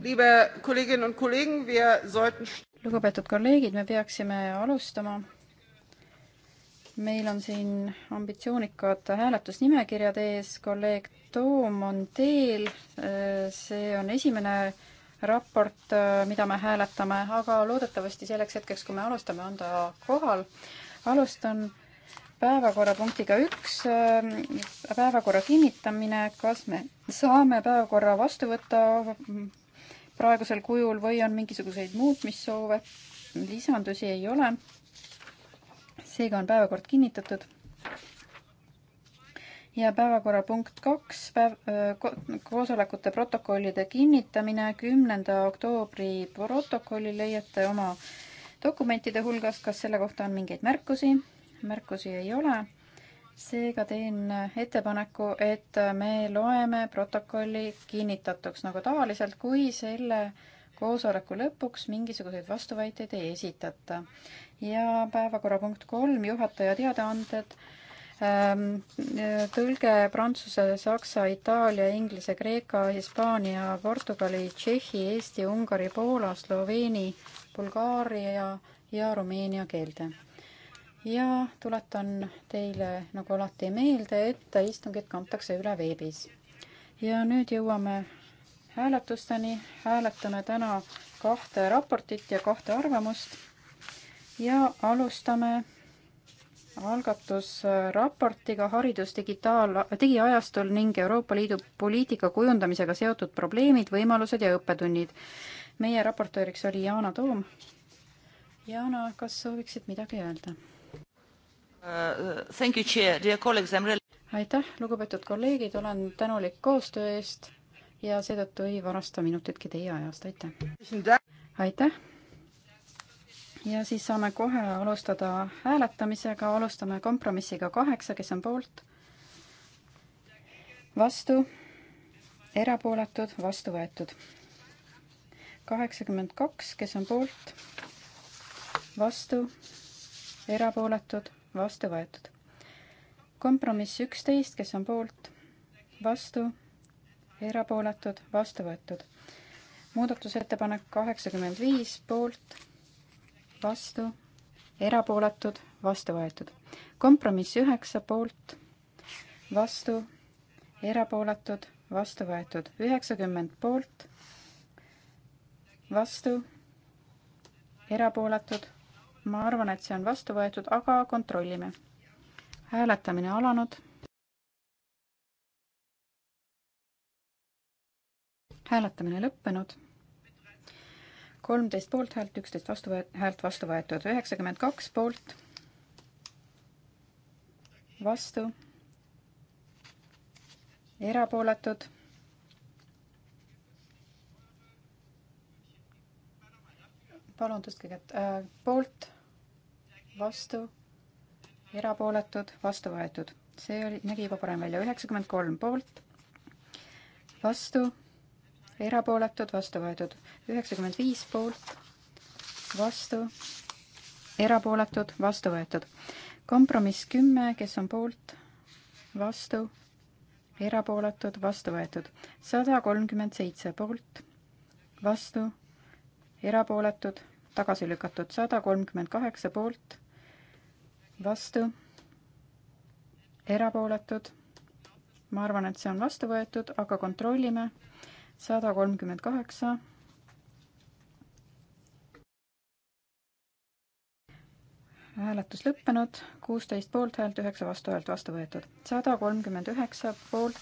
lugupeetud kolleegid, me peaksime alustama. meil on siin ambitsioonikad hääletusnimekirjad ees, kolleeg Toom on teel. see on esimene raport, mida me hääletame, aga loodetavasti selleks hetkeks, kui me alustame, on ta kohal. alustan päevakorrapunktiga üks, päevakorra kinnitamine, kas me saame päevakorra vastu võtta, praegusel kujul või on mingisuguseid muutmissoove? lisandusi ei ole. seega on päevakord kinnitatud. ja päevakorrapunkt kaks, päev, koosolekute protokollide kinnitamine, kümnenda oktoobri protokolli leiate oma dokumentide hulgas, kas selle kohta on mingeid märkusi? märkusi ei ole seega teen ettepaneku, et me loeme protokolli kinnitatuks nagu tavaliselt, kui selle koosoleku lõpuks mingisuguseid vastuväiteid ei esitata. ja päevakorrapunkt kolm, juhataja teadaanded ähm, tõlge prantsuse, saksa, itaalia, inglise, kreeka, hispaania, portugali, tšehhi, eesti, ungari, poola, sloveeni, bulgaaria ja rumeenia keelde ja tuletan teile nagu alati meelde, et istungid kantakse üle veebis. ja nüüd jõuame hääletusteni. hääletame täna kahte raportit ja kahte arvamust. ja alustame algatusraportiga Haridus digitaal, digiajastul ning Euroopa Liidu poliitika kujundamisega seotud probleemid, võimalused ja õppetunnid. meie raportööriks oli Yana Toom. Yana, kas sooviksid midagi öelda? Uh, aitäh, lugupeetud kolleegid, olen tänulik koostöö eest ja seetõttu ei varasta minutitki teie ajast, aitäh. aitäh. ja siis saame kohe alustada hääletamisega, alustame kompromissiga kaheksa, kes on poolt, vastu, erapooletud, vastu võetud. kaheksakümmend kaks, kes on poolt, vastu, erapooletud vastu võetud. kompromiss üksteist, kes on poolt, vastu, erapooletud, vastu võetud. muudatusettepanek kaheksakümmend viis, poolt, vastu, erapooletud, vastu võetud. kompromiss üheksa, poolt, vastu, erapooletud, vastu võetud. üheksakümmend poolt, vastu, erapooletud ma arvan, et see on vastu võetud, aga kontrollime. hääletamine alanud. hääletamine lõppenud. kolmteist poolthäält, üksteist vastu, häält vastu võetud, üheksakümmend kaks poolt. vastu. erapooletud palun tõstke kätt äh,. poolt, vastu, erapooletud, vastu võetud. see oli, nägi juba parem välja. üheksakümmend kolm poolt, vastu, erapooletud, vastu võetud. üheksakümmend viis poolt, vastu, erapooletud, vastu võetud. kompromiss kümme, kes on poolt, vastu, erapooletud, vastu võetud. sada kolmkümmend seitse poolt, vastu erapooletud, tagasi lükatud sada kolmkümmend kaheksa poolt, vastu, erapooletud. ma arvan, et see on vastu võetud, aga kontrollime. sada kolmkümmend kaheksa. hääletus lõppenud, kuusteist poolthäält, üheksa vastuhäält vastu võetud, sada kolmkümmend üheksa poolt.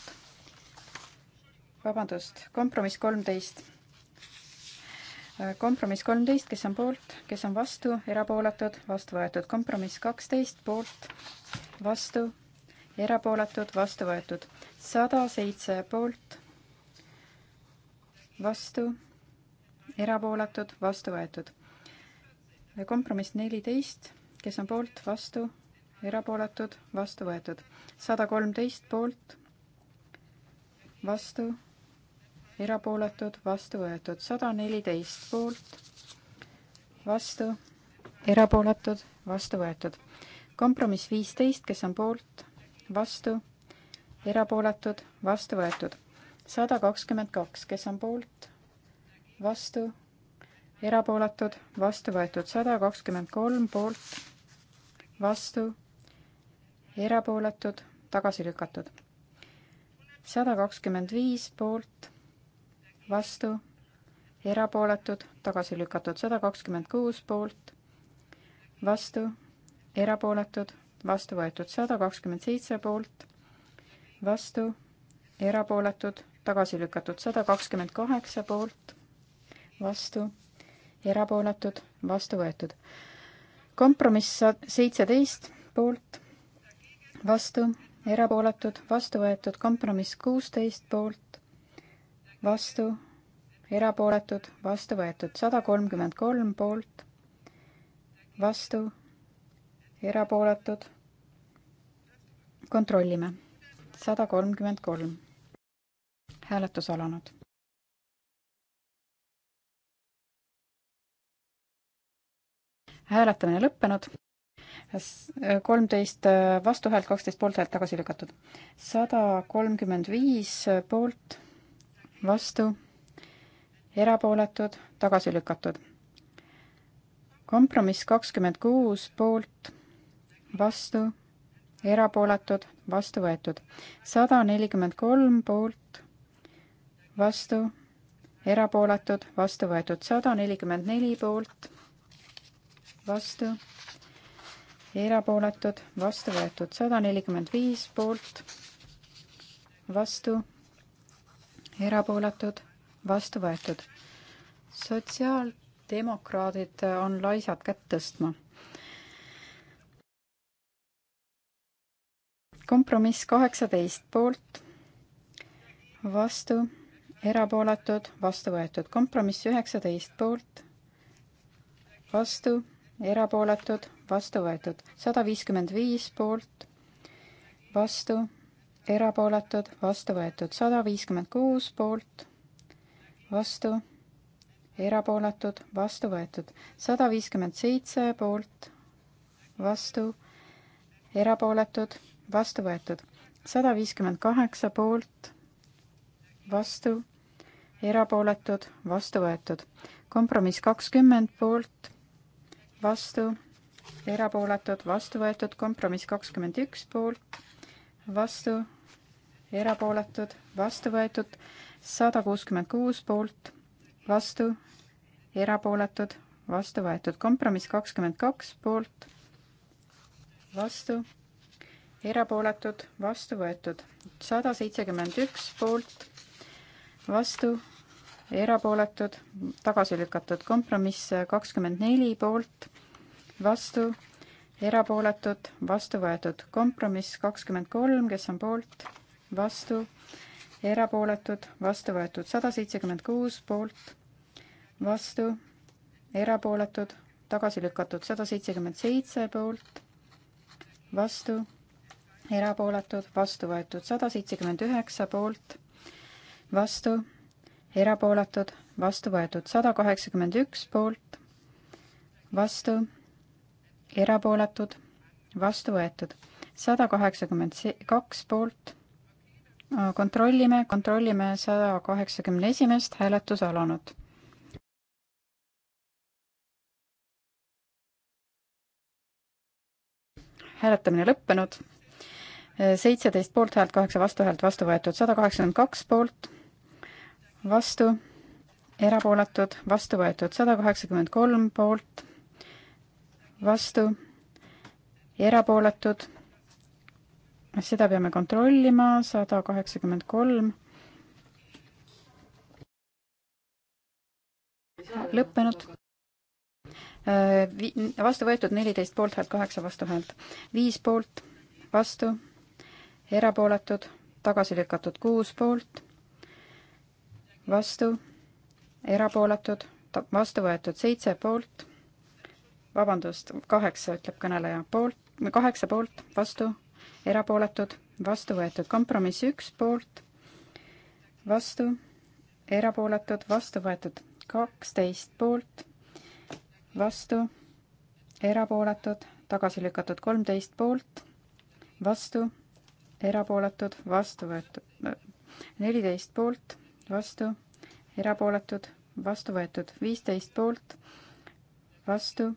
vabandust, kompromiss kolmteist kompromiss kolmteist, kes on poolt, kes on vastu, erapooletud, vastu võetud. kompromiss kaksteist, poolt, vastu, erapooletud, vastu võetud. sada seitse poolt, vastu, erapooletud, vastu võetud. kompromiss neliteist, kes on poolt, vastu, erapooletud, vastu võetud. sada kolmteist poolt, vastu erapooletud, vastu võetud sada neliteist poolt, vastu, erapooletud, vastu võetud. kompromiss viisteist, kes on poolt, vastu, erapooletud, vastu võetud. sada kakskümmend kaks, kes on poolt, vastu, erapooletud, vastu võetud. sada kakskümmend kolm poolt, vastu, erapooletud, tagasi lükatud. sada kakskümmend viis poolt vastu, erapooletud, tagasi lükatud, sada kakskümmend kuus poolt, vastu, erapooletud, vastu võetud, sada kakskümmend seitse poolt, vastu, erapooletud, tagasi lükatud, sada kakskümmend kaheksa poolt, vastu, erapooletud, vastu võetud. kompromiss seitseteist poolt, vastu, erapooletud, vastu võetud, kompromiss kuusteist poolt, vastu, erapooletud, vastu võetud sada kolmkümmend kolm poolt, vastu, erapooletud. kontrollime, sada kolmkümmend kolm. hääletus alanud. hääletamine lõppenud äh, kolmteist äh, vastuhäält, kaksteist poolthäält tagasi lükatud. sada kolmkümmend viis äh, poolt, vastu, erapooletud, tagasi lükatud. kompromiss kakskümmend kuus poolt, vastu, erapooletud, vastu võetud. sada nelikümmend kolm poolt, vastu, erapooletud, vastu võetud. sada nelikümmend neli poolt, vastu, erapooletud, vastu võetud. sada nelikümmend viis poolt, vastu erapooletud, vastu võetud. sotsiaaldemokraadid on laisad kätt tõstma. kompromiss kaheksateist poolt, vastu, erapooletud, vastu võetud. kompromiss üheksateist poolt, vastu, erapooletud, vastu võetud. sada viiskümmend viis poolt, vastu erapooletud, vastu võetud sada viiskümmend kuus poolt, vastu, erapooletud, vastu võetud sada viiskümmend seitse poolt, vastu, erapooletud, vastu võetud sada viiskümmend kaheksa poolt, vastu, erapooletud, vastu võetud. kompromiss kakskümmend poolt, vastu, erapooletud, vastu võetud, kompromiss kakskümmend üks poolt, vastu, erapooletud, vastu võetud, sada kuuskümmend kuus poolt, vastu, erapooletud, vastu võetud, kompromiss kakskümmend kaks poolt, vastu, erapooletud, vastu võetud, sada seitsekümmend üks poolt, vastu, erapooletud, tagasi lükatud, kompromiss kakskümmend neli poolt, vastu, erapooletud, vastu võetud, kompromiss kakskümmend kolm, kes on poolt vastu, erapooletud, vastu võetud sada seitsekümmend kuus poolt, vastu, erapooletud, tagasi lükatud sada seitsekümmend seitse poolt, vastu, erapooletud, vastu võetud sada seitsekümmend üheksa poolt, vastu, erapooletud, vastu võetud sada kaheksakümmend üks poolt, vastu, erapooletud, vastu võetud sada kaheksakümmend kaks poolt kontrollime, kontrollime saja kaheksakümne esimest hääletus alanud. hääletamine lõppenud, seitseteist poolthäält, kaheksa vastuhäält, vastu võetud sada kaheksakümmend kaks poolt, vastu, erapooletud, vastu võetud sada kaheksakümmend kolm poolt, vastu, erapooletud, Noh, seda peame kontrollima, sada kaheksakümmend kolm. lõppenud. Äh, vastu võetud neliteist poolthäält, kaheksa vastuhäält, viis poolt, vastu, erapooletud, tagasi lükatud kuus poolt, vastu, erapooletud, vastu võetud seitse poolt, vabandust, kaheksa, ütleb kõneleja, poolt, kaheksa poolt, vastu erapooletud, vastu võetud. kompromiss üks poolt, vastu, erapooletud, vastu võetud. kaksteist poolt, vastu, erapooletud, tagasi lükatud. kolmteist poolt, vastu, erapooletud, vastu võetud. neliteist poolt, vastu, erapooletud, vastu võetud. viisteist poolt, vastu,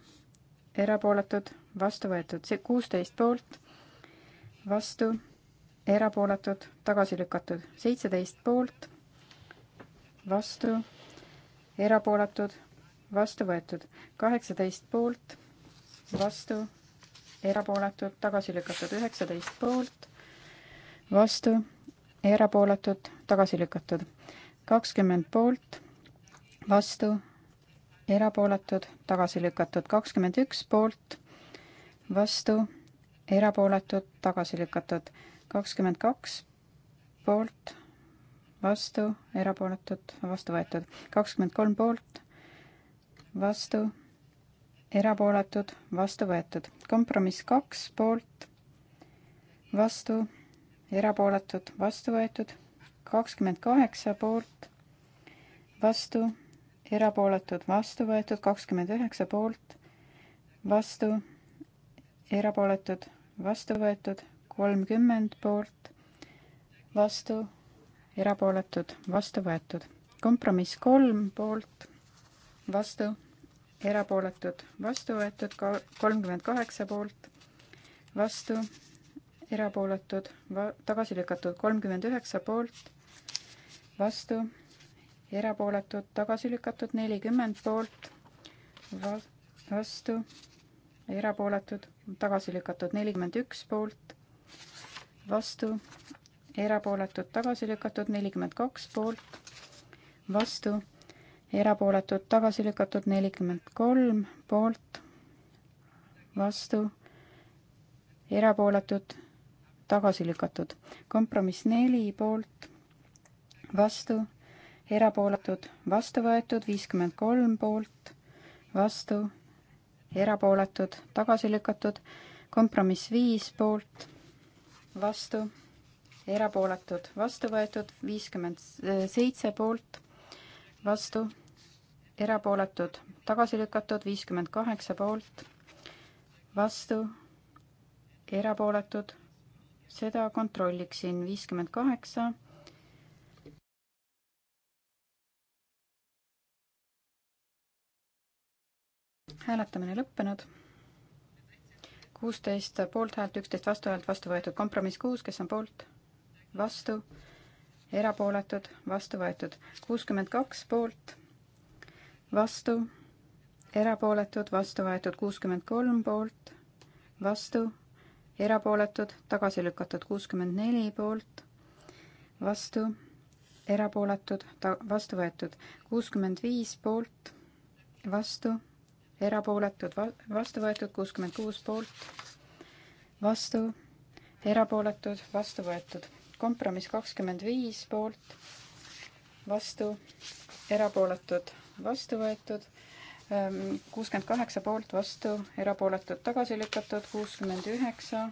erapooletud, vastu võetud. kuusteist poolt vastu, erapooletud, tagasi lükatud. seitseteist poolt, vastu, erapooletud, vastu võetud. kaheksateist poolt, vastu, erapooletud, tagasi lükatud. üheksateist poolt, vastu, erapooletud, tagasi lükatud. kakskümmend poolt, vastu, erapooletud, tagasi lükatud. kakskümmend üks poolt, vastu erapooletud, tagasi lükatud. kakskümmend kaks poolt, vastu, erapooletud, vastu võetud. kakskümmend kolm poolt, vastu, erapooletud, vastu võetud. kompromiss kaks poolt, vastu, erapooletud, vastu võetud. kakskümmend kaheksa poolt, vastu, erapooletud, vastu võetud. kakskümmend üheksa poolt, vastu, erapooletud vastu võetud, kolmkümmend poolt, vastu, erapooletud, vastu võetud. kompromiss kolm poolt, vastu, erapooletud, vastu võetud, kolmkümmend kaheksa poolt, vastu, erapooletud, tagasi lükatud, kolmkümmend üheksa poolt, vastu, erapooletud, tagasi lükatud, nelikümmend poolt, vastu erapooletud, tagasi lükatud nelikümmend üks poolt, vastu, erapooletud, tagasi lükatud nelikümmend kaks poolt, vastu, erapooletud, tagasi lükatud nelikümmend kolm poolt, vastu, erapooletud, tagasi lükatud. kompromiss neli poolt, vastu, erapooletud, vastu võetud, viiskümmend kolm poolt, vastu erapooletud, tagasi lükatud, kompromiss viis poolt, vastu, erapooletud, vastu võetud, viiskümmend äh, seitse poolt, vastu, erapooletud, tagasi lükatud, viiskümmend kaheksa poolt, vastu, erapooletud, seda kontrolliksin, viiskümmend kaheksa hääletamine lõppenud. kuusteist poolthäält, üksteist vastuhäält, vastu võetud kompromiss kuus, kes on poolt, vastu, erapooletud, vastu võetud. kuuskümmend kaks poolt, vastu, erapooletud, vastu võetud. kuuskümmend kolm poolt, vastu, erapooletud, tagasi lükatud. kuuskümmend neli poolt, vastu, erapooletud, ta-, vastu võetud. kuuskümmend viis poolt, vastu erapooletud, vastu võetud kuuskümmend kuus poolt, vastu, erapooletud, vastu võetud. kompromiss kakskümmend viis poolt, vastu, erapooletud, vastu võetud, ehm, kuuskümmend kaheksa poolt, vastu, erapooletud, tagasi lükatud, kuuskümmend üheksa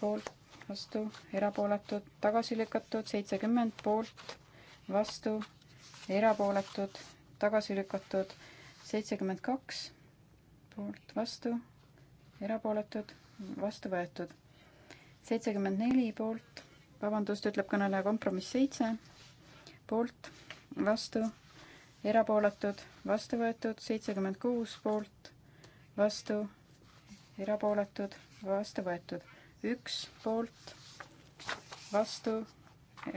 poolt, vastu, erapooletud, tagasi lükatud, seitsekümmend poolt, vastu, erapooletud, tagasi lükatud, seitsekümmend kaks poolt, vastu, erapooletud, vastu võetud. seitsekümmend neli poolt, vabandust, ütleb kõneleja kompromiss seitse, poolt, vastu, erapooletud, vastu võetud, seitsekümmend kuus poolt, vastu, erapooletud, vastu võetud, üks poolt, vastu,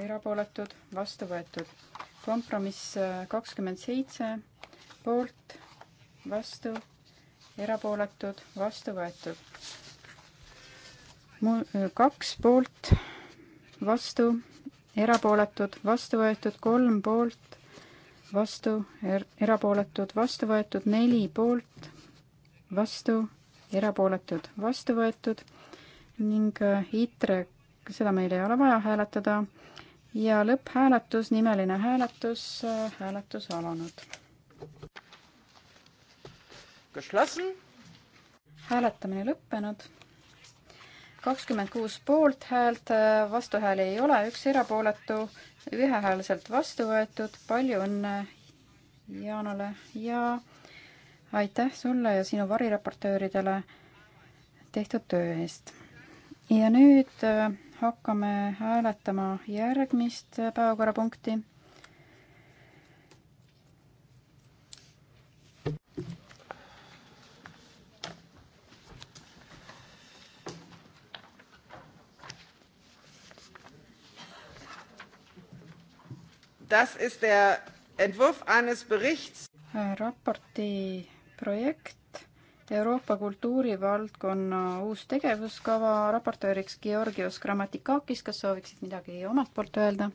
erapooletud, vastu võetud. kompromiss kakskümmend seitse poolt, vastu erapooletud, vastu võetud. mu-, kaks poolt, vastu, erapooletud, vastu võetud, kolm poolt, vastu er,, erapooletud, vastu võetud, neli poolt, vastu, erapooletud, vastu võetud ning äh, ITRE, seda meil ei ole vaja hääletada, ja lõpphääletus, nimeline hääletus, äh, hääletus alanud hääletamine lõppenud. kakskümmend kuus poolthäält, vastuhääli ei ole, üks erapooletu, ühehäälselt vastu võetud, palju õnne Jaanule ja aitäh sulle ja sinu variraportööridele tehtud töö eest. ja nüüd äh, hakkame hääletama järgmist äh, päevakorrapunkti Das ist der Entwurf eines Berichts. raporti projekt Euroopa kultuurivaldkonna uus tegevuskava, raportööriks Georgios Grammatikakis, kas sooviksid midagi omalt poolt öelda?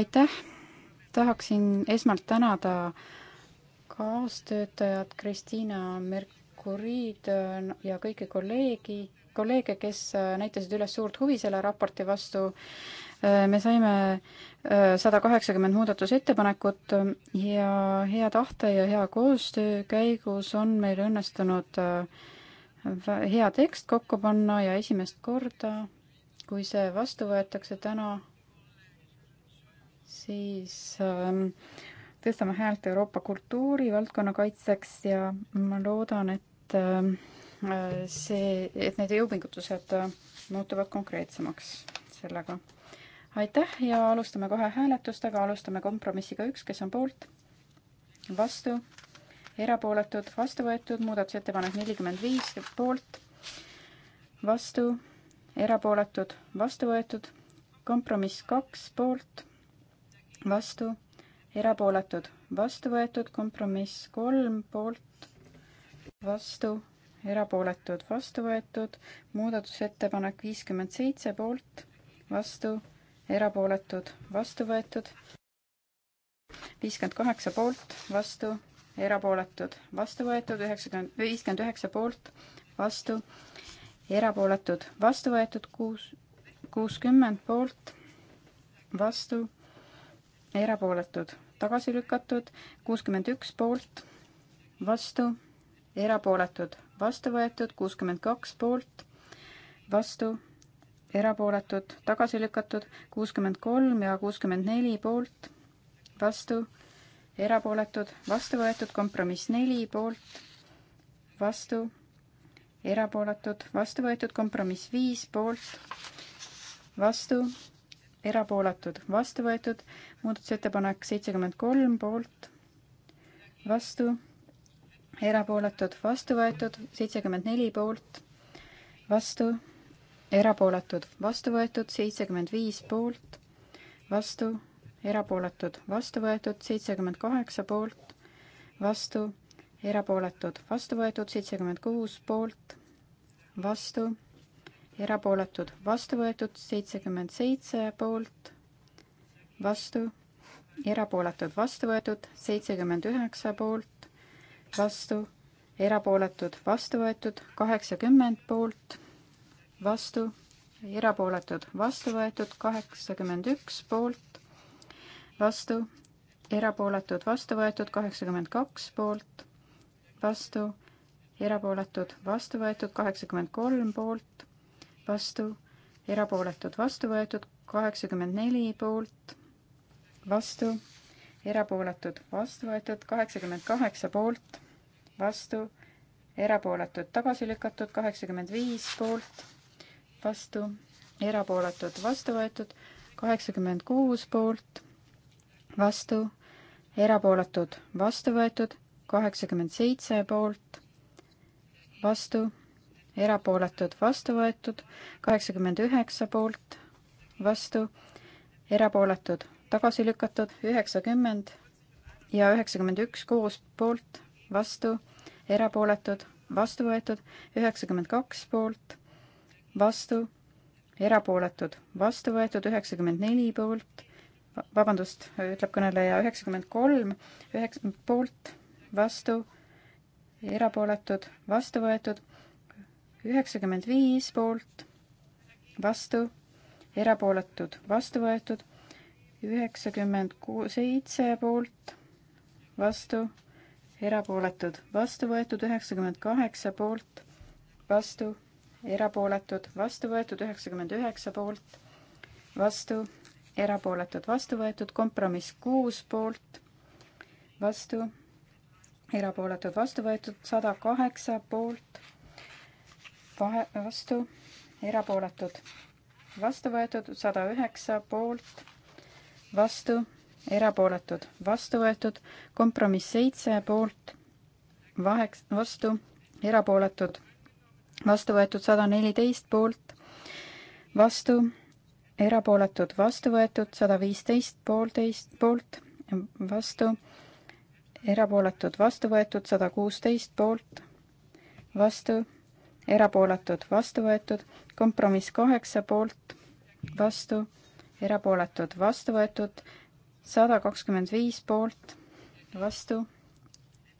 aitäh, tahaksin esmalt tänada kaastöötajat Kristiina Merkurid ja kõiki kolleegi kolleege, kes äh, näitasid üles suurt huvi selle raporti vastu. Äh, me saime äh, sada kaheksakümmend muudatusettepanekut ja hea tahte ja hea koostöö käigus on meil õnnestunud hea tekst kokku panna ja esimest korda, kui see vastu võetakse täna, siis ähm, tõstame häält Euroopa kultuurivaldkonna kaitseks ja ma loodan, et ähm, see, et need jõupingutused muutuvad konkreetsemaks sellega. aitäh ja alustame kohe hääletustega, alustame kompromissiga üks, kes on poolt, vastu, erapooletud, vastu võetud, muudatusettepanek nelikümmend viis, poolt, vastu, erapooletud, vastu võetud, kompromiss kaks, poolt, vastu, erapooletud, vastu võetud, kompromiss kolm, poolt, vastu erapooletud, vastu võetud, muudatusettepanek viiskümmend seitse poolt, vastu, erapooletud, vastu võetud, viiskümmend kaheksa poolt, vastu, erapooletud, vastu võetud, üheksakümmend, viiskümmend üheksa poolt, vastu, erapooletud, vastu võetud kuus, kuuskümmend poolt, vastu, erapooletud, tagasi lükatud, kuuskümmend üks poolt, vastu, erapooletud, vastu võetud, kuuskümmend kaks poolt, vastu, erapooletud, tagasi lükatud, kuuskümmend kolm ja kuuskümmend neli poolt, vastu, erapooletud, vastu võetud, kompromiss neli poolt, vastu, erapooletud, vastu võetud, kompromiss viis poolt, vastu, erapooletud, vastu võetud, muudatusettepanek seitsekümmend kolm poolt, vastu erapooletud, vastu võetud, seitsekümmend neli poolt, vastu, erapooletud, vastu võetud, seitsekümmend viis poolt, vastu, erapooletud, vastu võetud, seitsekümmend kaheksa poolt, vastu, erapooletud, vastu võetud, seitsekümmend kuus poolt, vastu, erapooletud, vastu võetud, seitsekümmend seitse poolt, vastu, erapooletud, vastu võetud, seitsekümmend üheksa poolt, vastu, erapooletud, vastu võetud, kaheksakümmend poolt, vastu, erapooletud, vastu võetud, kaheksakümmend üks poolt, vastu, erapooletud, vastu võetud, kaheksakümmend kaks poolt, vastu, erapooletud, vastu võetud, kaheksakümmend kolm poolt, vastu, erapooletud, vastu võetud, kaheksakümmend neli poolt, vastu, erapooletud, vastu võetud, kaheksakümmend kaheksa poolt vastu, erapooletud tagasi lükatud, kaheksakümmend viis poolt, vastu, erapooletud vastu võetud, kaheksakümmend kuus poolt, vastu, erapooletud vastu võetud, kaheksakümmend seitse poolt, vastu, erapooletud vastu võetud, kaheksakümmend üheksa poolt, vastu, erapooletud tagasi lükatud, üheksakümmend ja üheksakümmend üks koos poolt vastu, erapooletud, vastu võetud, üheksakümmend kaks poolt, vastu, erapooletud, vastu võetud, üheksakümmend neli poolt, vabandust, ütleb kõneleja, üheksakümmend kolm, üheksa, poolt, vastu, erapooletud, vastu võetud, üheksakümmend viis poolt, vastu, erapooletud, vastu võetud, üheksakümmend ku-, seitse poolt, vastu erapooletud, vastu võetud üheksakümmend kaheksa poolt, vastu, erapooletud, vastu võetud üheksakümmend üheksa poolt, vastu, erapooletud, vastu võetud, kompromiss kuus poolt, vastu, erapooletud, vastu võetud, sada kaheksa poolt, vahe, vastu, erapooletud, vastu võetud, sada üheksa poolt, vastu erapooletud, vastu võetud, kompromiss seitse poolt, vaheks, vastu, erapooletud, vastu võetud sada neliteist poolt, vastu, erapooletud, vastu võetud sada viisteist poolteist poolt, vastu, erapooletud, vastu võetud sada kuusteist poolt, vastu, erapooletud, vastu võetud, kompromiss kaheksa poolt, vastu, erapooletud, vastu võetud, sada kakskümmend viis poolt, vastu,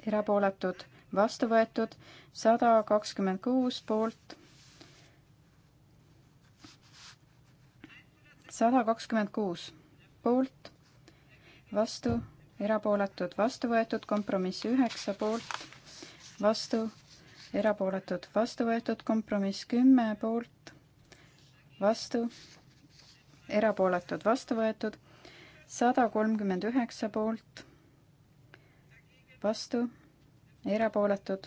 erapooletud, vastu võetud, sada kakskümmend kuus poolt, sada kakskümmend kuus poolt, vastu, erapooletud, vastu võetud, kompromiss üheksa poolt, vastu, erapooletud, vastu võetud, kompromiss kümme poolt, vastu, erapooletud, vastu võetud, sada kolmkümmend üheksa poolt, vastu, erapooletud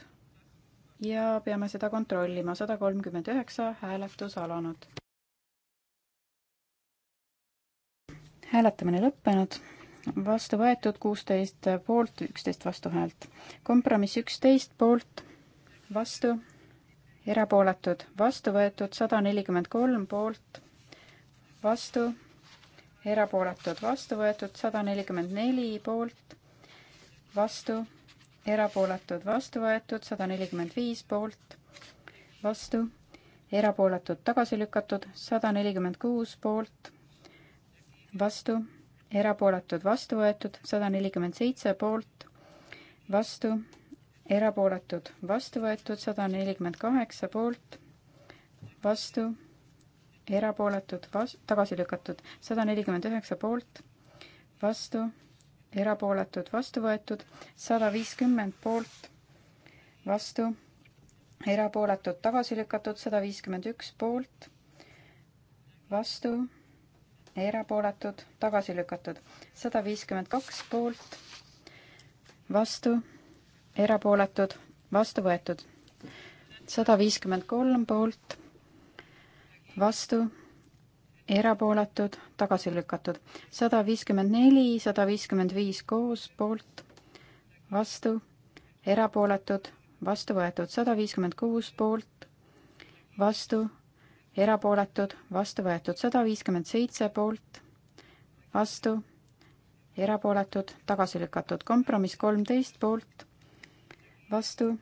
ja peame seda kontrollima, sada kolmkümmend üheksa hääletus alanud. hääletamine lõppenud, vastu võetud kuusteist poolt, üksteist vastuhäält. kompromiss üksteist poolt, vastu, erapooletud, vastu võetud sada nelikümmend kolm poolt, vastu erapooletud, vastu võetud sada nelikümmend neli poolt, vastu, erapooletud, vastu võetud sada nelikümmend viis poolt, vastu, erapooletud, tagasi lükatud sada nelikümmend kuus poolt, vastu, erapooletud, vastu võetud sada nelikümmend seitse poolt, vastu, erapooletud, vastu võetud sada nelikümmend kaheksa poolt, vastu erapooletud, vas-, tagasi lükatud, sada nelikümmend üheksa poolt, vastu, erapooletud, vastu võetud, sada viiskümmend poolt, vastu, erapooletud, tagasi lükatud, sada viiskümmend üks poolt, vastu, erapooletud, tagasi lükatud, sada viiskümmend kaks poolt, vastu, erapooletud, vastu võetud, sada viiskümmend kolm poolt vastu, erapooletud, tagasi lükatud. sada viiskümmend neli, sada viiskümmend viis koos, poolt, vastu, erapooletud, vastu võetud. sada viiskümmend kuus poolt, vastu, erapooletud, vastu võetud. sada viiskümmend seitse poolt, vastu, erapooletud, tagasi lükatud. kompromiss kolmteist poolt, vastu,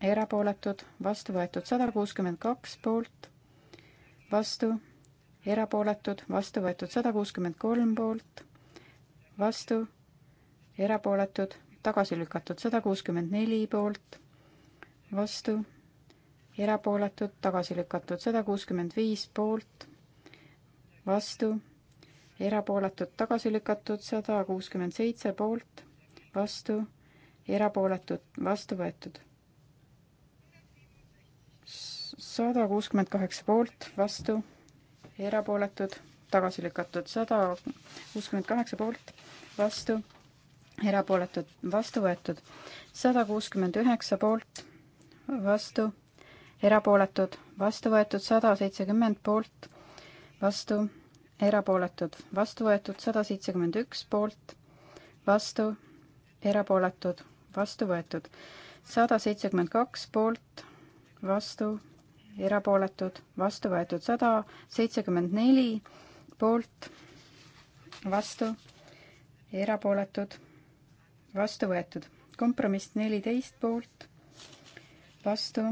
erapooletud, vastu võetud. sada kuuskümmend kaks poolt vastu, erapooletud, vastu võetud sada kuuskümmend kolm poolt, vastu, erapooletud, tagasi lükatud sada kuuskümmend neli poolt, vastu, erapooletud, tagasi lükatud sada kuuskümmend viis poolt, vastu, erapooletud, tagasi lükatud sada kuuskümmend seitse poolt, vastu, erapooletud, vastu võetud sada kuuskümmend kaheksa poolt, vastu, erapooletud, tagasi lükatud, sada kuuskümmend kaheksa poolt, vastu, erapooletud, vastu võetud, sada kuuskümmend üheksa poolt, vastu, erapooletud, vastu võetud, sada seitsekümmend poolt, vastu, erapooletud, vastu võetud, sada seitsekümmend üks poolt, vastu, erapooletud, vastu võetud, sada seitsekümmend kaks poolt, vastu erapooletud, vastu võetud sada seitsekümmend neli, poolt, vastu, erapooletud, vastu võetud. kompromiss neliteist poolt, vastu,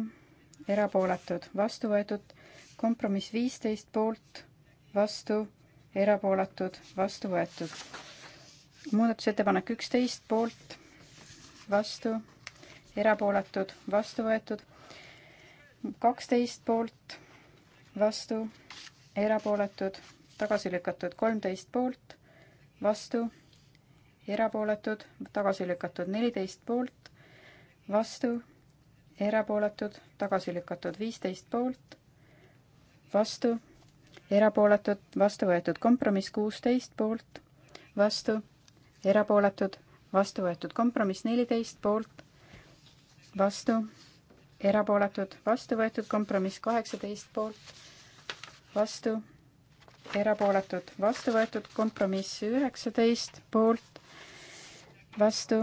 erapooletud, vastu võetud. kompromiss viisteist poolt, vastu, erapooletud, vastu võetud. muudatusettepanek üksteist poolt, vastu, erapooletud, vastu võetud kaksteist poolt, vastu, erapooletud, tagasi lükatud, kolmteist poolt, vastu, erapooletud, tagasi lükatud, neliteist poolt, vastu, erapooletud, tagasi lükatud, viisteist poolt, vastu, erapooletud, vastu võetud, kompromiss kuusteist poolt, vastu, erapooletud, vastu võetud, kompromiss neliteist poolt, vastu, erapooletud, vastu võetud, kompromiss kaheksateist poolt, vastu, erapooletud, vastu võetud, kompromiss üheksateist poolt, vastu,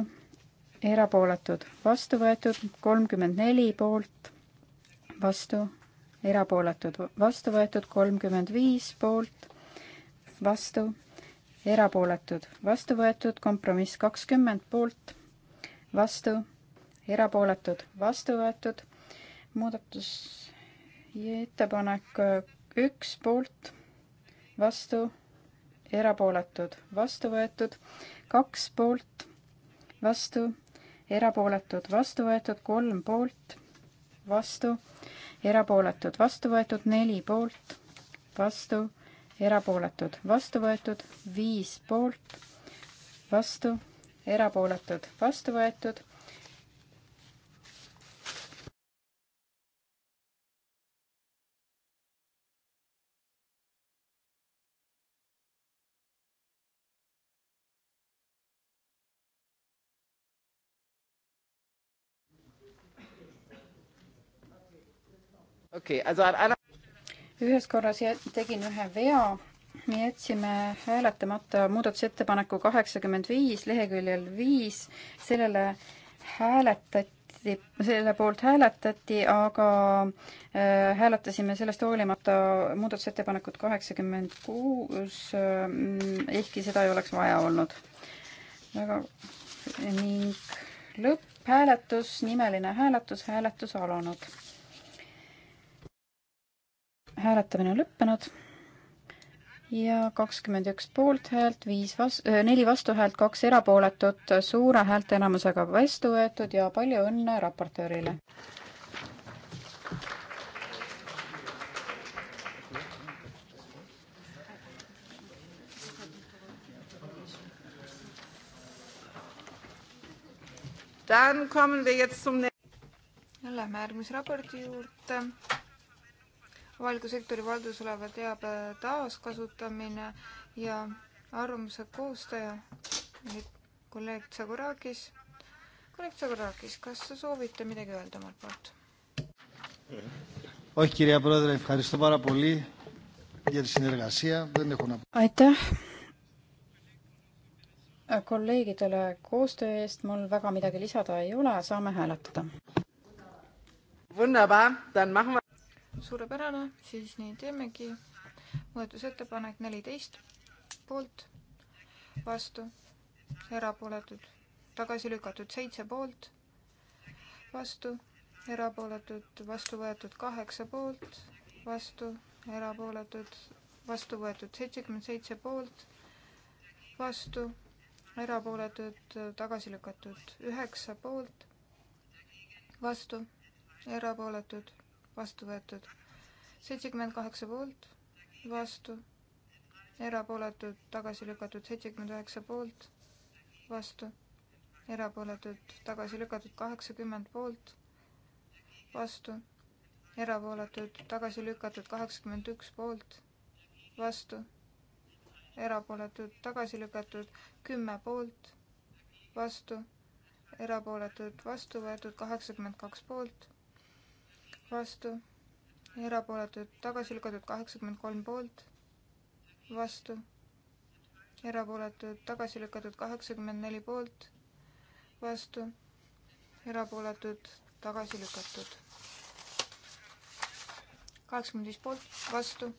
erapooletud, vastu võetud, kolmkümmend neli poolt, vastu, erapooletud, vastu võetud, kolmkümmend viis poolt, vastu, erapooletud, vastu võetud, kompromiss kakskümmend poolt, vastu erapooletud, vastu võetud. muudatus ja ettepanek üks poolt, vastu, erapooletud, vastu võetud, kaks poolt, vastu, erapooletud, vastu võetud, kolm poolt, vastu, erapooletud, vastu võetud, neli poolt, vastu, erapooletud, vastu võetud, viis poolt, vastu, erapooletud, vastu võetud, okay, also an einer... ühes korras tegin ühe vea, me jätsime hääletamata muudatusettepaneku kaheksakümmend viis leheküljel viis, sellele hääletati hääletati, selle poolt hääletati, aga äh, hääletasime sellest hoolimata muudatusettepanekut kaheksakümmend kuus, mm, ehkki seda ei oleks vaja olnud. väga, ning lõpphääletus, nimeline hääletus, hääletus alanud hääletamine on lõppenud ja kakskümmend üks poolthäält, viis vas-, neli vastuhäält, kaks erapooletut, suure häälteenamusega vastu võetud ja palju õnne raportöörile! Läheme järgmise raporti juurde avaliku sektori valduses oleva teabe taaskasutamine ja arvamuse koostaja oli kolleeg Tsagurakis. kolleeg Tsagurakis, kas te soovite midagi öelda omalt poolt? aitäh kolleegidele koostöö eest, mul väga midagi lisada ei ole, saame hääletada suurepärane, siis nii teemegi. muudatusettepanek neliteist, poolt, vastu, erapooletud, tagasi lükatud seitse poolt, vastu, erapooletud, vastu võetud kaheksa poolt, vastu, erapooletud, vastu võetud seitsekümmend seitse poolt, vastu, erapooletud, tagasi lükatud üheksa poolt, vastu, erapooletud vastu võetud. seitsekümmend kaheksa poolt, vastu, erapooletud, tagasi lükatud, seitsekümmend üheksa poolt, vastu, erapooletud, tagasi lükatud, kaheksakümmend poolt, vastu, erapooletud, tagasi lükatud, kaheksakümmend üks poolt, vastu, erapooletud, tagasi lükatud, kümme poolt, vastu erapooletud vastu võetud kaheksakümmend kaks poolt, vastu, erapooletud, tagasi lükatud kaheksakümmend kolm poolt, vastu, erapooletud, tagasi lükatud kaheksakümmend neli poolt, vastu, erapooletud, tagasi lükatud. kaheksakümmend viis poolt, vastu,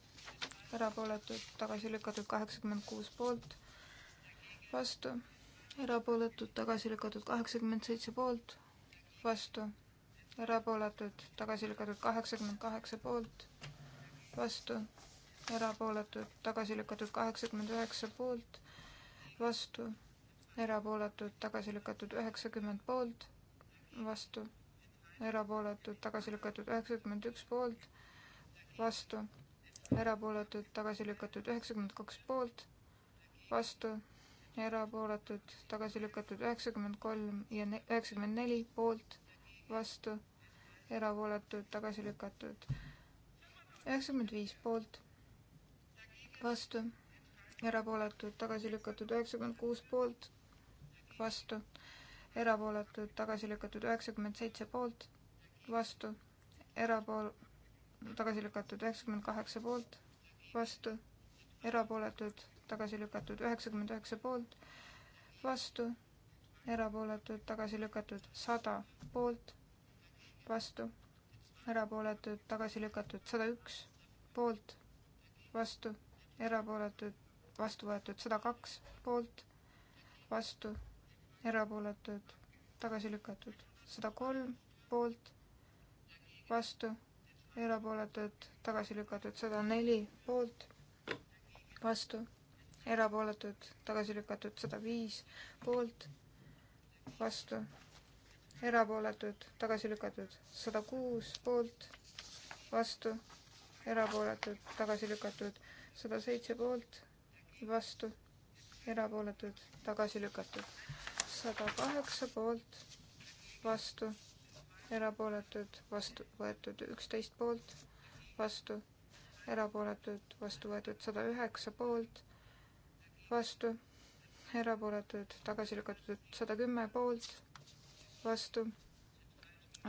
erapooletud, tagasi lükatud kaheksakümmend kuus poolt, vastu, erapooletud, tagasi lükatud kaheksakümmend seitse poolt, vastu erapooletud, tagasi lükatud kaheksakümmend kaheksa poolt, vastu, erapooletud, tagasi lükatud kaheksakümmend üheksa poolt, vastu, erapooletud, tagasi lükatud üheksakümmend poolt, vastu, erapooletud, tagasi lükatud üheksakümmend üks poolt, vastu, erapooletud, tagasi lükatud üheksakümmend kaks poolt, vastu, erapooletud, tagasi lükatud üheksakümmend kolm ja üheksakümmend neli poolt vastu, erapooletud, tagasi lükatud. üheksakümmend viis poolt, vastu, erapooletud, tagasi lükatud, üheksakümmend kuus poolt, vastu, erapooletud, tagasi lükatud, üheksakümmend seitse poolt, vastu, erapool-, tagasi lükatud, üheksakümmend kaheksa poolt, vastu, erapooletud, tagasi lükatud, üheksakümmend üheksa poolt, vastu, erapooletud, tagasi lükatud, sada poolt, vastu, erapooletud, tagasi lükatud, sada üks poolt, vastu, erapooletud, vastu võetud, sada kaks poolt, vastu, erapooletud, tagasi lükatud, sada kolm poolt, vastu, erapooletud, tagasi lükatud, sada neli poolt, vastu, erapooletud, tagasi lükatud, sada viis poolt, vastu erapooletud, tagasi lükatud, sada kuus poolt, vastu, erapooletud, tagasi lükatud, sada seitse poolt, vastu, erapooletud, tagasi lükatud, sada kaheksa poolt, vastu, erapooletud, vastu võetud, üksteist poolt, vastu, erapooletud, vastu võetud, sada üheksa poolt, vastu, erapooletud, tagasi lükatud, sada kümme poolt vastu,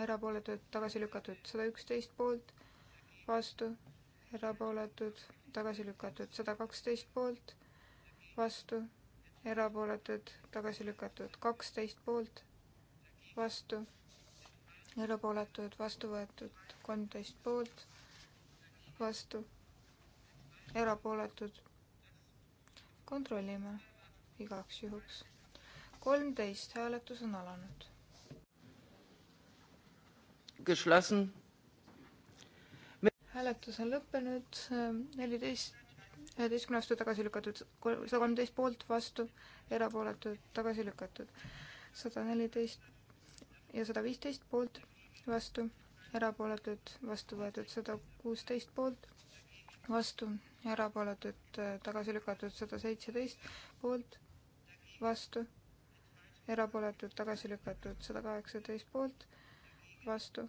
erapooletud, tagasi lükatud, sada üksteist poolt, vastu, erapooletud, tagasi lükatud, sada kaksteist poolt, vastu, erapooletud, tagasi lükatud, kaksteist poolt, vastu, erapooletud, vastu võetud, kolmteist poolt, vastu, erapooletud. kontrollime igaks juhuks. kolmteist hääletus on alanud geschlossen. hääletus on lõppenud, neliteist, üheteistkümne vastu tagasi lükatud, sada kolmteist poolt vastu, erapooletud tagasi lükatud, sada neliteist ja sada viisteist poolt vastu, erapooletud vastu võetud, sada kuusteist poolt vastu, erapooletud tagasi lükatud, sada seitseteist poolt vastu, erapooletud tagasi lükatud, sada kaheksateist poolt vastu,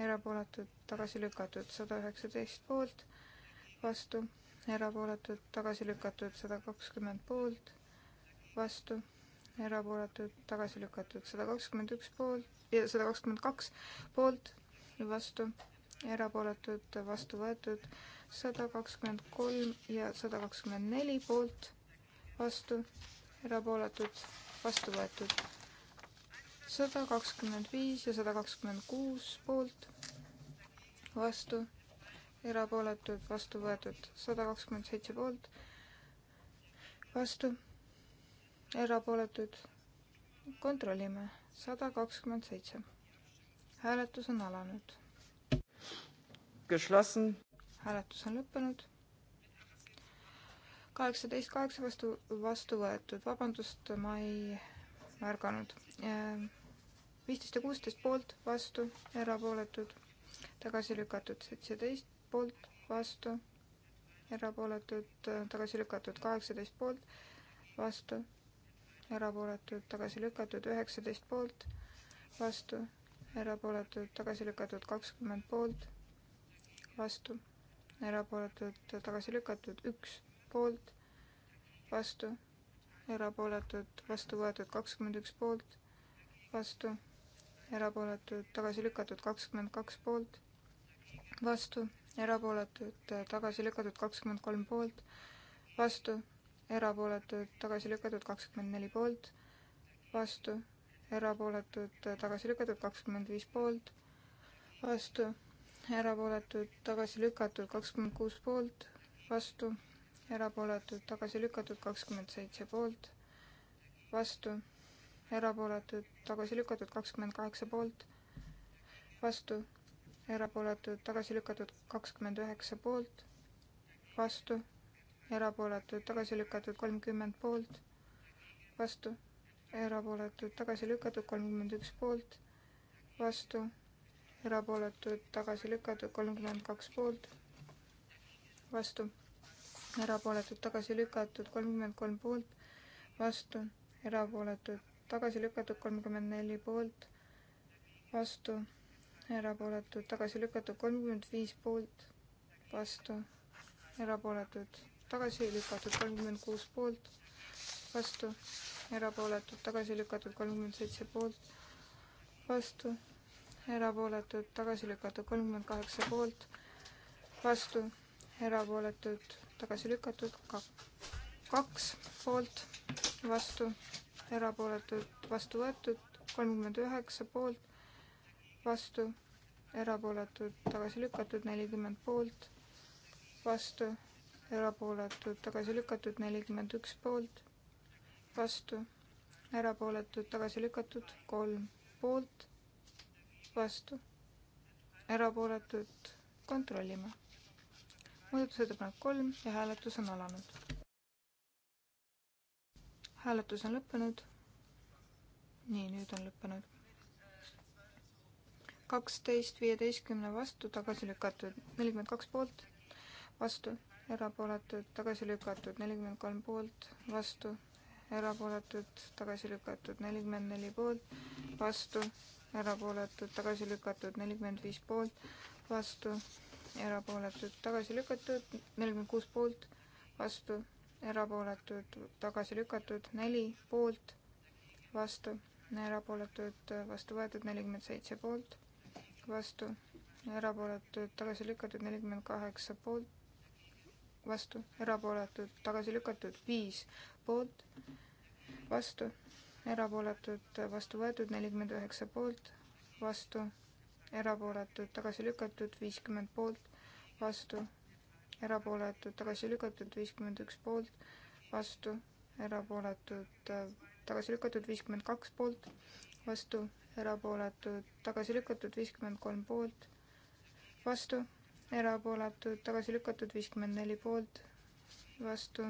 erapooletud, tagasi lükatud, sada üheksateist poolt, vastu, erapooletud, tagasi lükatud, sada kakskümmend poolt, vastu, erapooletud, tagasi lükatud, sada kakskümmend üks poolt, sada kakskümmend kaks poolt, vastu, erapooletud, vastu võetud, sada kakskümmend kolm ja sada kakskümmend neli poolt, vastu, erapooletud, vastu võetud sada kakskümmend viis ja sada kakskümmend kuus poolt, vastu, erapooletud, vastu võetud, sada kakskümmend seitse poolt, vastu, erapooletud, kontrollime, sada kakskümmend seitse. hääletus on alanud. Geschlossen. hääletus on lõppenud kaheksateist kaheksa vastu, vastu võetud, vabandust, ma ei märganud. viisteist ja kuusteist poolt, vastu, erapooletud, tagasi lükatud, seitseteist poolt, vastu, erapooletud, tagasi lükatud, kaheksateist poolt, vastu, erapooletud, tagasi lükatud, üheksateist poolt, vastu, erapooletud, tagasi lükatud, kakskümmend poolt, vastu, erapooletud, tagasi lükatud, üks poolt, vastu erapooletud, vastu võetud kakskümmend üks poolt, vastu, erapooletud, tagasi lükatud kakskümmend kaks poolt, vastu, erapooletud, tagasi lükatud kakskümmend kolm poolt, vastu, erapooletud, tagasi lükatud kakskümmend neli poolt, vastu, erapooletud, tagasi lükatud kakskümmend viis poolt, vastu, erapooletud, tagasi lükatud kakskümmend kuus poolt, vastu, erapooletud, tagasi lükatud, kakskümmend seitse poolt, vastu, erapooletud, tagasi lükatud, kakskümmend kaheksa poolt, vastu, erapooletud, tagasi lükatud, kakskümmend üheksa poolt, vastu, erapooletud, tagasi lükatud, kolmkümmend poolt, vastu, erapooletud, tagasi lükatud, kolmkümmend üks poolt, vastu, erapooletud, tagasi lükatud, kolmkümmend kaks poolt, vastu erapooletud, tagasi lükatud, kolmkümmend kolm poolt, vastu, erapooletud, tagasi lükatud, kolmkümmend neli poolt, vastu, erapooletud, tagasi lükatud, kolmkümmend viis poolt, vastu, erapooletud, tagasi lükatud, kolmkümmend kuus poolt, vastu, erapooletud, tagasi lükatud, kolmkümmend seitse poolt, vastu, erapooletud, tagasi lükatud, kolmkümmend kaheksa poolt, vastu, erapooletud, tagasi lükatud, kaks poolt, vastu, erapooletud, vastu võetud, kolmkümmend üheksa poolt, vastu, erapooletud, tagasi lükatud, nelikümmend poolt, vastu, erapooletud, tagasi lükatud, nelikümmend üks poolt, vastu, erapooletud, tagasi lükatud, kolm poolt, vastu, erapooletud, kontrollime muudatusettepanek kolm ja hääletus on alanud. hääletus on lõppenud. nii, nüüd on lõppenud. kaksteist viieteistkümne vastu tagasi lükatud, nelikümmend kaks poolt, vastu, erapooletud, tagasi lükatud, nelikümmend kolm poolt, vastu, erapooletud, tagasi lükatud, nelikümmend neli poolt, vastu, erapooletud, tagasi lükatud, nelikümmend viis poolt, vastu, erapooletud, tagasi lükatud, nelikümmend kuus poolt, vastu, erapooletud, tagasi lükatud, neli poolt, vastu, erapooletud, vastu võetud, nelikümmend seitse poolt, vastu, erapooletud, tagasi lükatud, nelikümmend kaheksa poolt, vastu, erapooletud, tagasi lükatud, viis poolt, vastu, erapooletud, vastu võetud, nelikümmend üheksa poolt, vastu, erapooletud, tagasi lükatud, viiskümmend poolt, vastu, erapooletud, tagasi lükatud, viiskümmend üks poolt, vastu, erapooletud, tagasi lükatud, viiskümmend kaks poolt, vastu, erapooletud, tagasi lükatud, viiskümmend kolm poolt, vastu, erapooletud, tagasi lükatud, viiskümmend neli poolt, vastu,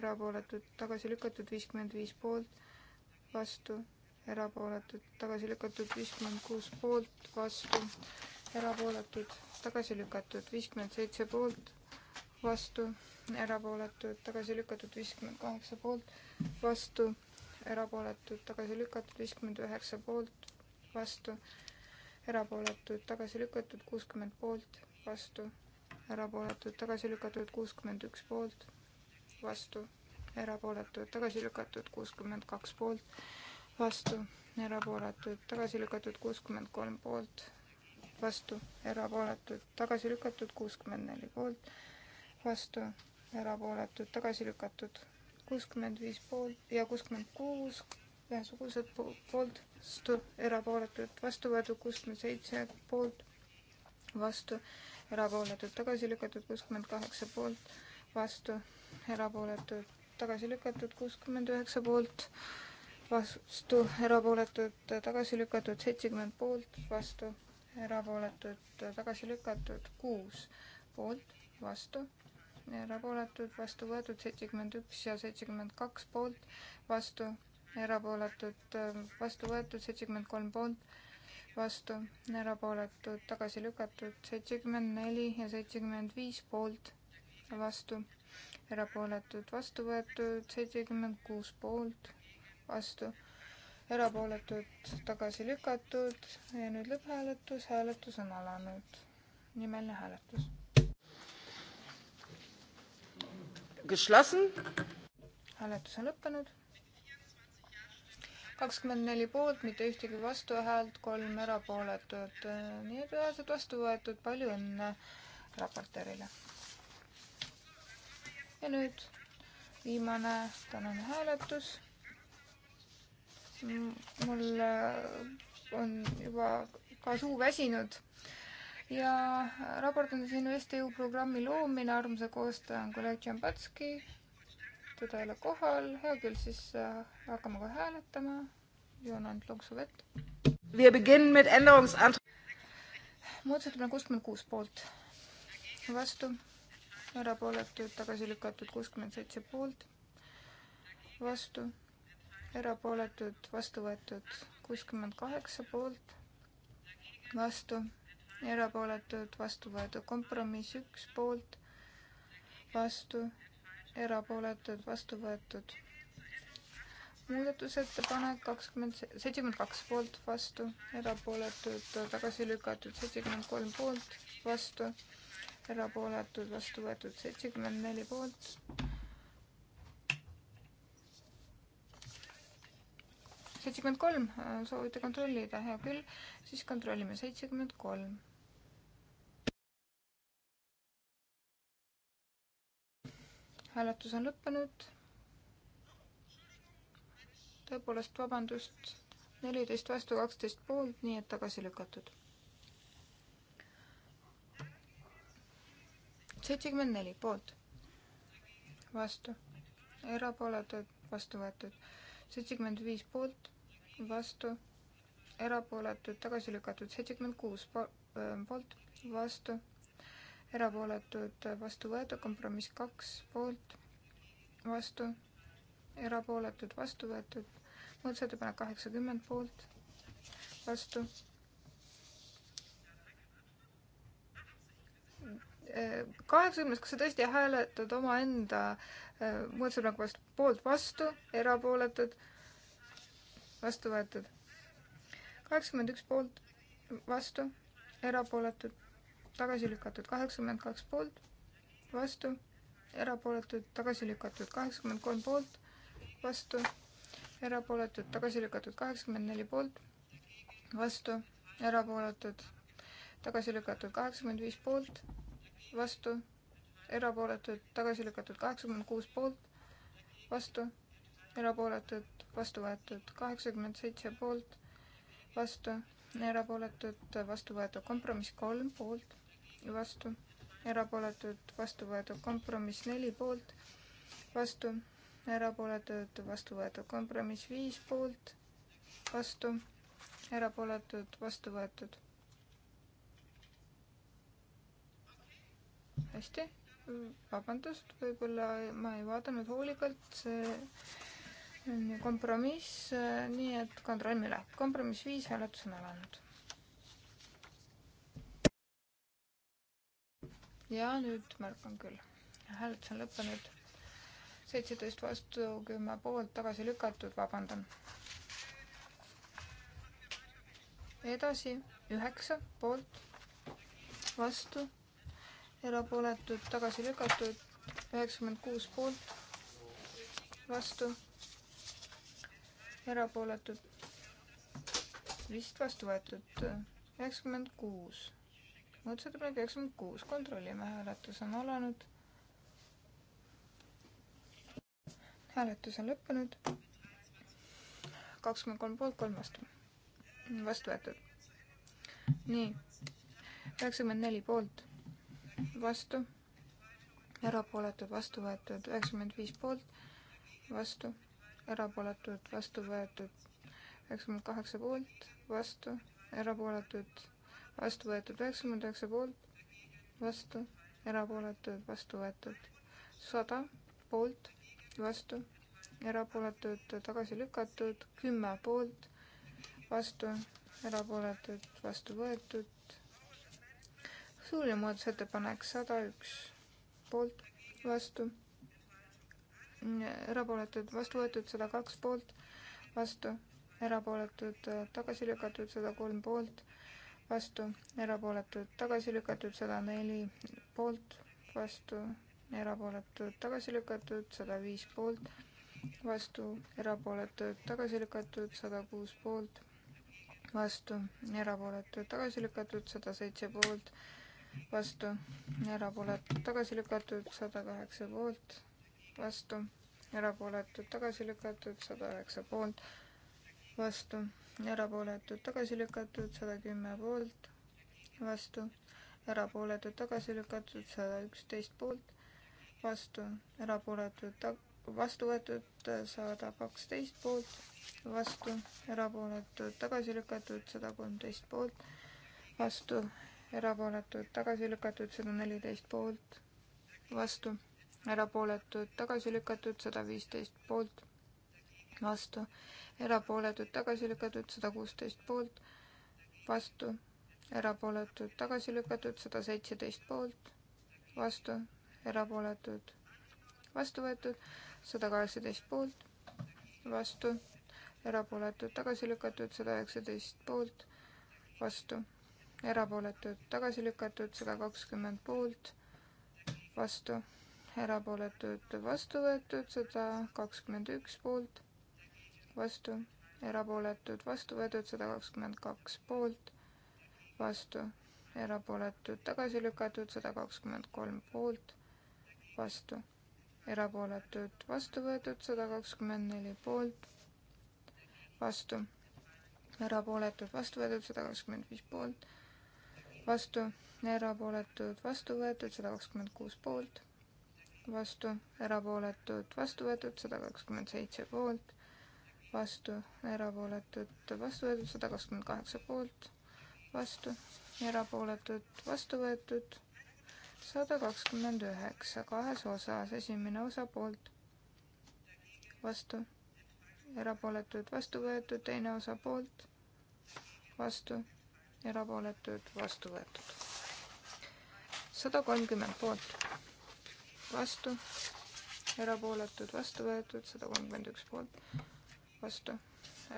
erapooletud, tagasi lükatud, viiskümmend viis poolt, vastu erapooletud, tagasi lükatud viiskümmend kuus poolt, vastu, erapooletud, tagasi lükatud viiskümmend seitse poolt, vastu, erapooletud, tagasi lükatud viiskümmend kaheksa poolt, vastu, erapooletud, tagasi lükatud viiskümmend üheksa poolt, vastu, erapooletud, tagasi lükatud kuuskümmend poolt, vastu, erapooletud, tagasi lükatud kuuskümmend üks poolt, vastu, erapooletud, tagasi lükatud kuuskümmend kaks poolt, vastu, erapooletud, tagasi lükatud kuuskümmend kolm poolt, vastu, erapooletud, tagasi lükatud kuuskümmend neli poolt, vastu, erapooletud, tagasi lükatud kuuskümmend viis poolt ja kuuskümmend kuus ühesugused poolt, vastu, erapooletud, vastu võetud kuuskümmend seitse poolt, vastu, erapooletud, tagasi lükatud kuuskümmend kaheksa poolt, vastu, erapooletud, tagasi lükatud kuuskümmend üheksa poolt, vastu, erapooletud, tagasi lükatud, seitsekümmend poolt, vastu, erapooletud, tagasi lükatud, kuus poolt, vastu, erapooletud, vastu võetud, seitsekümmend üks ja seitsekümmend kaks poolt, vastu, erapooletud, vastu võetud, seitsekümmend kolm poolt vastu, erapooletud, tagasi lükatud, seitsekümmend neli ja seitsekümmend viis poolt, vastu, erapooletud, vastu võetud, seitsekümmend kuus poolt, vastu, erapooletud tagasi lükatud ja nüüd lõpphääletus, hääletus on alanud, nimeline hääletus. Geschlossen. hääletus on lõppenud kakskümmend neli poolt, mitte ühtegi vastuhäält, kolm erapooletut. nii et üheselt vastu võetud, palju õnne raportöörile. ja nüüd viimane tänane hääletus mul äh, on juba ka suu väsinud ja raport on siis InvestEU programmi loomine, armsa koostaja on kolleeg Tšambatski, teda ei ole kohal, hea küll, siis äh, hakkame kohe hääletama, joon ainult lonksu vett. muudatusettepanek kuuskümmend kuus poolt, vastu, erapooletud, tagasi lükatud kuuskümmend seitse poolt, vastu erapooletud, vastu võetud kuuskümmend kaheksa poolt, vastu, erapooletud, vastu võetud kompromiss üks poolt, vastu, erapooletud, vastu võetud muudatusettepanek kakskümmend, seitsekümmend kaks poolt, vastu, erapooletud, tagasi lükatud, seitsekümmend kolm poolt, vastu, erapooletud, vastu võetud, seitsekümmend neli poolt seitsekümmend kolm, äh, soovite kontrollida, hea küll, siis kontrollime seitsekümmend kolm. hääletus on lõppenud. tõepoolest, vabandust, neliteist vastu, kaksteist poolt, nii et tagasi lükatud. seitsekümmend neli poolt, vastu, erapooletud, vastu võetud seitsekümmend viis poolt, vastu, erapooletud, tagasi lükatud, seitsekümmend kuus äh, poolt, vastu, erapooletud, vastu võetud, kompromiss kaks poolt, vastu, erapooletud, vastu võetud, muudatusettepanek kaheksakümmend poolt, vastu. kaheksakümnes, kas sa tõesti hääletad omaenda äh, muudatusettepaneku vastu, poolt vastu, erapooletud vastu võetud. kaheksakümmend üks poolt, vastu, erapooletud, tagasi lükatud, kaheksakümmend kaks poolt, vastu, erapooletud, tagasi lükatud, kaheksakümmend kolm poolt, vastu, erapooletud, tagasi lükatud, kaheksakümmend neli poolt, vastu, erapooletud, tagasi lükatud, kaheksakümmend viis poolt, vastu, erapooletud, tagasi lükatud, kaheksakümmend kuus poolt, vastu erapooletud, vastu võetud kaheksakümmend seitse poolt, vastu, erapooletud, vastu võetud kompromiss kolm poolt, vastu, erapooletud, vastu võetud kompromiss neli poolt, vastu, erapooletud, vastu võetud kompromiss viis poolt, vastu, erapooletud, vastu võetud. hästi, vabandust, võib-olla ma ei vaadanud hoolikalt see Mm, kompromiss, äh, nii et kontrollime üle. kompromiss viis, hääletus on alanud. ja nüüd märkan küll, hääletus on lõppenud. seitseteist vastu kümme poolt tagasi lükatud, vabandan. edasi üheksa poolt, vastu, erapooletud, tagasi lükatud, üheksakümmend kuus poolt, vastu erapooletud, vist vastu võetud üheksakümmend kuus. muudatusettepanek üheksakümmend kuus, kontrollime, hääletus on alanud. hääletus on lõppenud. kakskümmend kolm poolt, kolm vastu, vastu võetud. nii, üheksakümmend neli poolt, vastu, erapooletud, vastu võetud, üheksakümmend viis poolt, vastu erapooletud, vastu võetud üheksakümmend kaheksa poolt, vastu, erapooletud, vastu võetud üheksakümmend üheksa poolt, vastu, erapooletud, vastu võetud sada poolt, vastu, erapooletud, tagasi lükatud, kümme poolt, vastu, erapooletud, vastu võetud. suuline muudatusettepanek sada üks poolt, vastu erapooletud, vastu võetud sada kaks poolt, vastu, erapooletud, tagasi lükatud sada kolm poolt, vastu, erapooletud, tagasi lükatud sada neli poolt, vastu, erapooletud, tagasi lükatud sada viis poolt, vastu, erapooletud, tagasi lükatud sada kuus poolt, vastu, erapooletud, tagasi lükatud sada seitse poolt, vastu, erapooletud, tagasi lükatud sada kaheksa poolt vastu, erapooletud, tagasi lükatud, sada üheksa poolt, vastu, erapooletud, tagasi lükatud, sada kümme poolt, vastu, erapooletud, tagasi lükatud, sada üksteist poolt, vastu, erapooletud, vastu võetud, sada kaksteist poolt, vastu, erapooletud, tagasi lükatud, sada kolmteist poolt, vastu, erapooletud, tagasi lükatud, sada neliteist poolt, vastu erapooletud, tagasi lükatud, sada viisteist poolt, vastu, erapooletud, tagasi lükatud, sada kuusteist poolt, vastu, erapooletud, tagasi lükatud, sada seitseteist poolt, vastu, erapooletud, vastu võetud, sada kaheksateist poolt, vastu, erapooletud, tagasi lükatud, sada üheksateist poolt, vastu, erapooletud, tagasi lükatud, sada kakskümmend poolt, vastu erapooletud, vastu võetud, sada kakskümmend üks poolt, vastu, erapooletud, vastu võetud, sada kakskümmend kaks poolt, vastu, erapooletud, tagasi lükatud, sada kakskümmend kolm poolt, vastu, erapooletud, vastu võetud, sada kakskümmend neli poolt, vastu, erapooletud, vastu võetud, sada kakskümmend viis poolt, vastu, erapooletud, vastu võetud, sada kakskümmend kuus poolt vastu, erapooletud, vastu võetud sada kakskümmend seitse poolt, vastu, erapooletud, vastu võetud sada kakskümmend kaheksa poolt, vastu, erapooletud, vastu võetud sada kakskümmend üheksa kahes osas, esimene osa poolt, vastu, erapooletud, vastu võetud, teine osa poolt, vastu, erapooletud, vastu võetud sada kolmkümmend poolt vastu, erapooletud, vastu võetud, sada kolmkümmend üks poolt, vastu,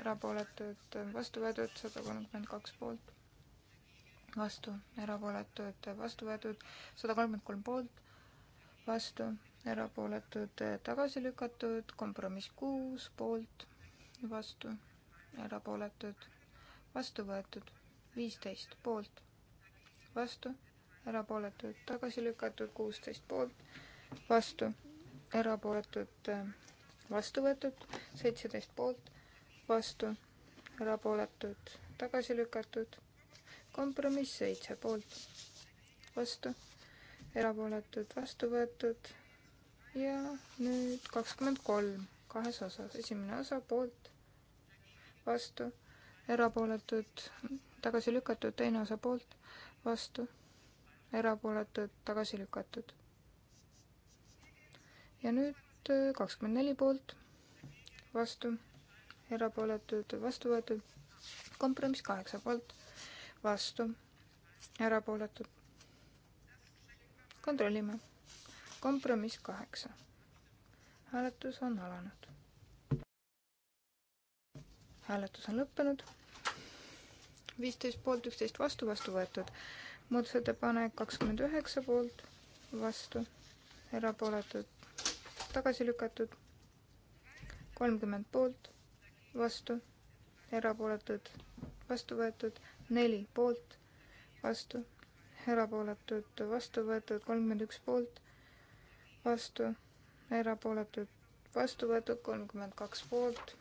erapooletud, vastu võetud, sada kolmkümmend kaks poolt, vastu, erapooletud, vastu võetud, sada kolmkümmend kolm poolt, vastu, erapooletud, tagasi lükatud, kompromiss kuus poolt, vastu, erapooletud, vastu võetud, viisteist poolt, vastu erapooletuid tagasi lükatud, kuusteist poolt, vastu, erapooletud, äh, vastu võetud, seitseteist poolt, vastu, erapooletud, tagasi lükatud, kompromiss seitse poolt, vastu, erapooletud, vastu võetud ja nüüd kakskümmend kolm kahes osas, esimene osa poolt, vastu, erapooletud, tagasi lükatud, teine osa poolt, vastu, erapooletud, tagasi lükatud ja nüüd äh, kakskümmend neli poolt, vastu, erapooletud, vastu võetud, kompromiss kaheksa poolt, vastu, erapooletud. kontrollime. kompromiss kaheksa. hääletus on alanud. hääletus on lõppenud. viisteist poolt, üksteist vastu, vastu võetud. muudatusettepanek kakskümmend üheksa poolt, vastu, erapooletud tagasi lükatud, kolmkümmend poolt, vastu, erapooletud, vastu võetud, neli poolt, vastu, erapooletud, vastu võetud, kolmkümmend üks poolt, vastu, erapooletud, vastu võetud, kolmkümmend kaks poolt,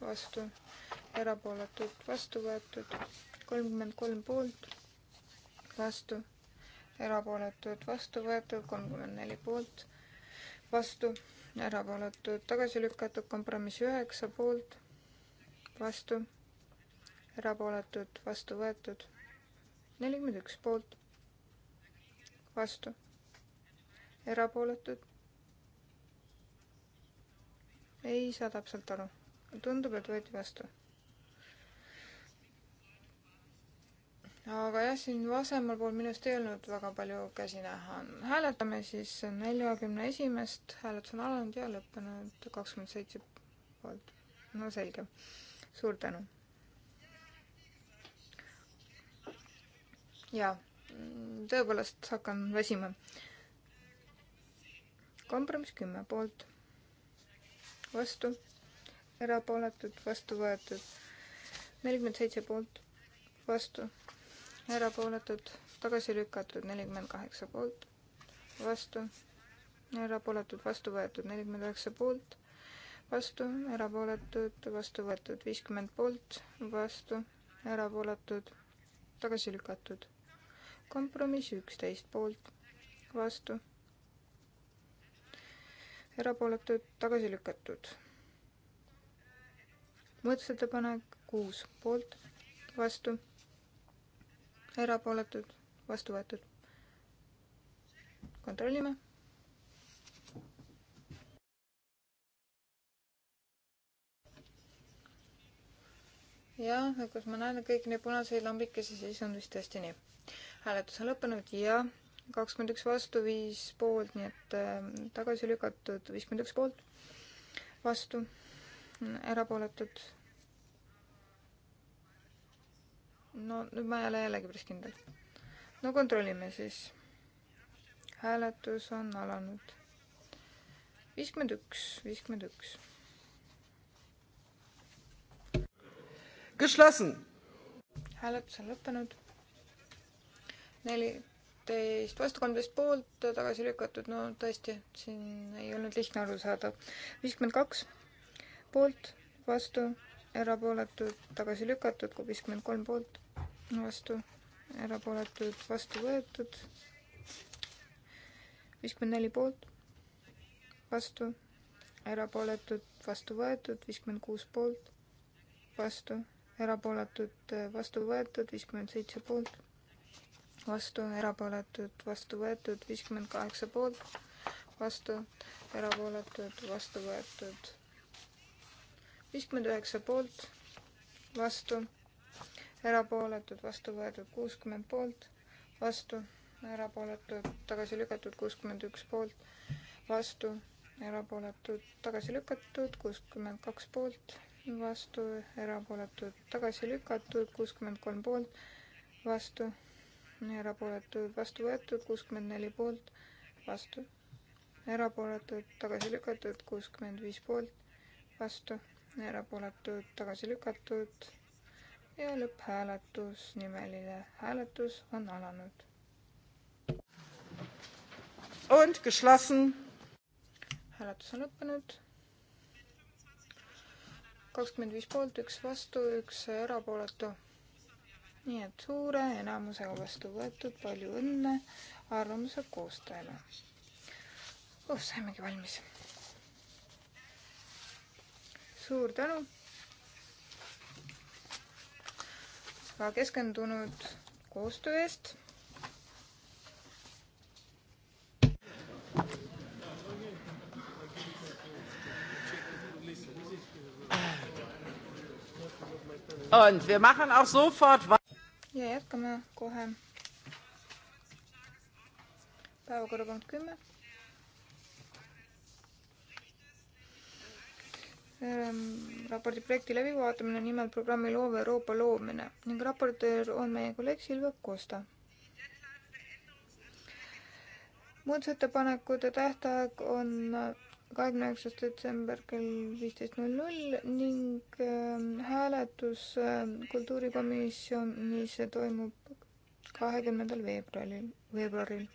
vastu, erapooletud, vastu võetud, kolmkümmend kolm poolt, vastu erapooletud vastu võetud, kolmkümmend neli poolt, vastu, erapooletud, tagasi lükatud, kompromiss üheksa poolt, vastu, erapooletud, vastu võetud, nelikümmend üks poolt, vastu, erapooletud. ei saa täpselt aru, tundub, et võeti vastu aga jah, siin vasemal pool minust ei olnud väga palju käsi näha. hääletame siis neljakümne esimest, hääletus on alanud ja lõppenud kakskümmend seitse poolt. no selge, suur tänu. jaa, tõepoolest hakkan väsima. kompromiss kümme poolt, vastu, erapooletud, vastu võetud, nelikümmend seitse poolt, vastu erapooletud, tagasi lükatud nelikümmend kaheksa poolt, vastu, erapooletud, vastu võetud nelikümmend üheksa poolt, vastu, erapooletud, vastu võetud viiskümmend poolt, vastu, erapooletud, tagasi lükatud. kompromiss üksteist poolt, vastu, erapooletud, tagasi lükatud. muudatusettepanek kuus poolt, vastu erapooletud, vastu võetud. kontrollime. ja kas ma näen kõiki neid punaseid lambikesi, siis on vist tõesti nii. hääletus on lõppenud ja kakskümmend üks vastu, viis poolt, nii et äh, tagasi lükatud viiskümmend üks poolt, vastu, erapooletud no nüüd ma ei ole jällegi päris kindel. no kontrollime siis. hääletus on alanud. viiskümmend üks, viiskümmend üks. Geschlossen. hääletus on lõppenud. neliteist vastu kolmteist poolt tagasi lükatud, no tõesti, siin ei olnud lihtne aru saada. viiskümmend kaks poolt, vastu erapooletud, tagasi lükatud, kui viiskümmend kolm poolt, vastu, erapooletud, vastu võetud. viiskümmend neli poolt, vastu, erapooletud, vastu võetud, viiskümmend kuus poolt, vastu, erapooletud, vastu võetud, viiskümmend seitse poolt, vastu, erapooletud, vastu võetud, viiskümmend kaheksa poolt, vastu, erapooletud, vastu võetud viiskümmend üheksa poolt, vastu, erapooletud, vastu võetud kuuskümmend poolt, vastu, erapooletud, tagasi lükatud kuuskümmend üks poolt, vastu, erapooletud, tagasi lükatud kuuskümmend kaks poolt, vastu, erapooletud, tagasi lükatud kuuskümmend kolm poolt, vastu, erapooletud, vastu võetud kuuskümmend neli poolt, vastu, erapooletud, tagasi lükatud kuuskümmend viis poolt, vastu, erapooletud, tagasi lükatud ja lõpphääletus, nimeline hääletus on alanud. Und geschlossen. hääletus on lõppenud kakskümmend viis poolt, üks vastu, üks erapooletu. nii et suure enamusega vastu võetud, palju õnne arvamuse koostajale. oh, saimegi valmis. suur tänu ka keskendunud koostöö eest. Und wir machen auch sofort weiter. ja jätkame kohe päevakorrapunkt kümme Ehm, raporti projekti läbivaatamine nimelt programmi Loov Euroopa loomine ning raportöör on meie kolleeg Silvia Kosta. muudatusettepanekute tähtaeg on kahekümne üheksas detsember kell viisteist null null ning ehm, hääletus ehm, kultuurikomisjonis toimub kahekümnendal veebruaril, veebruaril.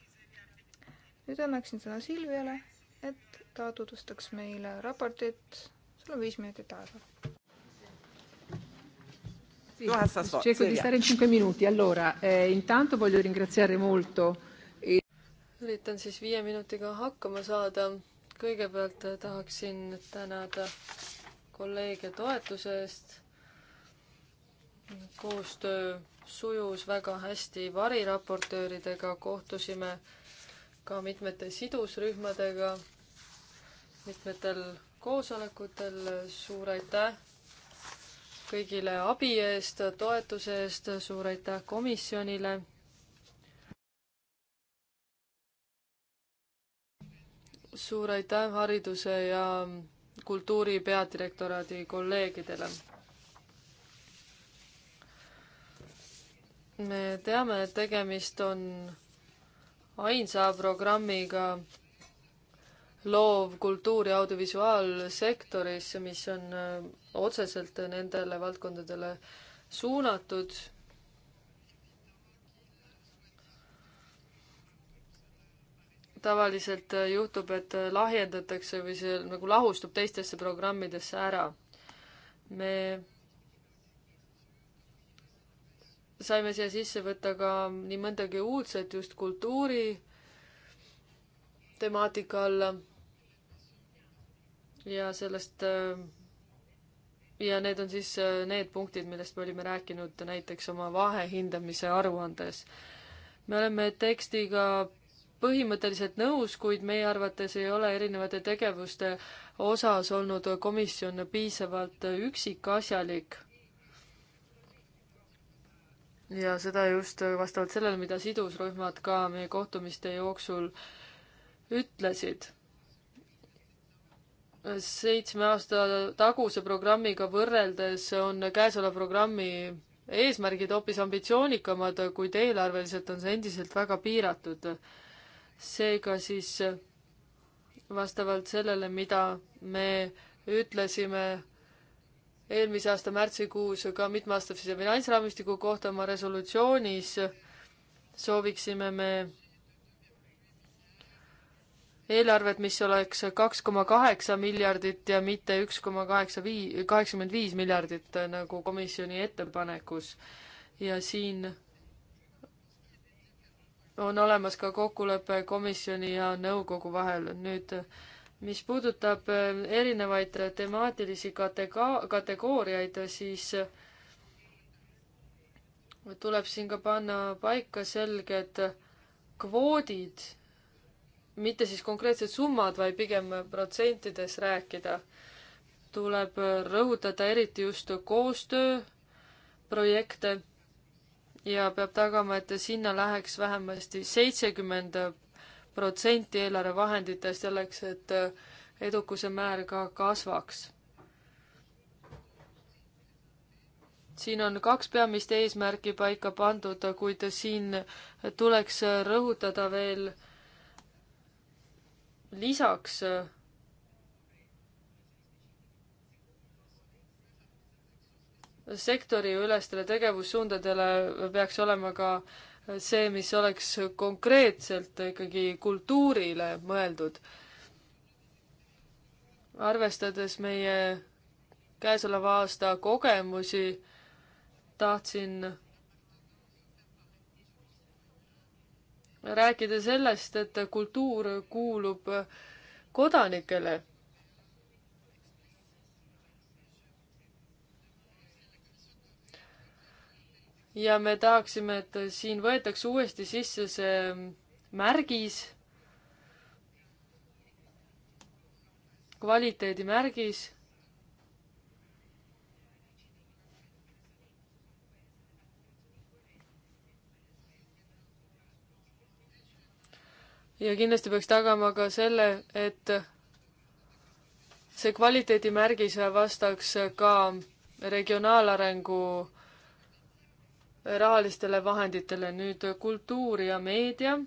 nüüd annaksin sõna Silviale, et ta tutvustaks meile raportit sul on viis minutit aega. Cerco di stare in cinque minuti. Allora, eh, intanto voglio ringraziare molto. üritan siis viie minutiga hakkama saada. kõigepealt eh, tahaksin tänada kolleege toetuse eest. koostöö sujus väga hästi variraportööridega, kohtusime ka mitmete sidusrühmadega, mitmetel koosolekutel, suur aitäh kõigile abi eest, toetuse eest, suur aitäh komisjonile. suur aitäh hariduse ja kultuuri peadirektoraadi kolleegidele. me teame, et tegemist on ainsa programmiga, loov-, kultuur- ja audiovisuaalsektoris, mis on äh, otseselt nendele valdkondadele suunatud. tavaliselt äh, juhtub, et äh, lahjendatakse või see nagu lahustub teistesse programmidesse ära. me saime siia sisse võtta ka nii mõndagi uudset just kultuuri temaatika alla ja sellest äh, ja need on siis äh, need punktid, millest me olime rääkinud näiteks oma vahehindamise aruandes. me oleme tekstiga põhimõtteliselt nõus, kuid meie arvates ei ole erinevate tegevuste osas olnud komisjon piisavalt üksikasjalik. ja seda just vastavalt sellele, mida sidusrühmad ka meie kohtumiste jooksul ütlesid seitsme aasta taguse programmiga võrreldes on käesoleva programmi eesmärgid hoopis ambitsioonikamad, kuid eelarveliselt on see endiselt väga piiratud. seega siis vastavalt sellele, mida me ütlesime eelmise aasta märtsikuus ka mitmeaastase finantsraamistiku kohta oma resolutsioonis, sooviksime me eelarvet, mis oleks kaks koma kaheksa miljardit ja mitte üks koma kaheksa vii-, kaheksakümmend viis miljardit, äh, nagu komisjoni ettepanekus. ja siin on olemas ka kokkulepe komisjoni ja nõukogu vahel. nüüd mis puudutab äh, erinevaid temaatilisi katega-, kategooriaid, siis äh, tuleb siin ka panna paika selged kvoodid mitte siis konkreetsed summad, vaid pigem protsentides rääkida, tuleb rõhutada eriti just koostööprojekte ja peab tagama, et sinna läheks vähemasti seitsekümmend protsenti eelarvevahenditest selleks, et edukuse määr ka kasvaks. siin on kaks peamist eesmärki paika pandud, kuid siin tuleks rõhutada veel äh, lisaks äh, sektoriülestele tegevussuundadele peaks olema ka see, mis oleks konkreetselt ikkagi kultuurile mõeldud. arvestades meie käesoleva aasta kogemusi, tahtsin rääkida sellest, et kultuur kuulub kodanikele. ja me tahaksime, et siin võetakse uuesti sisse see märgis, kvaliteedimärgis ja kindlasti peaks tagama ka selle, et see kvaliteedimärgis vastaks ka regionaalarengu rahalistele vahenditele. nüüd kultuur ja meedia.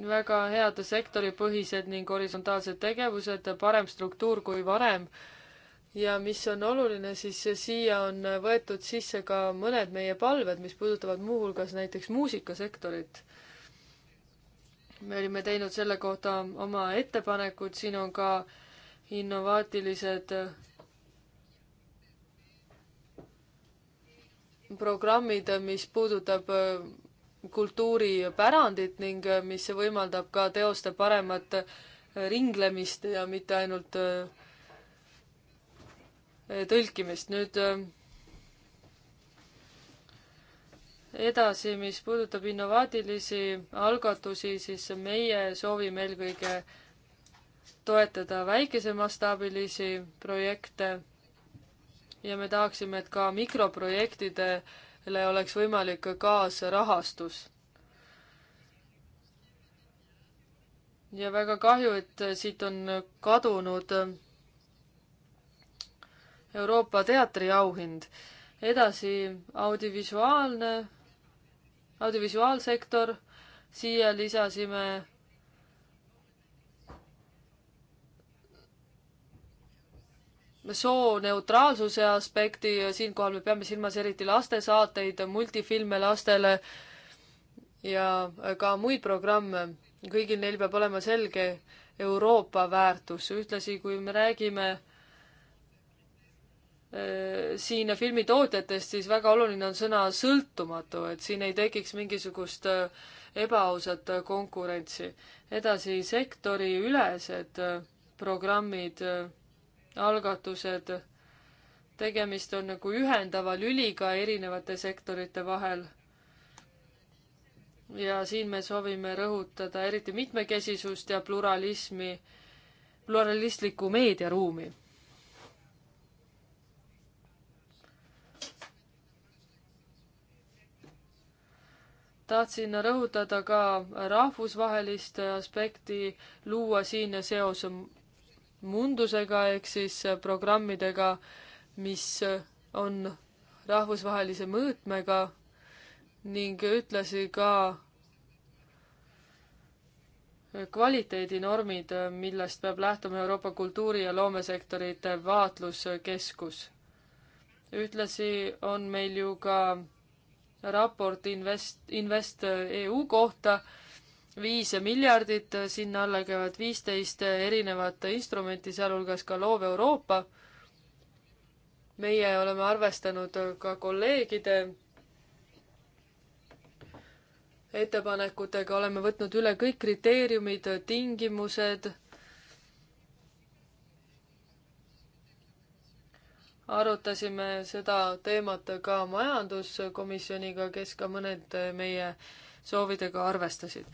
väga head sektoripõhised ning horisontaalsed tegevused, parem struktuur kui varem ja mis on oluline, siis siia on võetud sisse ka mõned meie palved, mis puudutavad muuhulgas näiteks muusikasektorit. me olime teinud selle kohta oma ettepanekud, siin on ka innovaatilised programmid, mis puudutab äh, kultuuripärandit ning äh, mis võimaldab ka teoste paremat äh, ringlemist ja mitte ainult äh, Eh, tõlkimist. nüüd eh, edasi, mis puudutab innovaatilisi algatusi, siis meie soovime eelkõige toetada väikesemastaabilisi projekte ja me tahaksime, et ka mikroprojektidele oleks võimalik kaasrahastus ja väga kahju, et siit on kadunud Euroopa teatriauhind. edasi audiovisuaalne, audiovisuaalsektor, siia lisasime sooneutraalsuse aspekti, siinkohal me peame silmas eriti lastesaateid, multifilme lastele ja ka muid programme. kõigil neil peab olema selge Euroopa väärtus, ühtlasi kui me räägime Äh, siin filmitootjatest, siis väga oluline on sõna sõltumatu, et siin ei tekiks mingisugust äh, ebaausat äh, konkurentsi. edasi sektoriülesed programmid, algatused, tegemist on nagu ühendava lüliga erinevate sektorite vahel. ja siin me soovime rõhutada eriti mitmekesisust ja pluralismi, pluralistlikku meediaruumi tahtsin rõhutada ka rahvusvahelist aspekti, luua siin seos Mundusega ehk siis programmidega, mis on rahvusvahelise mõõtmega ning ühtlasi ka kvaliteedinormid, millest peab lähtuma Euroopa kultuuri- ja loomesektorite vaatluskeskus. ühtlasi on meil ju ka raport Invest, Invest EU kohta, viis miljardit, sinna alla käivad viisteist erinevat instrumenti, sealhulgas ka Loov Euroopa. meie oleme arvestanud ka kolleegide ettepanekutega, oleme võtnud üle kõik kriteeriumid, tingimused arutasime seda teemat ka majanduskomisjoniga, kes ka mõned meie soovidega arvestasid.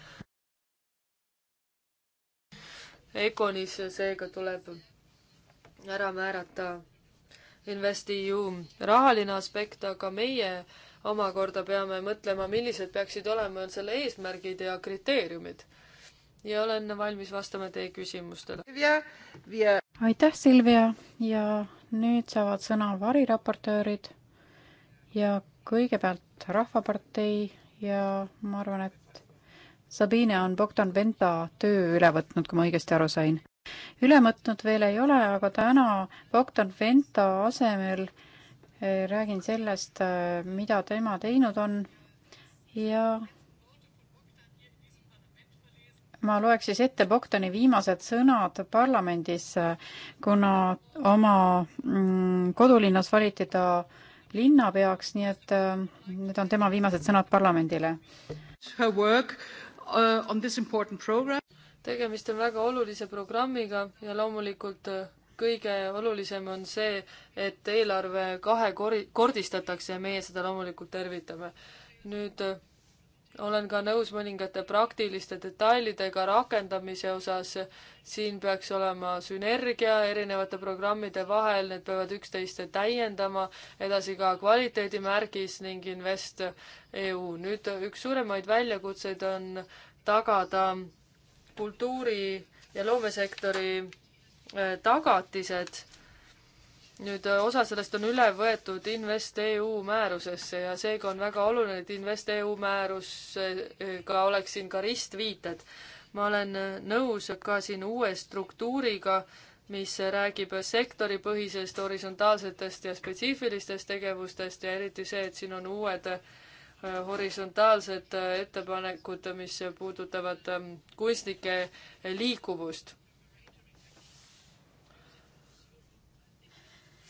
Econis seega tuleb ära määrata InvestEU rahaline aspekt, aga meie omakorda peame mõtlema, millised peaksid olema selle eesmärgid ja kriteeriumid. ja olen valmis vastama teie küsimustele. aitäh, Silvia ja nüüd saavad sõna variraportöörid ja kõigepealt Rahvapartei ja ma arvan, et Sabine on Bogdan Venta töö üle võtnud, kui ma õigesti aru sain. üle võtnud veel ei ole, aga täna Bogdan Venta asemel eh, räägin sellest, eh, mida tema teinud on ja ma loeks siis ette Bogdani viimased sõnad parlamendis, kuna oma mm, kodulinnas valiti ta linnapeaks, nii et äh, need on tema viimased sõnad parlamendile. Her work uh, on this important program. tegemist on väga olulise programmiga ja loomulikult äh, kõige olulisem on see, et eelarve kahekori-, kordistatakse ja meie seda loomulikult tervitame. nüüd äh, olen ka nõus mõningate praktiliste detailidega rakendamise osas. siin peaks olema sünergia erinevate programmide vahel, need peavad üksteist täiendama, edasi ka kvaliteedimärgis ning Invest EU. nüüd üks suuremaid väljakutseid on tagada kultuuri ja loomesektori äh, tagatised nüüd äh, osa sellest on üle võetud InvestEU määrusesse ja seega on väga oluline, et InvestEU määrusega äh, oleks siin ka ristviited. ma olen äh, nõus ka siin uue struktuuriga, mis räägib sektoripõhisest, horisontaalsetest ja spetsiifilistest tegevustest ja eriti see, et siin on uued horisontaalsed ettepanekud, mis puudutavad ähm, kunstnike liikuvust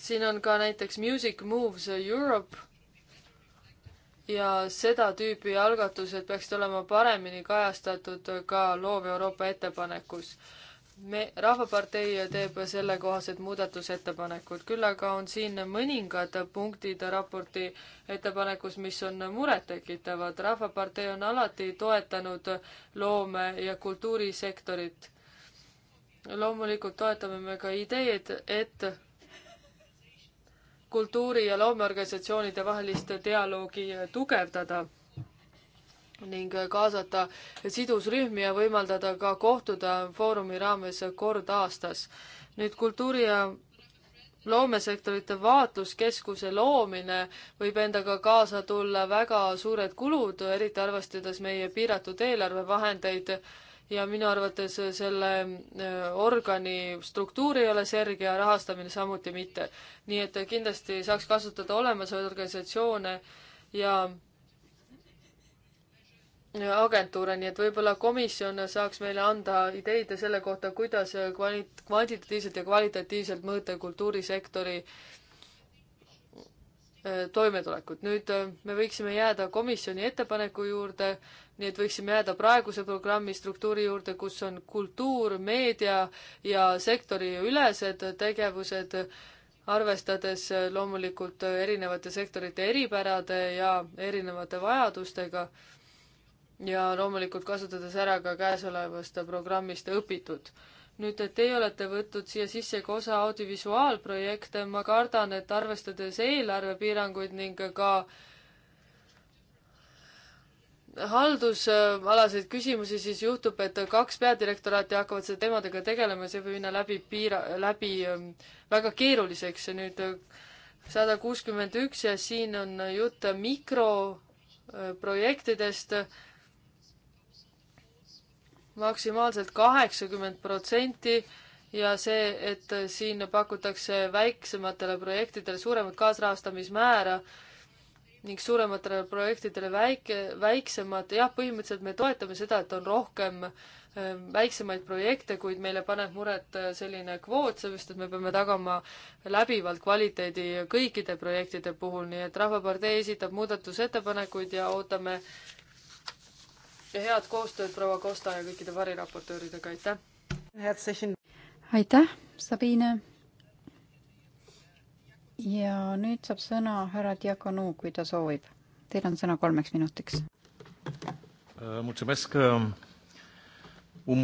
siin on ka näiteks Music Moves Europe ja seda tüüpi algatused peaksid olema paremini kajastatud ka loov Euroopa ettepanekus. me, Rahvapartei teeb sellekohased muudatusettepanekud, küll aga on siin mõningad punktid raporti ettepanekus, mis on murettekitavad. rahvapartei on alati toetanud loome- ja kultuurisektorit. loomulikult toetame me ka ideed, et kultuuri- ja loomeorganisatsioonide vahelist dialoogi tugevdada ning kaasata sidusrühmi ja võimaldada ka kohtuda foorumi raames kord aastas. nüüd kultuuri- ja loomesektorite vaatluskeskuse loomine võib endaga kaasa tulla väga suured kulud, eriti arvestades meie piiratud eelarvevahendeid ja minu arvates selle äh, organi struktuur ei ole selge ja rahastamine samuti mitte. nii et kindlasti saaks kasutada olemasolevaid organisatsioone ja agentuure, nii et võib-olla komisjon saaks meile anda ideid selle kohta, kuidas kvali-, kvantitatiivselt ja kvalitatiivselt mõõta kultuurisektori äh, Äh, toimetulekut. nüüd äh, me võiksime jääda komisjoni ettepaneku juurde, nii et võiksime jääda praeguse programmi struktuuri juurde, kus on kultuur, meedia ja sektoriülesed tegevused, arvestades äh, loomulikult erinevate sektorite eripärade ja erinevate vajadustega ja loomulikult kasutades ära ka käesolevast programmist õpitud nüüd teie olete võtnud siia sisse ka osa audiovisuaalprojekte, ma kardan, et arvestades eelarvepiiranguid ning ka haldusalaseid küsimusi, siis juhtub, et kaks peadirektoraati hakkavad selle teemadega tegelema ja see võib minna läbi piira, läbi ähm, väga keeruliseks ja nüüd äh, sada kuuskümmend üks ja siin on jutt mikroprojektidest äh,, maksimaalselt kaheksakümmend protsenti ja see, et siin pakutakse väiksematele projektidele suuremat kaasrahastamismäära ning suurematele projektidele väike, väiksemad, jah, põhimõtteliselt me toetame seda, et on rohkem äh, väiksemaid projekte, kuid meile paneb muret äh, selline kvoot, sellepärast et me peame tagama läbivalt kvaliteedi kõikide projektide puhul, nii et Rahvapartei esitab muudatusettepanekuid ja ootame ja head koostööd proua Kosta ja kõikide variraportööridega, aitäh! aitäh, Sabine! ja nüüd saab sõna härra Diakonu, kui ta soovib. Teil on sõna kolmeks minutiks. Äh, ähm, um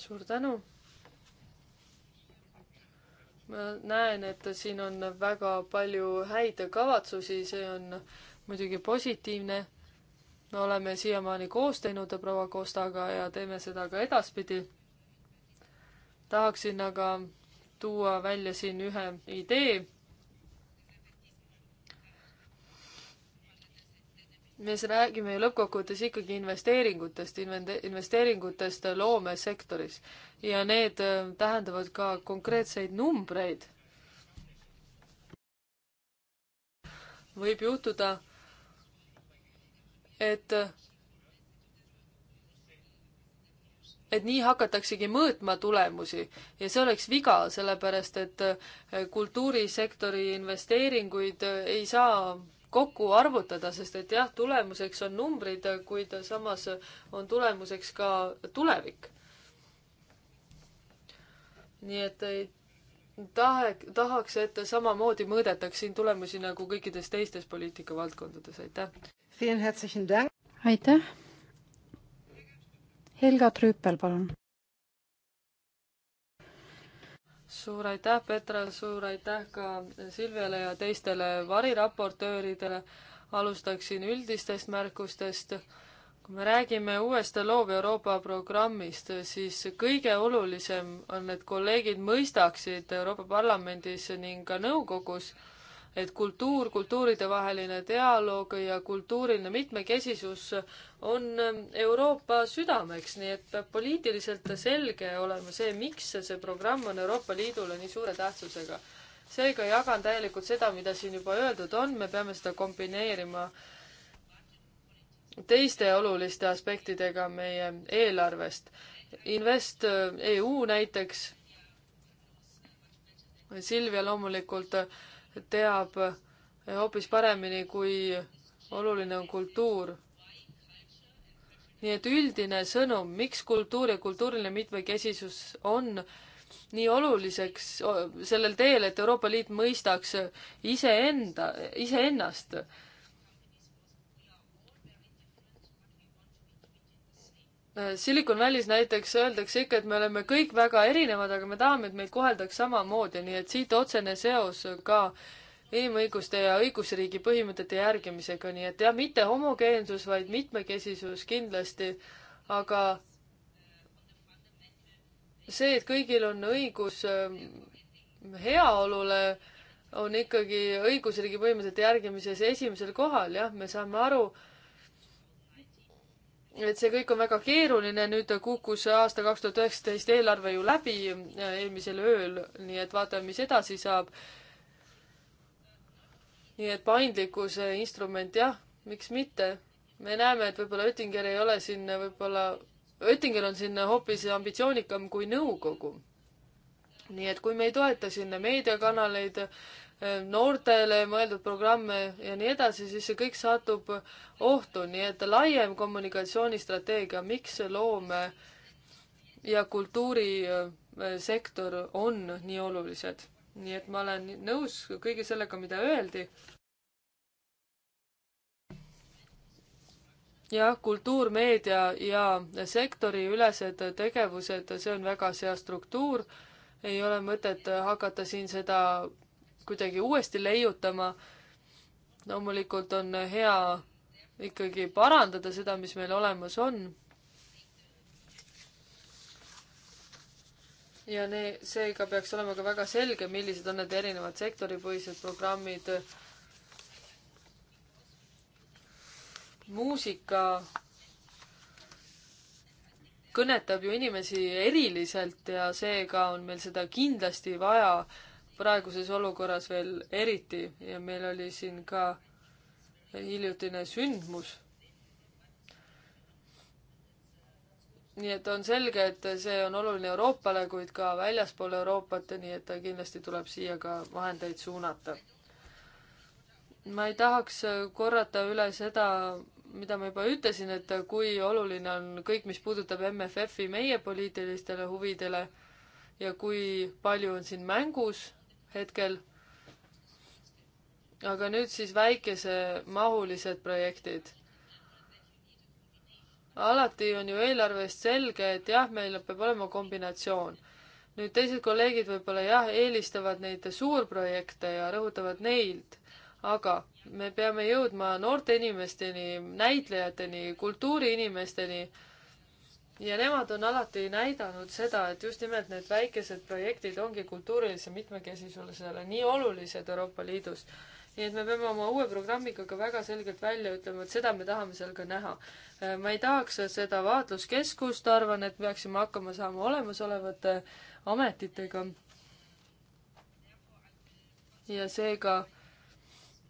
suur tänu! ma näen, et siin on väga palju häid kavatsusi, see on muidugi positiivne me oleme siiamaani koos teinud proua Kostaga ja teeme seda ka edaspidi. tahaksin aga tuua välja siin ühe idee. me siin räägime ju lõppkokkuvõttes ikkagi investeeringutest, investeeringutest loomesektoris ja need äh, tähendavad ka konkreetseid numbreid. võib juhtuda et et nii hakataksegi mõõtma tulemusi ja see oleks viga, sellepärast et eh, kultuurisektori investeeringuid eh, ei saa kokku arvutada, sest et jah, tulemuseks on numbrid, eh, kuid samas on tulemuseks ka tulevik. nii et ei tahe, tahaks, et samamoodi mõõdetaks siin tulemusi nagu kõikides teistes poliitikavaldkondades, aitäh! aitäh. Helga Trüüpel, palun. suur aitäh, Petra, suur aitäh ka Silviale ja teistele variraportööridele. alustaksin üldistest märkustest. kui me räägime uuest Loov Euroopa programmist, siis kõige olulisem on, et kolleegid mõistaksid Euroopa Parlamendis ning ka nõukogus, et kultuur, kultuuridevaheline dialoog ja kultuuriline mitmekesisus on Euroopa südameks, nii et peab poliitiliselt selge olema see, miks see programm on Euroopa Liidule nii suure tähtsusega. seega jagan täielikult seda, mida siin juba öeldud on, me peame seda kombineerima teiste oluliste aspektidega meie eelarvest. Invest äh, EU näiteks, Silvia loomulikult äh, teab eh, hoopis paremini, kui oluline on kultuur. nii et üldine sõnum, miks kultuur ja kultuuriline mitmekesisus on nii oluliseks sellel teel, et Euroopa Liit mõistaks iseenda, iseennast Äh, Silicon Valley's näiteks öeldakse ikka, et me oleme kõik väga erinevad, aga me tahame, et meid koheldaks samamoodi, nii et siit otsene seos ka inimõiguste ja õigusriigi põhimõtete järgimisega, nii et jah, mitte homogeensus, vaid mitmekesisus kindlasti, aga see, et kõigil on õigus ähm, heaolule, on ikkagi õigusriigi põhimõtete järgimises esimesel kohal, jah, me saame aru, et see kõik on väga keeruline, nüüd kukkus aasta kaks tuhat üheksateist eelarve ju läbi äh, eelmisel ööl, nii et vaatame, mis edasi saab. nii et paindlikkuse äh, instrument jah, miks mitte. me näeme, et võib-olla Oettinger ei ole siin äh, võib-olla, Oettinger on siin hoopis ambitsioonikam kui nõukogu. nii et kui me ei toeta sinna meediakanaleid, Eh, noortele mõeldud programme ja nii edasi, siis see kõik satub ohtu, nii et laiem kommunikatsioonistrateegia, miks loome ja kultuurisektor eh, on nii olulised. nii et ma olen nõus kõige sellega, mida öeldi. jah, kultuurmeedia ja sektoriülesed tegevused, see on väga hea struktuur ei ole mõtet hakata siin seda kuidagi uuesti leiutama. loomulikult on hea ikkagi parandada seda, mis meil olemas on. ja ne-, seega peaks olema ka väga selge, millised on need erinevad sektoripõhised programmid muusika kõnetab ju inimesi eriliselt ja seega on meil seda kindlasti vaja praeguses olukorras veel eriti ja meil oli siin ka hiljutine sündmus. nii et on selge, et see on oluline Euroopale, kuid ka väljaspool Euroopat, nii et kindlasti tuleb siia ka vahendeid suunata. ma ei tahaks korrata üle seda, mida ma juba ütlesin, et kui oluline on kõik, mis puudutab MFF-i meie poliitilistele huvidele ja kui palju on siin mängus hetkel. aga nüüd siis väikesemahulised projektid. alati on ju eelarvest selge, et jah, meil peab olema kombinatsioon. nüüd teised kolleegid võib-olla jah, eelistavad neid suurprojekte ja rõhutavad neid, aga me peame jõudma noorte inimesteni, näitlejateni, kultuuriinimesteni ja nemad on alati näidanud seda, et just nimelt need väikesed projektid ongi kultuurilise mitmekesisusele nii olulised Euroopa Liidus. nii et me peame oma uue programmiga ka väga selgelt välja ütlema, et seda me tahame seal ka näha. Äh, ma ei tahaks seda vaatluskeskust, arvan, et peaksime hakkama saama olemasolevate ametitega. ja seega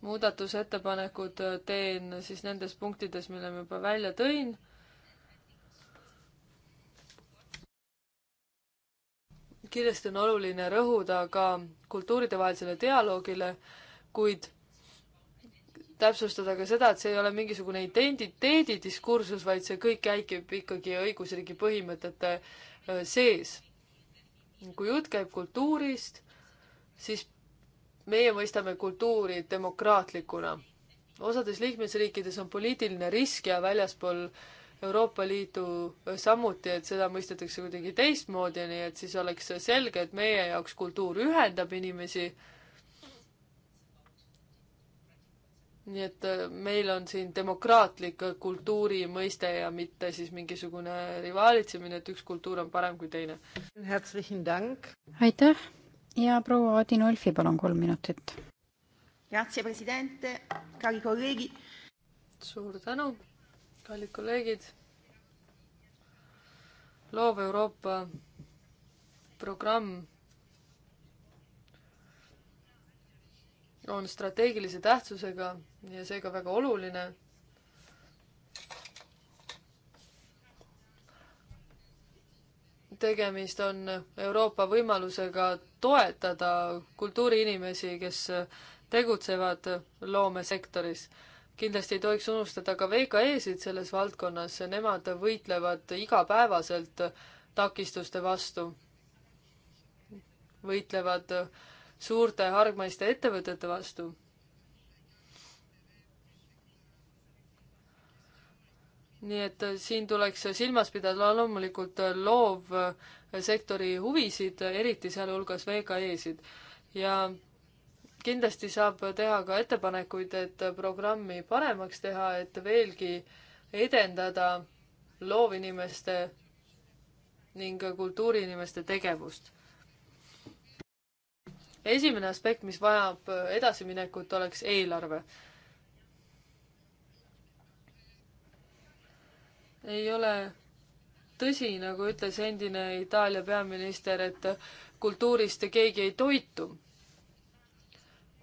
muudatusettepanekud äh, teen siis nendes punktides, mille ma juba välja tõin kindlasti on oluline rõhuda ka kultuuridevahelisele dialoogile, kuid täpsustada ka seda, et see ei ole mingisugune identiteedi diskursus, vaid see kõik käikib ikkagi õigusriigi põhimõtete sees. kui jutt käib kultuurist, siis meie mõistame kultuuri demokraatlikuna. osades liikmesriikides on poliitiline risk ja väljaspool äh, Euroopa Liidu samuti, et seda mõistetakse kuidagi teistmoodi, nii et siis oleks selge, et meie jaoks kultuur ühendab inimesi. nii et äh, meil on siin demokraatlik kultuuri mõiste ja mitte siis mingisugune rivaalitsemine, et üks kultuur on parem kui teine. aitäh ja proua Adin Olfi, palun kolm minutit. suur tänu kallid kolleegid, loov Euroopa programm on strateegilise tähtsusega ja seega väga oluline tegemist on Euroopa võimalusega toetada kultuuriinimesi, kes tegutsevad loomesektoris kindlasti ei tohiks unustada ka VKE-sid selles valdkonnas, nemad võitlevad igapäevaselt takistuste vastu. võitlevad suurte hargmaiste ettevõtete vastu. nii et siin tuleks silmas pidada loomulikult loovsektori huvisid, eriti sealhulgas VKE-sid ja kindlasti saab teha ka ettepanekuid, et programmi paremaks teha, et veelgi edendada loovinimeste ning kultuuriinimeste tegevust. esimene aspekt, mis vajab edasiminekut, oleks eelarve. ei ole tõsi, nagu ütles endine Itaalia peaminister, et kultuurist keegi ei toitu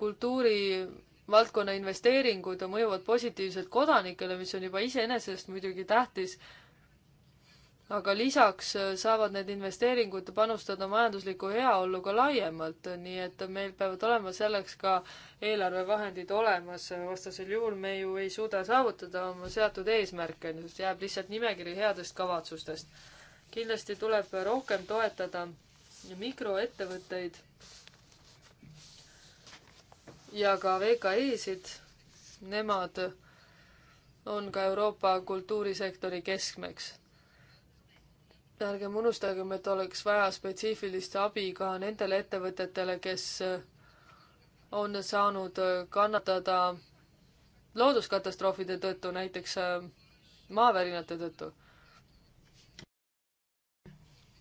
kultuurivaldkonna investeeringud mõjuvad positiivselt kodanikele, mis on juba iseenesest muidugi tähtis, aga lisaks äh, saavad need investeeringud panustada majanduslikku heaollu ka laiemalt, nii et meil peavad olema selleks ka eelarvevahendid olemas, vastasel juhul me ju ei suuda saavutada oma seatud eesmärke, jääb lihtsalt nimekiri headest kavatsustest. kindlasti tuleb rohkem toetada mikroettevõtteid ja ka VKE-sid, nemad on ka Euroopa kultuurisektori keskmeks. ärgem unustagem, et oleks vaja spetsiifilist abi ka nendele ettevõtetele, kes on saanud kannatada looduskatastroofide tõttu, näiteks äh, maavärinate tõttu.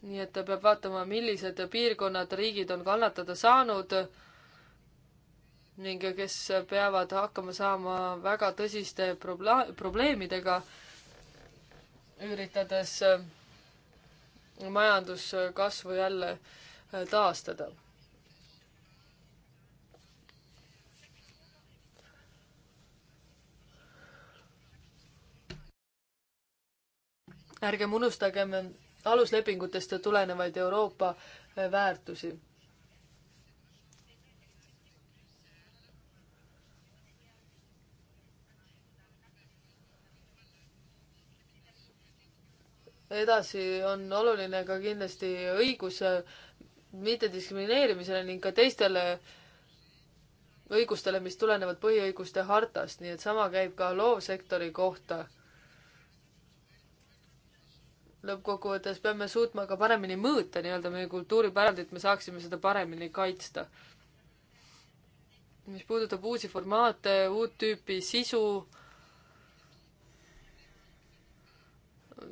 nii et peab vaatama, millised piirkonnad, riigid on kannatada saanud ning kes peavad hakkama saama väga tõsiste probla-, probleemidega, üritades äh, majanduskasvu jälle äh, taastada ärgem unustagem aluslepingutest tulenevaid Euroopa äh, väärtusi. edasi on oluline ka kindlasti õigus äh, mittediskrimineerimisele ning ka teistele õigustele, mis tulenevad põhiõiguste hartast, nii et sama käib ka loovsektori kohta. lõppkokkuvõttes peame suutma ka paremini mõõta nii-öelda meie kultuuripärandit, me saaksime seda paremini kaitsta. mis puudutab uusi formaate, uut tüüpi sisu,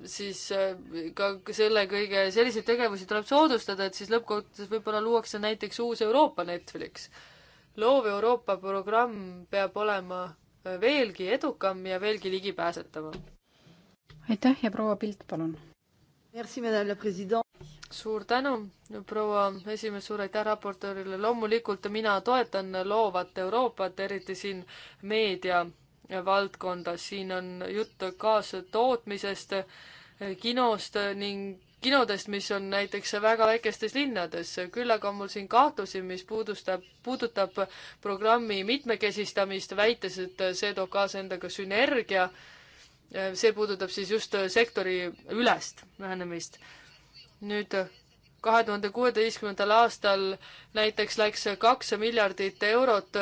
siis äh, ka selle kõige, selliseid tegevusi tuleb soodustada, et siis lõppkokkuvõttes võib-olla luuakse näiteks uus Euroopa Netflix. loov Euroopa programm peab olema äh, veelgi edukam ja veelgi ligipääsetavam. aitäh ja proua Pilt, palun. suur tänu, proua esimees, suur aitäh raportöörile. loomulikult mina toetan loovat Euroopat, eriti siin meedia valdkonda, siin on juttu kaastootmisest, kinost ning kinodest, mis on näiteks väga väikestes linnades. küll aga on mul siin kahtlusi, mis puudustab, puudutab programmi mitmekesistamist, väites, et see toob kaasa endaga sünergia. see puudutab siis just sektori ülest lähenemist. nüüd kahe tuhande kuueteistkümnendal aastal näiteks läks kaks miljardit eurot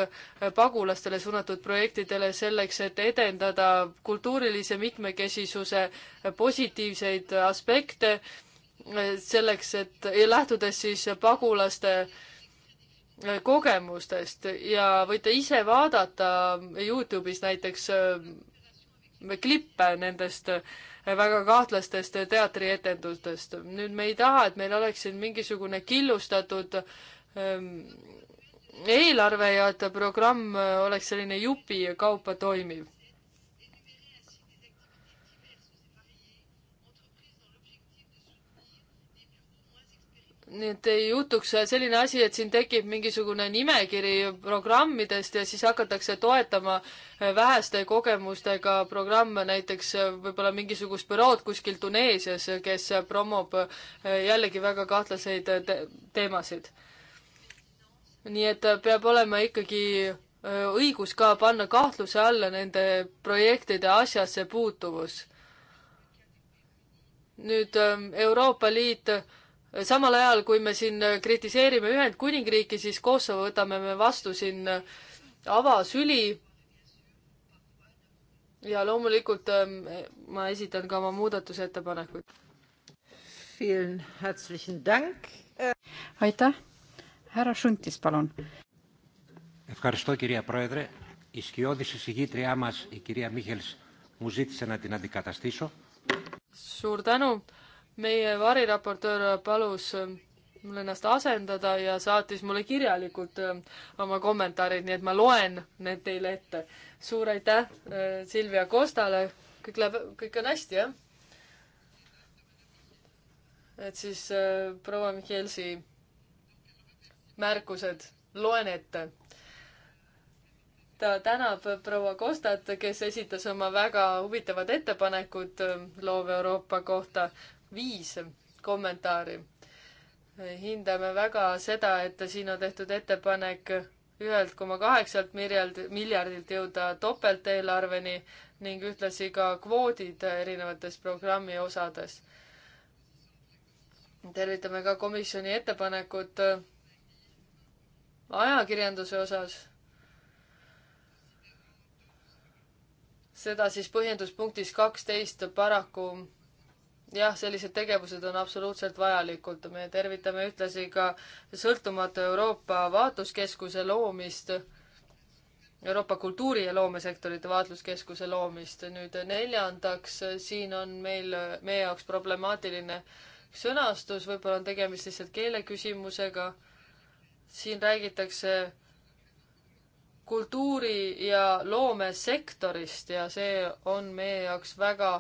pagulastele suunatud projektidele selleks, et edendada kultuurilise mitmekesisuse positiivseid aspekte, selleks, et lähtudes siis pagulaste kogemustest ja võite ise vaadata Youtube'is näiteks äh, klippe nendest äh, väga kahtlastest teatrietendustest. nüüd me ei taha, et meil oleks siin mingisugune killustatud ähm, eelarve ja et programm oleks selline jupi kaupa toimiv et ei juhtuks selline asi, et siin tekib mingisugune nimekiri programmidest ja siis hakatakse toetama väheste kogemustega programme, näiteks võib-olla mingisugust bürood kuskil Tuneesias, kes promob jällegi väga kahtlaseid te teemasid. nii et peab olema ikkagi õigus ka panna kahtluse alla nende projektide asjasse puutuvus. nüüd ähm, Euroopa Liit samal ajal, kui me siin äh, kritiseerime Ühendkuningriiki, siis Kosovo võtame me vastu siin äh, avasüli. ja loomulikult ähm, ma esitan ka oma muudatusettepanekuid. Äh, aitäh, härra Šuntis, palun. Ευχαριστώ κυρία Πρόεδρε. Η σκιώδης εισηγήτριά μας, η κυρία Μίχελς, μου ζήτησε να την αντικαταστήσω. Suur tänu meie variraportöör palus äh, mul ennast asendada ja saatis mulle kirjalikult äh, oma kommentaarid, nii et ma loen need teile ette. suur aitäh äh, Silvia Kostale, kõik läheb, kõik on hästi, jah? et siis äh, proua Mihkelsi märkused loen ette. ta tänab proua Kostat, kes esitas oma väga huvitavad ettepanekud Loov Euroopa kohta viis kommentaari. hindame väga seda, et siin on tehtud ettepanek ühelt koma kaheksalt miljardilt, miljardilt jõuda topelteelarveni ning ühtlasi ka kvoodid erinevates programmi osades. tervitame ka komisjoni ettepanekut ajakirjanduse osas. seda siis põhjenduspunktis kaksteist paraku jah, sellised tegevused on absoluutselt vajalikud. me tervitame ühtlasi ka sõltumatu Euroopa vaatluskeskuse loomist, Euroopa kultuuri- ja loomesektorite vaatluskeskuse loomist. nüüd neljandaks, siin on meil, meie jaoks problemaatiline sõnastus, võib-olla on tegemist lihtsalt keele küsimusega. siin räägitakse kultuuri- ja loomesektorist ja see on meie jaoks väga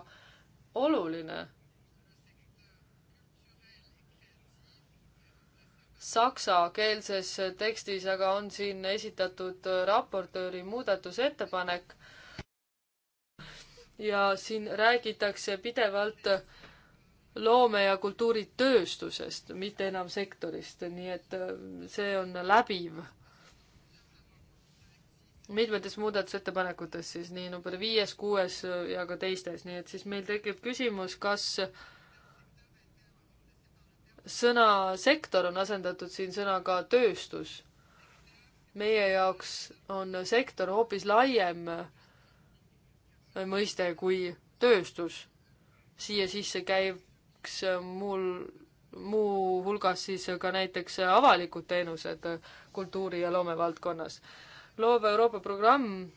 oluline saksakeelses tekstis, aga on siin esitatud raportööri muudatusettepanek. ja siin räägitakse pidevalt loome- ja kultuuritööstusest, mitte enam sektorist, nii et äh, see on läbiv mitmetes muudatusettepanekutes siis, nii number viies, kuues ja ka teistes, nii et siis meil tekib küsimus, kas sõna sektor on asendatud siin sõnaga tööstus. meie jaoks on sektor hoopis laiem mõiste kui tööstus. siia sisse käiks muul, muuhulgas siis ka näiteks avalikud teenused kultuuri- ja loomevaldkonnas. loov Euroopa programm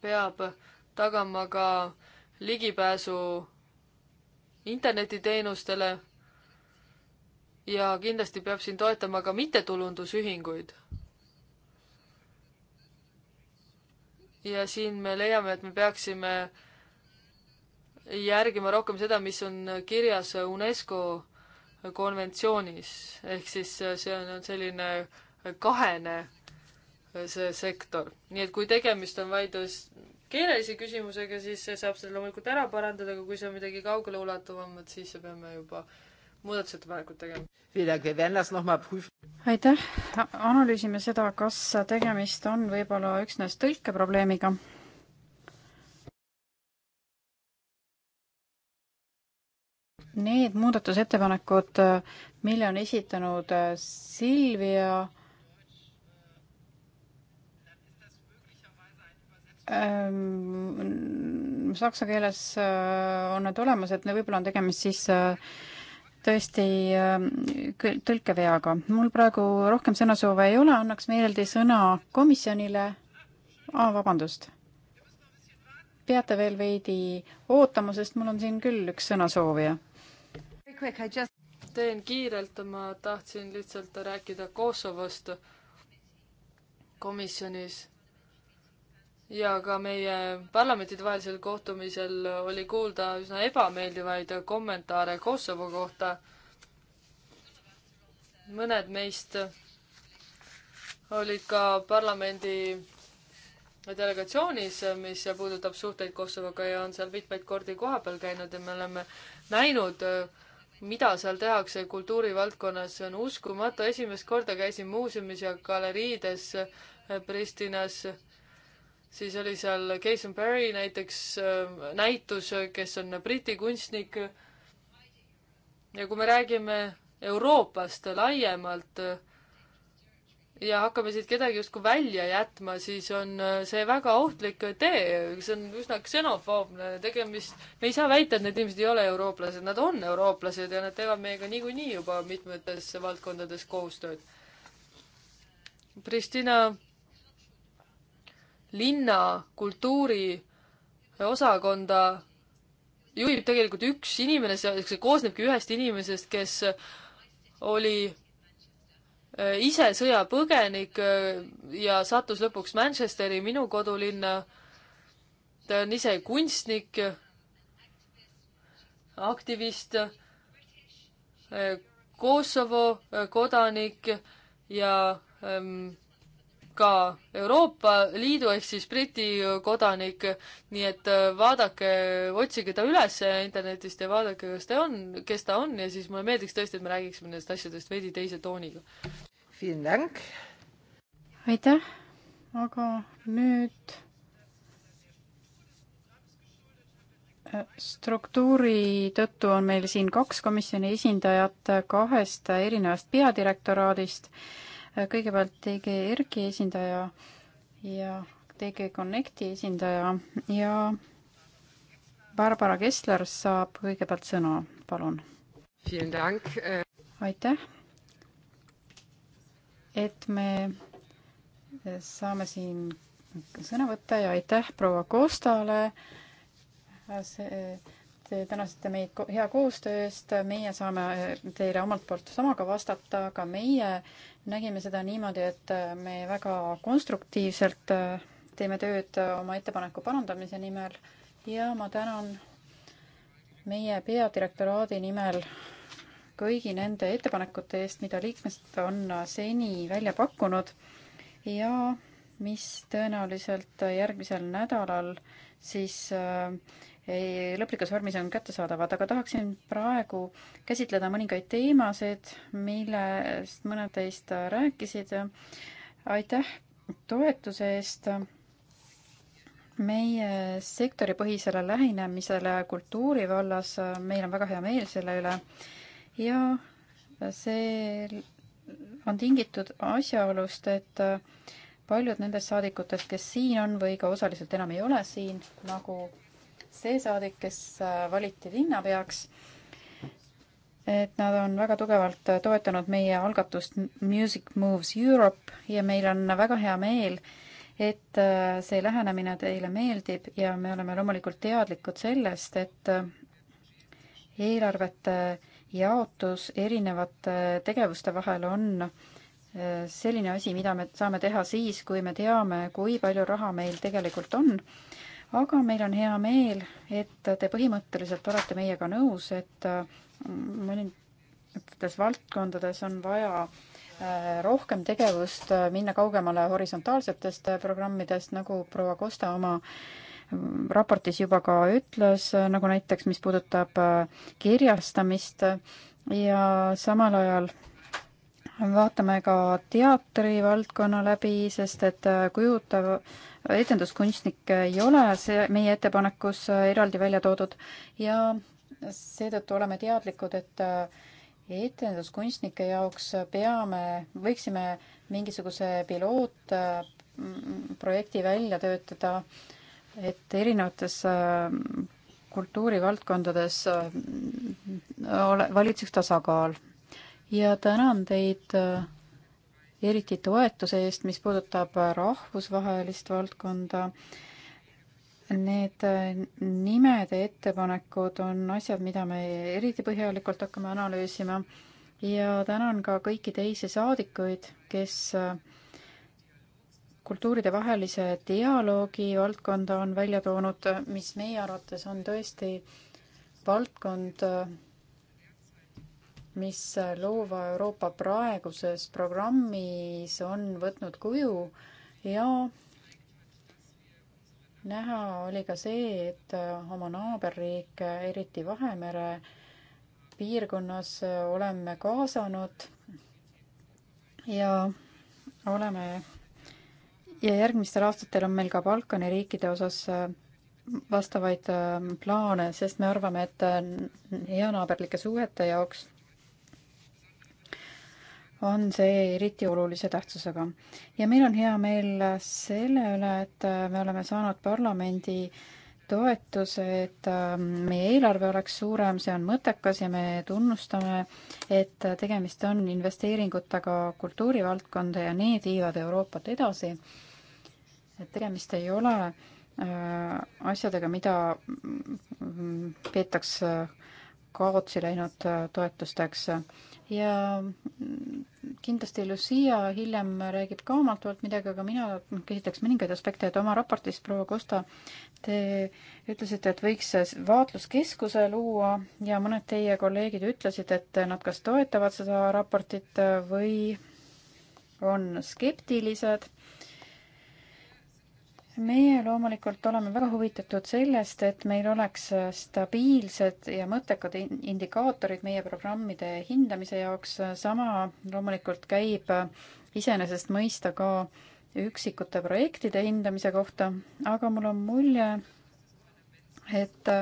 peab tagama ka ligipääsu internetiteenustele. ja kindlasti peab siin toetama ka mittetulundusühinguid. ja siin me leiame, et me peaksime järgima rohkem seda, mis on kirjas UNESCO konventsioonis, ehk siis see on selline kahene see sektor, nii et kui tegemist on vaid keelelise küsimusega, siis saab seda loomulikult ära parandada, aga kui see on midagi kaugeleulatuvamat, siis peame juba muudatusettepanekut tegema. aitäh, analüüsime seda, kas tegemist on võib-olla üksnes tõlkeprobleemiga. Need muudatusettepanekud, mille on esitanud Silvia Ehm, mm, saksa keeles äh, on need olemas, et võib-olla on tegemist siis äh, tõesti ähm, tõlkeveaga. mul praegu rohkem sõnasoove ei ole, annaks meeldi sõna komisjonile. aa, vabandust. peate veel veidi ootama, sest mul on siin küll üks sõnasoovija. teen kiirelt, ma tahtsin lihtsalt rääkida Kosovost komisjonis ja ka meie parlamentidevahelisel kohtumisel oli kuulda üsna ebameeldivaid kommentaare Kosovo kohta. mõned meist olid ka parlamendi delegatsioonis, mis puudutab suhteid Kosovoga ja on seal mitmeid kordi kohapeal käinud ja me oleme näinud, mida seal tehakse kultuurivaldkonnas, see on uskumatu, esimest korda käisin muuseumis ja galeriides Pristinas siis oli seal Jason Barry näiteks äh, näitus, kes on Briti kunstnik. ja kui me räägime Euroopast laiemalt äh, ja hakkame siit kedagi justkui välja jätma, siis on äh, see väga ohtlik tee, see on üsna ksenofoobne tegemist. me ei saa väita, et need inimesed ei ole eurooplased, nad on eurooplased ja nad teevad meiega niikuinii juba mitmetes valdkondades koostööd. Pristina linna kultuuriosakonda juhib tegelikult üks inimene, see koosnebki ühest inimesest, kes oli äh, ise sõjapõgenik äh, ja sattus lõpuks Manchesteri, minu kodulinna. ta on ise kunstnik, aktivist, äh, Kosovo kodanik ja ähm, ka Euroopa Liidu ehk siis Briti kodanik, nii et äh, vaadake, otsige ta üles internetist ja vaadake, kas ta on, kes ta on ja siis mulle meeldiks tõesti, et me räägiksime nendest asjadest veidi teise tooniga. aitäh, aga nüüd äh, struktuuri tõttu on meil siin kaks komisjoni esindajat kahest erinevast peadirektoraadist kõigepealt TG ERGi esindaja ja TG Connecti esindaja ja Barbara Kessler saab kõigepealt sõna, palun. Äh, aitäh, et me äh, saame siin sõna võtta ja aitäh proua Kostale. Äh, te tänasite meid hea koostöö eest, meie saame teile omalt poolt samaga vastata, aga meie nägime seda niimoodi, et äh, me väga konstruktiivselt äh, teeme tööd äh, oma ettepaneku parandamise nimel ja ma tänan meie peadirektoraadi nimel kõigi nende ettepanekute eest, mida liikmesed on seni välja pakkunud ja mis tõenäoliselt järgmisel nädalal siis lõplikus vormis on kättesaadavad, aga tahaksin praegu käsitleda mõningaid teemasid, millest mõned teist rääkisid. aitäh toetuse eest meie sektoripõhisele lähenemisele kultuuri vallas, meil on väga hea meel selle üle ja see on tingitud asjaolust, et paljud nendest saadikutest, kes siin on või ka osaliselt enam ei ole siin, nagu see saadik, kes äh, valiti linnapeaks, et nad on väga tugevalt äh, toetanud meie algatust Music Moves Europe ja meil on väga hea meel, et äh, see lähenemine teile meeldib ja me oleme loomulikult teadlikud sellest, et eelarvete jaotus erinevate tegevuste vahel on selline asi, mida me saame teha siis, kui me teame, kui palju raha meil tegelikult on aga meil on hea meel, et te põhimõtteliselt olete meiega nõus, et mm, mõningates valdkondades on vaja äh, rohkem tegevust äh, minna kaugemale horisontaalsetest äh, programmidest, nagu proua Kosta oma mm, raportis juba ka ütles, nagu näiteks, mis puudutab kirjastamist ja samal ajal vaatame ka teatrivaldkonna läbi, sest et äh, kujutav etenduskunstnik ei ole see meie ettepanekus äh, eraldi välja toodud ja seetõttu oleme teadlikud, et äh, etenduskunstnike jaoks peame, võiksime mingisuguse pilootprojekti välja töötada, et erinevates kultuurivaldkondades ole, valitseks tasakaal ja tänan teid äh, eriti toetuse eest, mis puudutab äh, rahvusvahelist valdkonda. Need äh, nimede ettepanekud on asjad, mida me eriti põhjalikult hakkame analüüsima ja tänan ka kõiki teisi saadikuid, kes kultuuridevahelise dialoogi valdkonda on välja toonud, mis meie arvates on tõesti valdkond, mis loova Euroopa praeguses programmis on võtnud kuju ja näha oli ka see, et oma naaberriike, eriti Vahemere piirkonnas oleme kaasanud ja oleme ja järgmistel aastatel on meil ka Balkani riikide osas vastavaid äh, plaane, sest me arvame, et äh, heanaaberlike suhete jaoks on see eriti olulise tähtsusega. ja meil on hea meel selle üle, et äh, me oleme saanud parlamendi toetuse, et äh, meie eelarve oleks suurem, see on mõttekas ja me tunnustame, et tegemist on investeeringutega kultuurivaldkonda ja need viivad Euroopat edasi. et tegemist ei ole äh, asjadega, mida mm, mm, peetakse kaotsi läinud äh, toetusteks ja mm, kindlasti Lucia hiljem räägib ka omalt poolt midagi, aga mina küsitaks mõningaid aspekte, et oma raportis, proua Kosta, te ütlesite, et võiks vaatluskeskuse luua ja mõned teie kolleegid ütlesid, et nad kas toetavad seda raportit või on skeptilised meie loomulikult oleme väga huvitatud sellest, et meil oleks stabiilsed ja mõttekad indikaatorid meie programmide hindamise jaoks, sama loomulikult käib iseenesest mõista ka üksikute projektide hindamise kohta, aga mul on mulje, et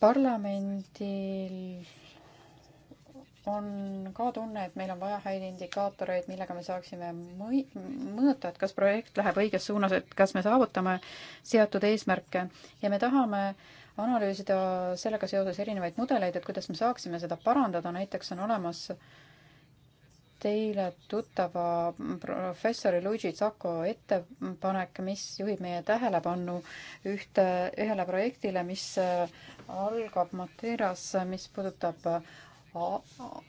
parlamendil on ka tunne, et meil on vaja häid indikaatoreid, millega me saaksime mõi-, mõõta, et kas projekt läheb õiges suunas, et kas me saavutame seatud eesmärke ja me tahame analüüsida sellega seoses erinevaid mudeleid, et kuidas me saaksime seda parandada, näiteks on olemas teile tuttava professori Luigi Zacco ettepanek, mis juhib meie tähelepanu ühte, ühele projektile, mis äh, algab Mateiras, mis puudutab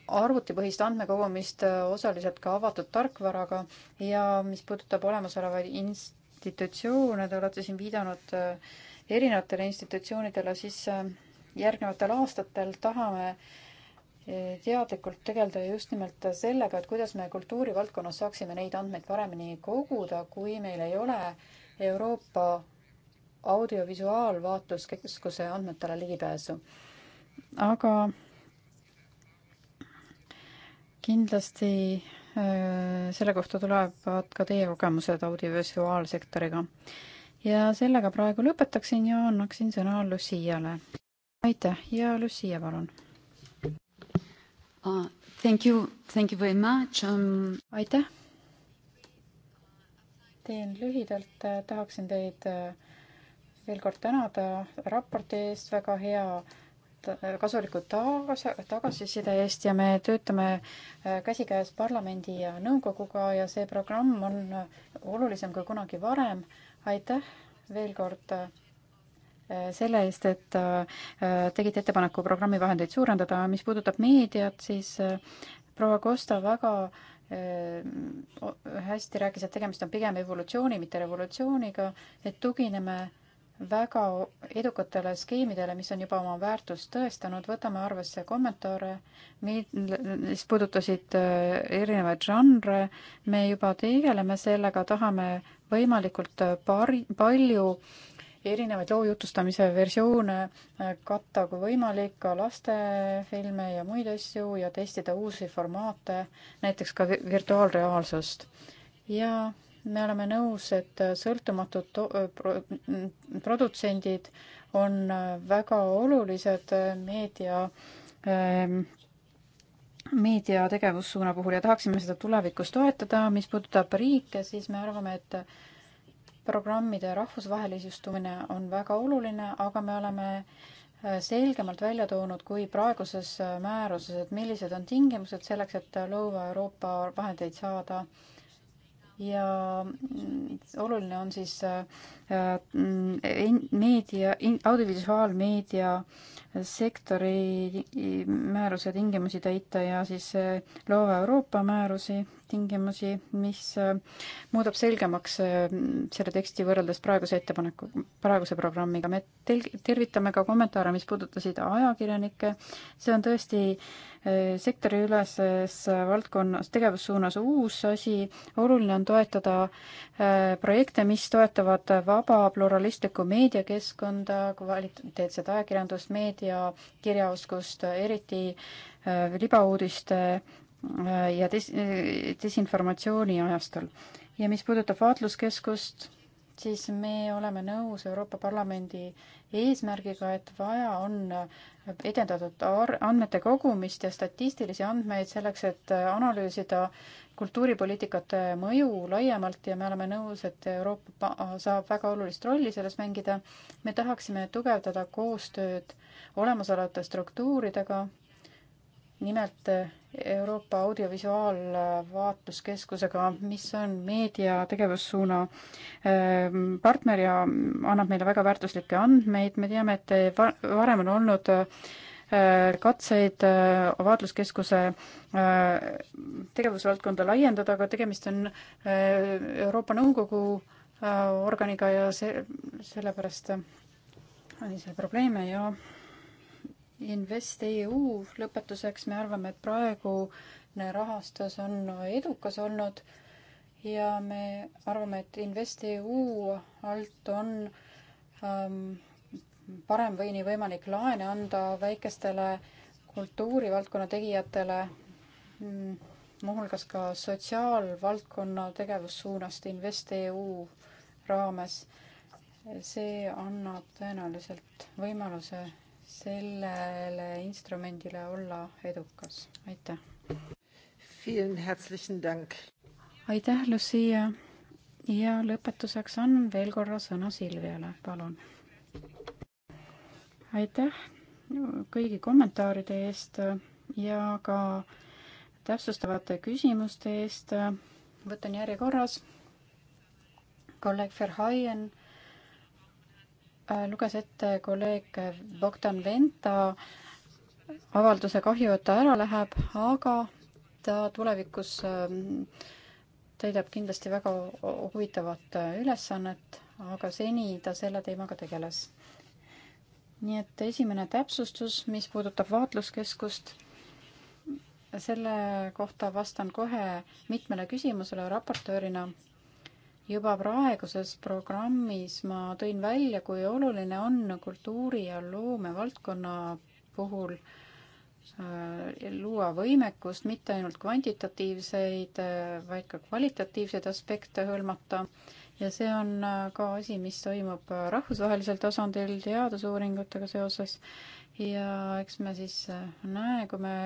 arvutipõhist andmekogumist osaliselt ka avatud tarkvaraga ja mis puudutab olemasolevaid institutsioone, te olete siin viidanud äh, erinevatele institutsioonidele, siis äh, järgnevatel aastatel tahame äh, teadlikult tegeleda just nimelt sellega, et kuidas me kultuurivaldkonnas saaksime neid andmeid paremini koguda, kui meil ei ole Euroopa audiovisuaalvaatluskeskuse andmetele ligipääsu. aga kindlasti äh, selle kohta tulevad ka teie kogemused audiovisuaalsektoriga. ja sellega praegu lõpetaksin ja annaksin sõna Luciale. aitäh ja Lucia, palun uh,. Thank you, thank you very much um.... aitäh. teen lühidalt, tahaksin teid äh, veel kord tänada raporti eest, väga hea kasuliku tagas-, tagasiside eest ja me töötame äh, käsikäes parlamendi ja nõukoguga ja see programm on äh, olulisem kui kunagi varem. aitäh veel kord äh, selle eest, et tegite ettepaneku programmi vahendeid suurendada. mis puudutab meediat, siis proua Kosta väga hästi rääkis, et tegemist on pigem evolutsiooni, mitte revolutsiooniga, et tugineme väga edukatele skeemidele, mis on juba oma väärtust tõestanud, võtame arvesse kommentaare, mis puudutasid äh, erinevaid žanre, me juba tegeleme sellega, tahame võimalikult äh, pari, palju erinevaid loo jutustamise versioone äh, katta kui võimalik, ka lastefilme ja muid asju ja testida uusi formaate, näiteks ka virtuaalreaalsust. ja me oleme nõus, et sõltumatud produtsendid on väga olulised äh, meedia ähm, meedia tegevussuuna puhul ja tahaksime seda tulevikus toetada. mis puudutab riike, siis me arvame, et programmide rahvusvahelistumine on väga oluline, aga me oleme äh, selgemalt välja toonud kui praeguses äh, määruses, et millised on tingimused selleks, et Lõuna-Euroopa vahendeid saada ja mm, oluline on siis äh, äh, meedia, audiovisuaalmeedia sektori määruse tingimusi täita ja siis äh, Loova Euroopa määrusi tingimusi, mis äh, muudab selgemaks äh, selle teksti võrreldes praeguse ettepaneku, praeguse programmiga. me tel-, tervitame ka kommentaare, mis puudutasid ajakirjanikke, see on tõesti äh, sektoriüleses valdkonnas, tegevussuunas uus asi, oluline on toetada projekte, mis toetavad vaba pluralistlikku meediakeskkonda, kvaliteetset ajakirjandust, meedia kirjaoskust, eriti libauudiste Äh, ja des-, äh, desinformatsiooni ajastul. ja mis puudutab vaatluskeskust, siis me oleme nõus Euroopa Parlamendi eesmärgiga, et vaja on äh, edendatud andmete kogumist ja statistilisi andmeid selleks, et analüüsida kultuuripoliitikate mõju laiemalt ja me oleme nõus, et Euroopa saab väga olulist rolli selles mängida. me tahaksime tugevdada koostööd olemasolevate struktuuridega nimelt Euroopa Audiovisuaalvaatluskeskusega, mis on meedia tegevussuuna ähm, partner ja annab meile väga väärtuslikke andmeid, me teame, et varem on olnud äh, katseid äh, vaatluskeskuse äh, tegevusvaldkonda laiendada, aga tegemist on Euroopa Nõukogu organiga ja see, sellepärast oli seal probleeme ja InvestEU lõpetuseks me arvame, et praegune rahastus on edukas olnud ja me arvame, et InvestEU alt on ähm, paremini võimalik laene anda väikestele kultuurivaldkonna tegijatele, mm, muuhulgas ka sotsiaalvaldkonna tegevussuunast InvestEU raames. see annab tõenäoliselt võimaluse sellele instrumendile olla edukas, aitäh! aitäh, Lucia! ja lõpetuseks annan veel korra sõna Silviale, palun. aitäh kõigi kommentaaride eest ja ka täpsustavate küsimuste eest. võtan järjekorras. kolleeg Verhaien Äh, luges ette kolleeg Bogdan Venta avalduse kahju, et ta ära läheb, aga ta tulevikus ähm, täidab kindlasti väga huvitavat äh, ülesannet, aga seni ta selle teemaga tegeles. nii et esimene täpsustus, mis puudutab vaatluskeskust selle kohta vastan kohe mitmele küsimusele raportöörina juba praeguses programmis ma tõin välja, kui oluline on kultuuri ja loome valdkonna puhul äh, luua võimekust mitte ainult kvantitatiivseid, äh, vaid ka kvalitatiivseid aspekte hõlmata. ja see on äh, ka asi, mis toimub rahvusvahelisel tasandil teadusuuringutega seoses. ja eks me siis näe, kui me,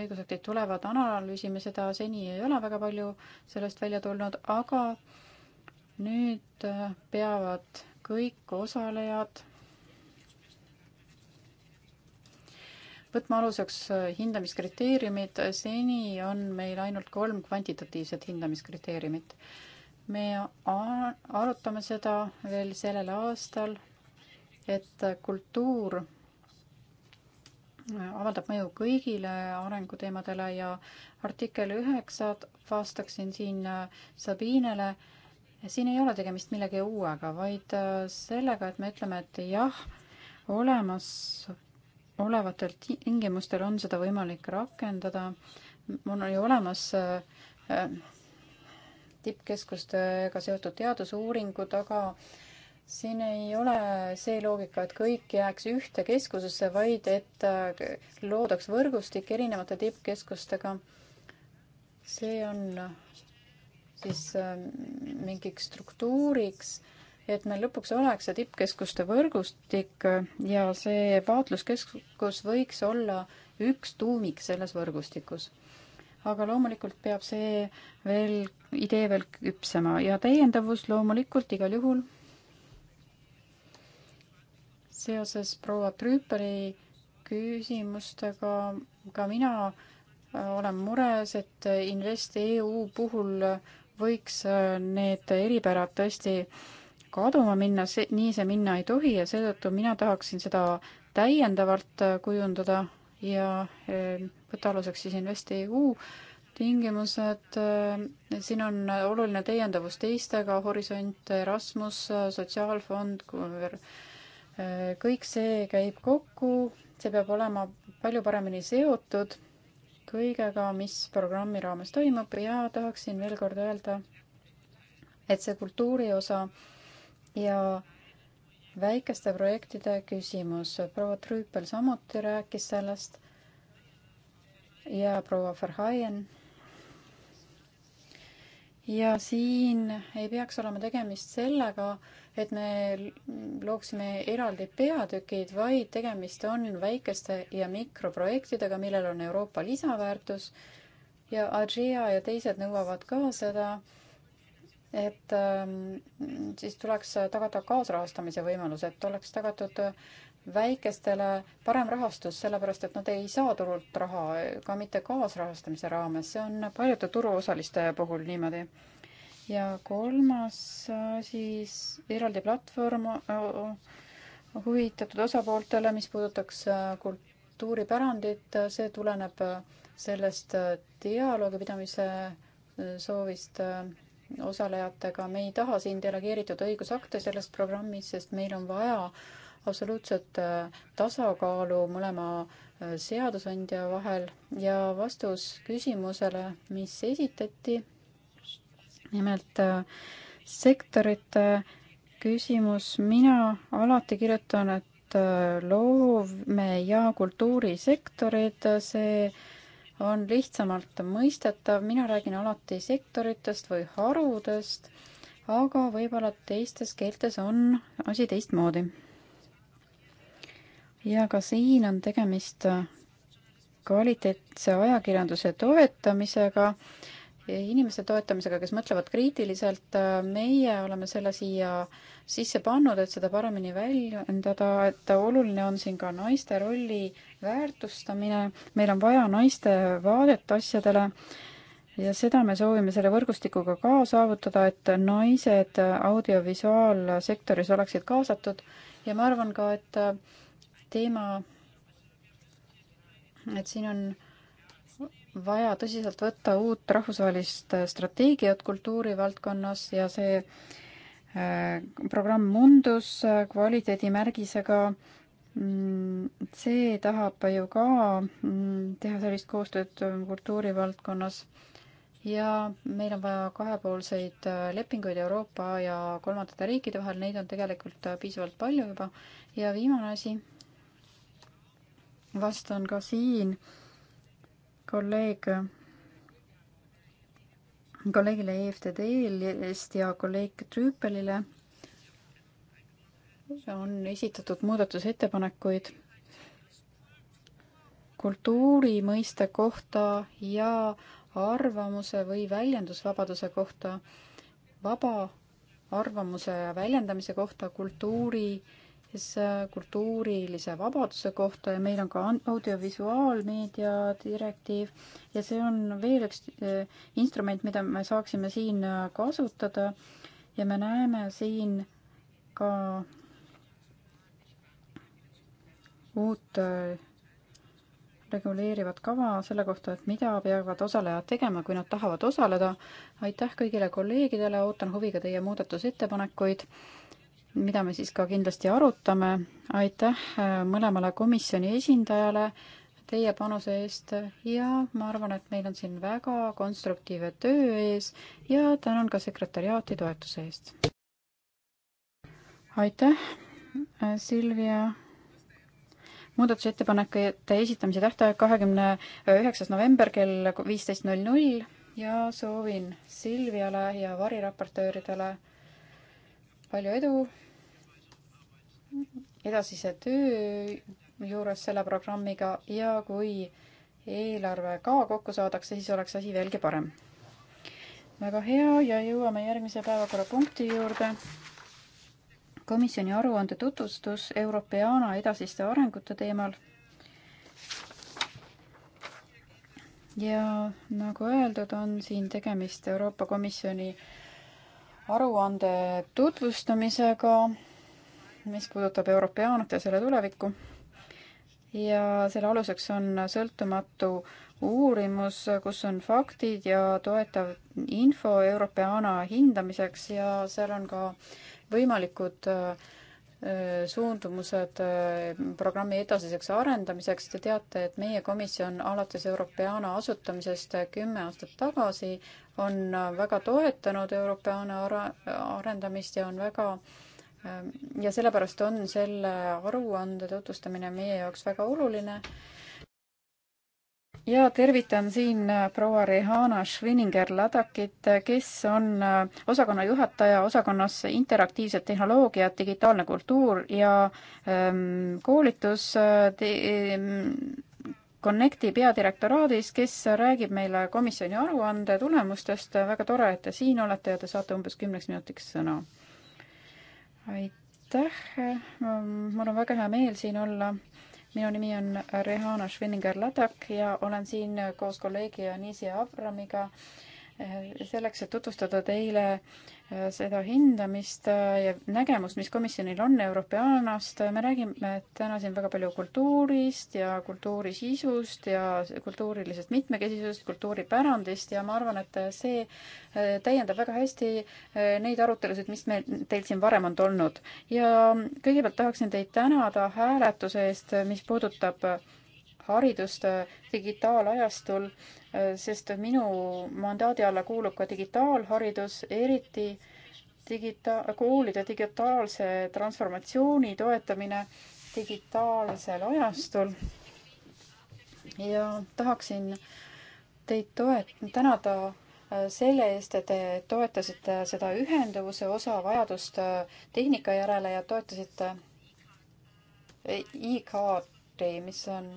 õigusaktid tulevad, analüüsime seda, seni ei ole väga palju sellest välja tulnud, aga nüüd äh, peavad kõik osalejad võtma aluseks äh, hindamiskriteeriumid. seni on meil ainult kolm kvantitatiivset hindamiskriteeriumit. me arutame seda veel sellel aastal, et äh, kultuur avaldab mõju kõigile arenguteemadele ja artikkel üheksa vastaksin siin Sabinele siin ei ole tegemist millegi uuega, vaid äh, sellega, et me ütleme, et jah, olemasolevatel tingimustel on seda võimalik rakendada. mul oli olemas äh, äh, tippkeskustega seotud teadusuuringud, aga siin ei ole see loogika, et kõik jääks ühte keskusesse, vaid et loodaks võrgustik erinevate tippkeskustega. see on siis ähm, mingiks struktuuriks, et meil lõpuks oleks see tippkeskuste võrgustik ja see vaatluskeskus võiks olla üks tuumik selles võrgustikus. aga loomulikult peab see veel, idee veel küpsema ja täiendavus loomulikult igal juhul seoses proua Trüüpeli küsimustega ka mina äh, olen mures, et InvestEU puhul äh, võiks äh, need eripärad tõesti kaduma minna, see, nii see minna ei tohi ja seetõttu mina tahaksin seda täiendavalt äh, kujundada ja äh, võtta aluseks siis InvestEU tingimused. siin on oluline täiendavus teistega, Horisont, Erasmus, Sotsiaalfond, kõik see käib kokku, see peab olema palju paremini seotud kõigega, mis programmi raames toimub ja tahaksin veel kord öelda, et see kultuuri osa ja väikeste projektide küsimus, proua Trüüpel samuti rääkis sellest ja proua Verhaien ja siin ei peaks olema tegemist sellega, et me looksime eraldi peatükid, vaid tegemist on väikeste ja mikroprojektidega, millel on Euroopa lisaväärtus ja Adria ja teised nõuavad ka seda, et ähm, siis tuleks tagada kaasrahastamise võimalus, et oleks tagatud väikestele parem rahastus, sellepärast et nad ei saa turult raha, ka mitte kaasrahastamise raames, see on paljude turuosaliste puhul niimoodi. ja kolmas siis eraldi platvorm äh, huvitatud osapooltele, mis puudutaks äh, kultuuripärandit, see tuleneb äh, sellest dialoogi pidamise soovist osalejatega, me ei taha siin delegeeritud õigusakte selles programmis, sest meil on vaja äh, absoluutset äh, tasakaalu mõlema äh, seadusandja vahel ja vastus küsimusele, mis esitati, nimelt äh, sektorite küsimus, mina alati kirjutan, et loome- ja kultuurisektorid, see on lihtsamalt mõistetav, mina räägin alati sektoritest või harudest, aga võib-olla teistes keeltes on asi teistmoodi ja ka siin on tegemist äh, kvaliteetse ajakirjanduse toetamisega, e, inimeste toetamisega, kes mõtlevad kriitiliselt. Äh, meie oleme selle siia sisse pannud, et seda paremini väljendada, et oluline on siin ka naiste rolli väärtustamine. meil on vaja naiste vaadet asjadele ja seda me soovime selle võrgustikuga ka saavutada, et naised audiovisuaalsektoris oleksid kaasatud ja ma arvan ka, et äh, teema, et siin on vaja tõsiselt võtta uut rahvusvahelist strateegiat kultuurivaldkonnas ja see äh, programm Mundus äh, kvaliteedimärgisega, mm, see tahab ju ka mm, teha sellist koostööd äh, kultuurivaldkonnas ja meil on vaja kahepoolseid lepinguid Euroopa ja kolmandate riikide vahel, neid on tegelikult piisavalt palju juba. ja viimane asi vastan ka siin kolleeg, kolleegile EFTD-st ja kolleeg Trüüpelile on esitatud muudatusettepanekuid kultuuri mõiste kohta ja arvamuse või väljendusvabaduse kohta, vaba arvamuse väljendamise kohta kultuuri äh, siis äh, kultuurilise vabaduse kohta ja meil on ka audiovisuaalmeedia direktiiv ja see on veel üks äh, instrument, mida me saaksime siin äh, kasutada ja me näeme siin ka uut reguleerivat kava selle kohta, et mida peavad osalejad tegema, kui nad tahavad osaleda. aitäh kõigile kolleegidele, ootan huviga teie muudatusettepanekuid mida me siis ka kindlasti arutame. aitäh äh, mõlemale komisjoni esindajale teie panuse eest ja ma arvan, et meil on siin väga konstruktiivne töö ees ja tänan ka sekretäriaati toetuse eest. aitäh, äh, Silvia. muudatusettepanekute esitamise tähtaeg kahekümne üheksas november kell viisteist null null ja soovin Silviale ja variraportööridele palju edu edasise töö juures selle programmiga ja kui eelarve ka kokku saadakse, siis oleks asi veelgi parem. väga hea ja jõuame järgmise päevakorrapunkti juurde. komisjoni aruande tutvustus Europeana edasiste arengute teemal. ja nagu öeldud, on siin tegemist Euroopa Komisjoni aruande tutvustamisega mis puudutab Europeanat ja selle tulevikku. ja selle aluseks on sõltumatu uurimus, kus on faktid ja toetav info Europeana hindamiseks ja seal on ka võimalikud äh, suundumused äh, programmi edasiseks arendamiseks. Te teate, et meie komisjon alates Europeana asutamisest kümme aastat tagasi on väga toetanud Europeana arendamist ja on väga äh, Ehm, ja sellepärast on selle aruande tutvustamine meie jaoks väga oluline. ja tervitan siin äh, proua Rehana Schwininger-Ladakit, äh, kes on äh, osakonna juhataja osakonnas interaktiivsed tehnoloogiad, digitaalne kultuur ja ähm, koolitus te, ehm, Connecti peadirektoraadis, kes räägib meile komisjoni aruande tulemustest. väga tore, et te siin olete ja te saate umbes kümneks minutiks sõna aitäh, ehm, mul on väga hea meel siin olla. minu nimi on Rehana Schwinninger-Ladak ja olen siin koos kolleegi Anisi Abramiga äh, selleks, et tutvustada teile äh, seda hindamist äh, ja nägemust, mis komisjonil on Europeanast. me räägime täna siin väga palju kultuurist ja kultuuri sisust ja kultuurilisest mitmekesisusest, kultuuripärandist ja ma arvan, et see äh, täiendab väga hästi neid arutelusid, mis meil, teil siin varem on tulnud. ja kõigepealt tahaksin teid tänada hääletuse eest, mis puudutab haridust äh, digitaalajastul, äh, sest minu mandaadi alla kuulub ka digitaalharidus, eriti digita-, koolide digitaalse transformatsiooni toetamine digitaalsel ajastul. ja tahaksin teid toet-, tänada äh, selle eest, et te toetasite seda ühenduvuse osa vajadust tehnika järele ja toetasite e-kaardi, mis on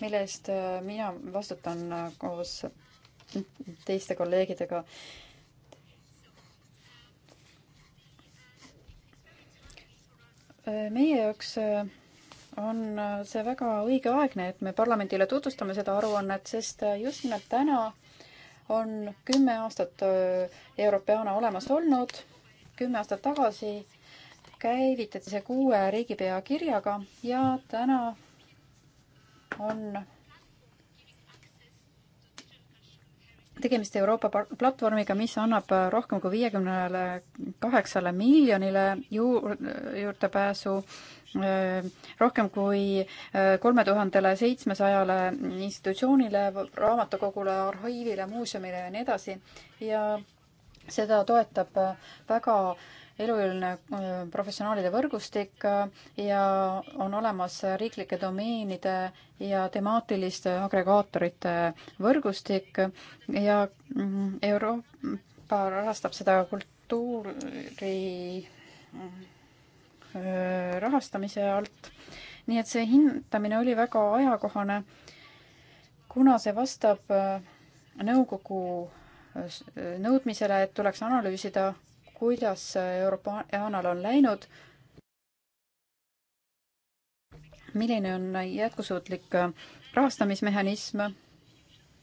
mille eest äh, mina vastutan äh, koos teiste kolleegidega. Äh, meie jaoks on see väga õigeaegne, et me parlamendile tutvustame seda aruannet, sest just nimelt täna on kümme aastat Europeana olemas olnud. kümme aastat tagasi käivitati see kuue riigipea kirjaga ja täna on tegemist Euroopa platvormiga, mis annab rohkem kui viiekümnele kaheksale miljonile ju-, juurdepääsu äh, rohkem kui äh, kolme tuhandele seitsmesajale institutsioonile, raamatukogule, arhiivile, muuseumile ja nii edasi ja seda toetab väga elujõuline äh, professionaalide võrgustik äh, ja on olemas riiklike domeenide ja temaatiliste agregaatorite võrgustik ja mm, Euroopa rahastab seda kultuuri äh, rahastamise alt. nii et see hindamine oli väga ajakohane, kuna see vastab nõukogu nõudmisele, et tuleks analüüsida kuidas Euroopanal on läinud, milline on jätkusuutlik rahastamismehhanism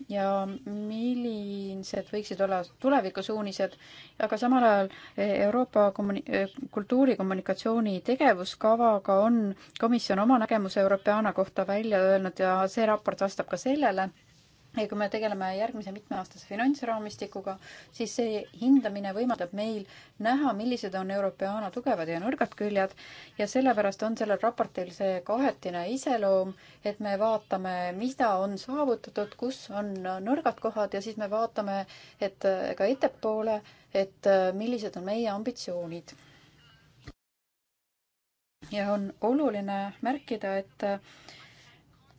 ja millised võiksid olla tulevikusuunised, aga samal ajal Euroopa kommuni-, kultuurikommunikatsiooni tegevuskavaga on komisjon oma nägemuse Europeana kohta välja öelnud ja see raport vastab ka sellele ja kui me tegeleme järgmise mitmeaastase finantsraamistikuga, siis see hindamine võimaldab meil näha, millised on Europeana tugevad ja nõrgad küljed ja sellepärast on sellel raportil see kahetine iseloom, et me vaatame, mida on saavutatud, kus on nõrgad kohad ja siis me vaatame, et äh, ka ettepoole, et äh, millised on meie ambitsioonid. ja on oluline märkida, et äh,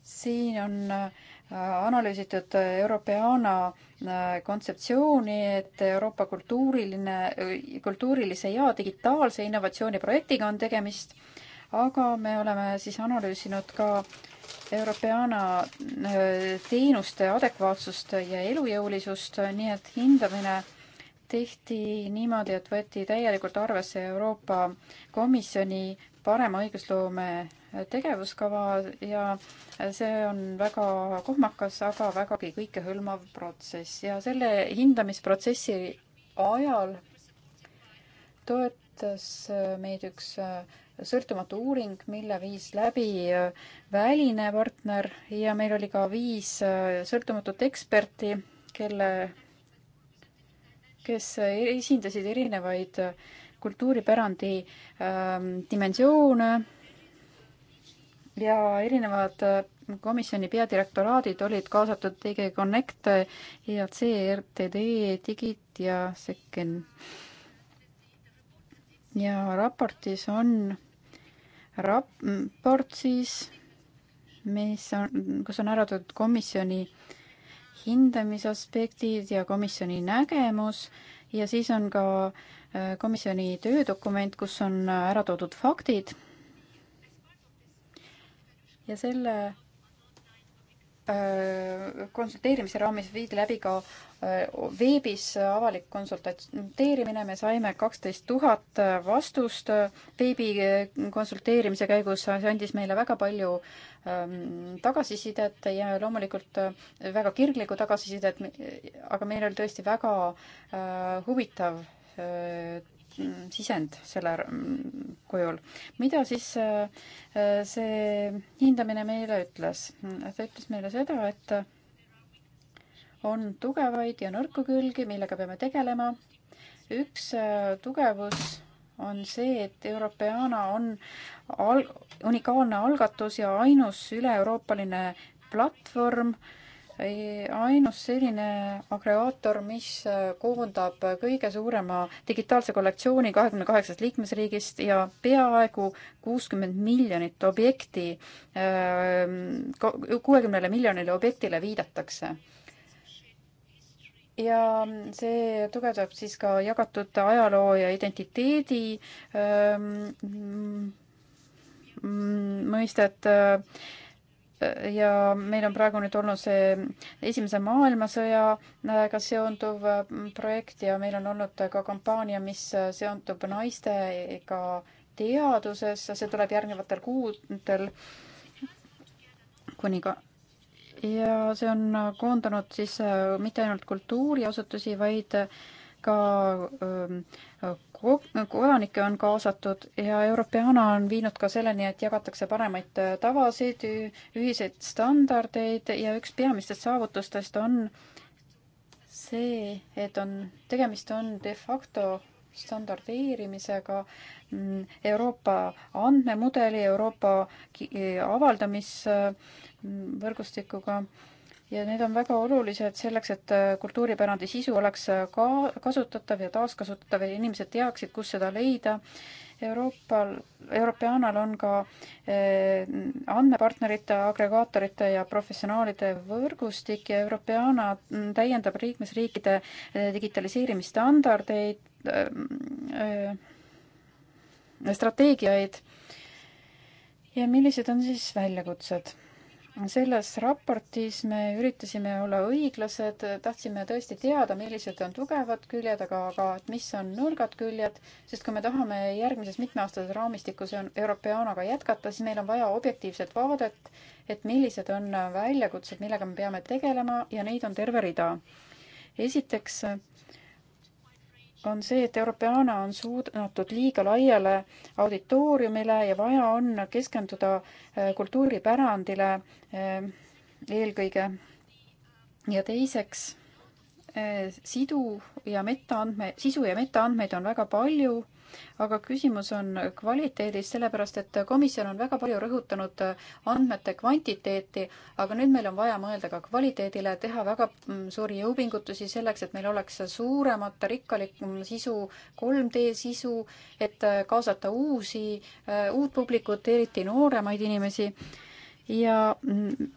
siin on äh, analüüsitud Europeana äh, kontseptsiooni, et Euroopa kultuuriline, äh, kultuurilise ja digitaalse innovatsiooni projektiga on tegemist, aga me oleme siis analüüsinud ka Europeana äh, teenuste adekvaatsust ja elujõulisust, nii et hindamine tehti niimoodi, et võeti täielikult arvesse Euroopa Komisjoni parema õigusloome tegevuskava ja see on väga kohmakas, aga vägagi kõikehõlmav protsess ja selle hindamisprotsessi ajal toetas meid üks sõltumatu uuring, mille viis läbi väline partner ja meil oli ka viis sõltumatut eksperti, kelle, kes esindasid erinevaid äh, kultuuripärandi ähm, dimensioone ja erinevad äh, komisjoni peadirektoraadid olid kaasatud DG Connect, EAC, RTD, Digit ja Sekken. ja raportis on raport siis, mis on, kus on ära toodud komisjoni hindamisaspektid ja komisjoni nägemus ja siis on ka äh, komisjoni töödokument, kus on ära toodud faktid ja selle äh, konsulteerimise raames viidi läbi ka äh, veebis avalik konsulteerimine, me saime kaksteist tuhat äh, vastust veebi konsulteerimise käigus, see andis meile väga palju ähm, tagasisidet ja loomulikult väga kirglikku tagasisidet, aga meil oli tõesti väga huvitav Äh, sisend selle kujul. mida siis äh, äh, see hindamine meile ütles? ta ütles meile seda, et on tugevaid ja nõrku külgi, millega peame tegelema. üks tugevus on see, et Europeana on al-, unikaalne algatus ja ainus üle-euroopaline platvorm äh, ainus selline agregaator, mis äh, koondab kõige suurema digitaalse kollektsiooni kahekümne kaheksast liikmesriigist ja peaaegu kuuskümmend miljonit objekti, ähm, kuuekümnele miljonile objektile viidatakse. ja see tugevdab siis ka jagatud ajaloo ja identiteedi ähm, mõistet äh, ja meil on praegu nüüd olnud see Esimese maailmasõjaga äh, seonduv mm, projekt ja meil on olnud ka kampaania, mis äh, seondub naistega teaduses, see tuleb järgnevatel kuudel kuni ka ja see on koondanud siis äh, mitte ainult kultuuriasutusi, vaid ka öö, ähm, kodanikke on kaasatud ja Europeana on viinud ka selleni, et jagatakse paremaid äh, tavasid, ühiseid standardeid ja üks peamistest saavutustest on see, et on, tegemist on de facto standardeerimisega mm, Euroopa andmemudeli, Euroopa avaldamisvõrgustikuga ja need on väga olulised selleks, et äh, kultuuripärandi sisu oleks äh, ka kasutatav ja taaskasutatav ja inimesed teaksid, kus seda leida. Euroopal, Europeanal on ka eh, andmepartnerite, agregaatorite ja professionaalide võrgustik ja Europeana täiendab liikmesriikide digitaliseerimisstandardeid eh,, strateegiaid. ja millised on siis väljakutsed? selles raportis me üritasime olla õiglased, tahtsime tõesti teada, millised on tugevad küljed, aga, aga et mis on nõrgad küljed, sest kui me tahame järgmises mitmeaastases raamistikus Europeanaga jätkata, siis meil on vaja objektiivset vaadet, et millised on väljakutsed, millega me peame tegelema ja neid on terve rida. esiteks on see, et Europeana on suunatud liiga laiale auditooriumile ja vaja on keskenduda äh, kultuuripärandile äh, eelkõige. ja teiseks, äh, sidu ja metaandme, sisu ja metaandmeid on väga palju aga küsimus on kvaliteedis, sellepärast et komisjon on väga palju rõhutanud andmete kvantiteeti, aga nüüd meil on vaja mõelda ka kvaliteedile, teha väga mm, suuri jõupingutusi selleks, et meil oleks suuremat, rikkalikum mm, sisu, 3D sisu, et kaasata uusi, äh, uut publikut, eriti nooremaid inimesi ja mm,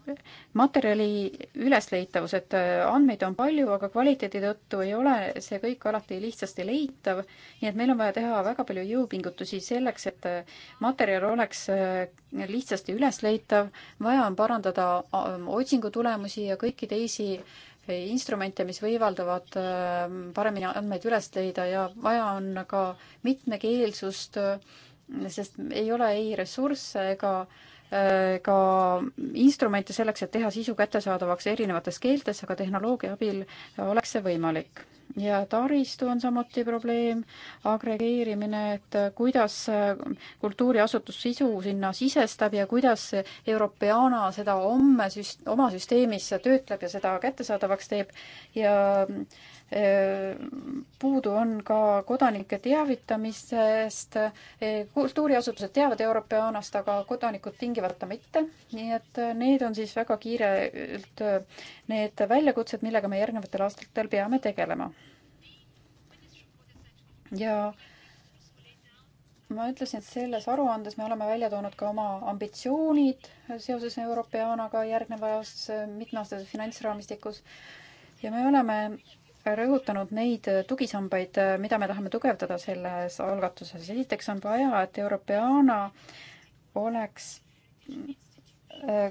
materjali ülesleitavus, et äh, andmeid on palju, aga kvaliteedi tõttu ei ole see kõik alati lihtsasti leitav, nii et meil on vaja teha väga palju jõupingutusi selleks, et äh, materjal oleks äh, lihtsasti ülesleitav, vaja on parandada otsingu tulemusi ja kõiki teisi instrumente, mis võimaldavad paremini andmeid üles leida ja vaja on ka mitmekeelsust, sest ei ole ei ressursse ega äh, Äh, ka instrumente selleks, et teha sisu kättesaadavaks erinevates keeltes, aga tehnoloogia abil oleks see võimalik. ja taristu on samuti probleem, agregeerimine, et äh, kuidas äh, kultuuriasutus sisu sinna sisestab ja kuidas Europeana seda homme süst-, oma süsteemis töötleb ja seda kättesaadavaks teeb ja äh, puudu on ka kodanike teavitamisest. kultuuriasutused teavad Europeanast, aga kodanikud tingimata mitte. nii et need on siis väga kiirelt need väljakutsed, millega me järgnevatel aastatel peame tegelema. ja ma ütlesin, et selles aruandes me oleme välja toonud ka oma ambitsioonid seoses Europeanaga järgnevas mitmeaastases finantsraamistikus ja me oleme rõhutanud neid tugisambaid, mida me tahame tugevdada selles algatuses. esiteks on vaja, et Europeana oleks äh,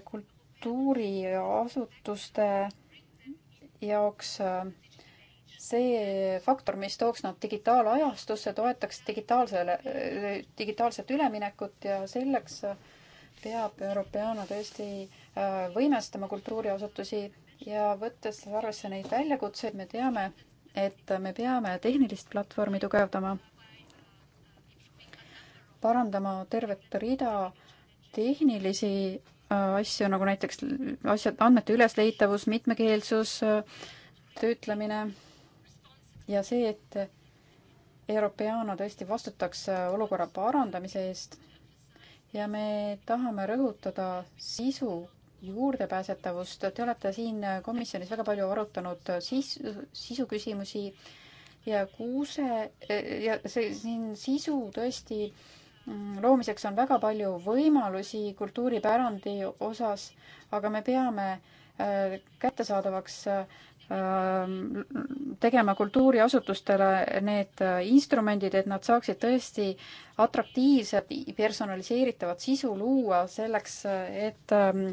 kultuuriasutuste jaoks äh, see faktor, mis tooks nad digitaalajastusse, toetaks digitaalsele, äh, digitaalset üleminekut ja selleks peab Europeana tõesti võimestama kultuuriasutusi ja võttes arvesse neid väljakutseid, me teame, et me peame tehnilist platvormi tugevdama, parandama tervet rida tehnilisi äh, asju, nagu näiteks asjad, andmete ülesleitavus, mitmekeelsus, äh, töötlemine ja see, et Europeana tõesti vastutaks äh, olukorra parandamise eest ja me tahame rõhutada sisu juurdepääsetavust, te olete siin komisjonis väga palju arutanud sis-, sisuküsimusi ja kuuse ja see siin sisu tõesti mm, loomiseks on väga palju võimalusi kultuuripärandi osas, aga me peame äh, kättesaadavaks ähm, tegema kultuuriasutustele need äh, instrumendid, et nad saaksid tõesti atraktiivset personaliseeritavat sisu luua selleks, äh, et ähm,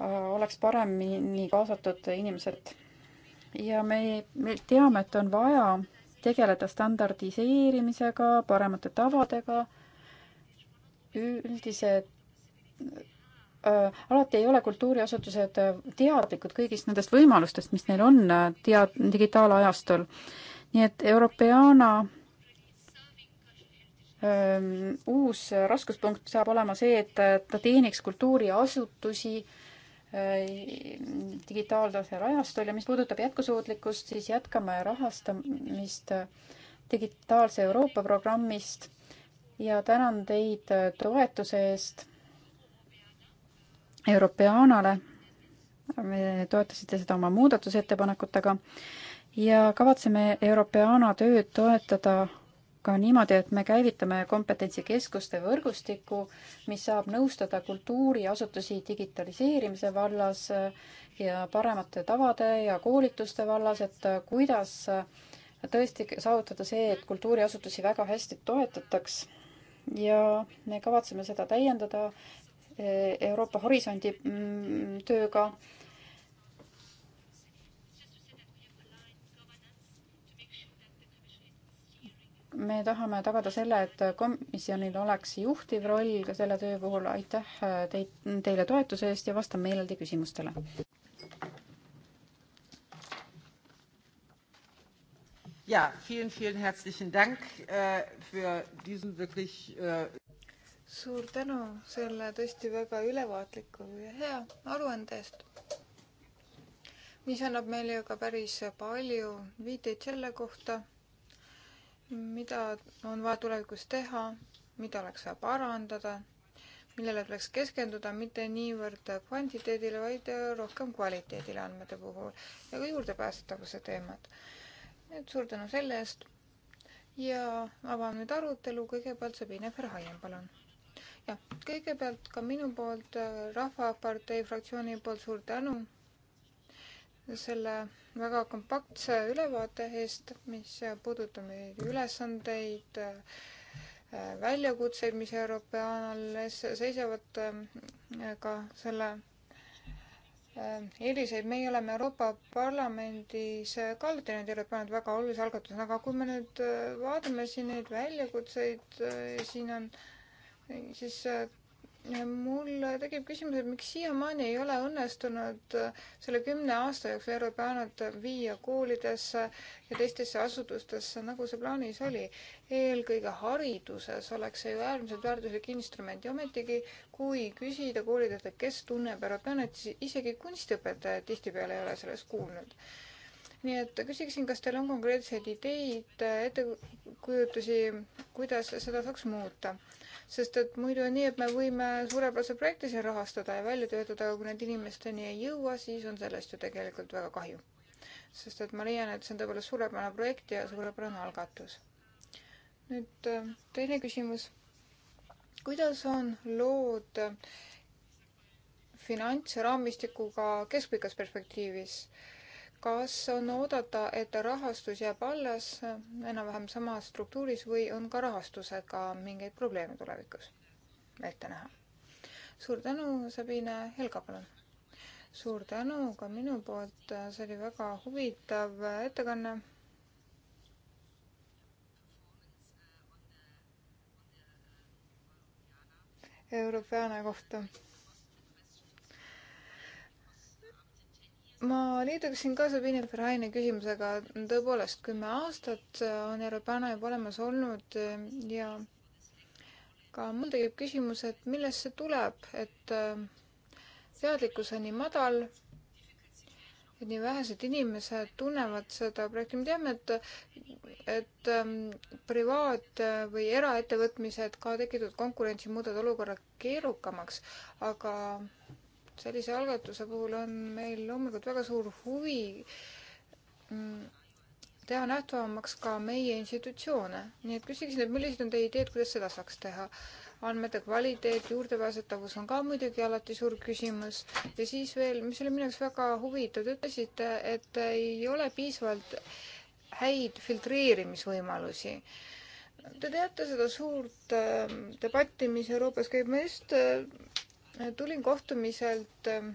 Äh, oleks paremini kaasatud inimesed. ja me, me teame, et on vaja tegeleda standardiseerimisega, paremate tavadega, üldise äh, alati ei ole kultuuriasutused teadlikud kõigist nendest võimalustest, mis neil on äh, tead-, digitaalajastul. nii et Europeana ähm, uus raskuspunkt saab olema see, et ta teeniks kultuuriasutusi äh, digitaaltase ajastul ja mis puudutab jätkusuutlikkust, siis jätkame rahastamist digitaalse Euroopa programmist ja tänan teid toetuse eest Europeanale. toetasite seda oma muudatusettepanekutega ja kavatseme Europeana tööd toetada ka niimoodi, et me käivitame kompetentsikeskuste võrgustiku, mis saab nõustada kultuuriasutusi digitaliseerimise vallas ja paremate tavade ja koolituste vallas, et kuidas tõesti saavutada see, et kultuuriasutusi väga hästi toetataks ja me kavatseme seda täiendada eh, Euroopa Horisondi mm, tööga me tahame tagada selle, et komisjonil oleks juhtiv roll ka selle töö puhul. aitäh äh, teid, teile toetuse eest ja vastan meeleldi küsimustele. ja, vielen, vielen herzlichen Dank äh, für diesen wirklich äh suur tänu selle tõesti väga ülevaatliku ja hea aruande eest, mis annab meile ju ka päris palju viiteid selle kohta mida on vaja tulevikus teha, mida oleks vaja parandada, millele tuleks keskenduda mitte niivõrd kvantiteedile, vaid rohkem kvaliteedile andmete puhul ja ka juurdepääsetavuse teemad. et suur tänu selle eest ja avame nüüd arutelu, kõigepealt Sabine Verhaien, palun. jah, kõigepealt ka minu poolt, Rahvapartei fraktsiooni poolt suur tänu selle väga kompaktse ülevaate eest, mis puudutab neid ülesandeid, väljakutseid, mis Euroopeanal ees seisavad, eh, ka selle eh, eeliseid. meie oleme Euroopa Parlamendis kaldinud ja pannud väga olulise algatuse, aga kui me nüüd eh, vaatame siin neid väljakutseid, siin on siis mul tekib küsimus, et miks siiamaani ei ole õnnestunud äh, selle kümne aasta jooksul Europeanat viia koolidesse ja teistesse asutustesse, nagu see plaanis oli. eelkõige hariduses oleks see ju äärmiselt väärtuslik instrument ja ometigi, kui küsida koolidelt, et kes tunneb Europeanat, siis isegi kunstiõpetaja tihtipeale ei ole sellest kuulnud nii et küsiksin, kas teil on konkreetseid ideid, äh, ettekujutusi, kuidas seda saaks muuta? sest et muidu on nii, et me võime suurepärase projekti siin rahastada ja välja töötada, aga kui need inimesteni ei jõua, siis on sellest ju tegelikult väga kahju. sest et ma leian, et see on tõepoolest suurepärane projekt ja suurepärane algatus. nüüd äh, teine küsimus. kuidas on lood äh, finantsraamistikuga keskpikas perspektiivis? kas on oodata, et rahastus jääb alles enam-vähem samas struktuuris või on ka rahastusega mingeid probleeme tulevikus ette näha? suur tänu, Sabine Helga, palun! suur tänu ka minu poolt, see oli väga huvitav ettekanne. Europeana kohta ma liituksin ka Sabine Ferraini küsimusega, tõepoolest kümme aastat on Europeana juba olemas olnud ja ka mul tekib küsimus, et millest see tuleb, et äh, teadlikkus on nii madal, et nii vähesed inimesed tunnevad seda projekti, me teame, et et ähm, privaat- või eraettevõtmised ka tekitatud konkurentsi muudavad olukorra keerukamaks, aga sellise algatuse puhul on meil loomulikult väga suur huvi mm, teha nähtavamaks ka meie institutsioone. nii et küsiksin, et millised on teie ideed, kuidas seda saaks teha? andmete kvaliteet, juurdepääsetavus on ka muidugi alati suur küsimus. ja siis veel, mis oli minu jaoks väga huvitav, te ütlesite, et ei ole piisavalt häid filtreerimisvõimalusi. Te teate seda suurt ähm, debatti, mis Euroopas käib meist tulin kohtumiselt ähm,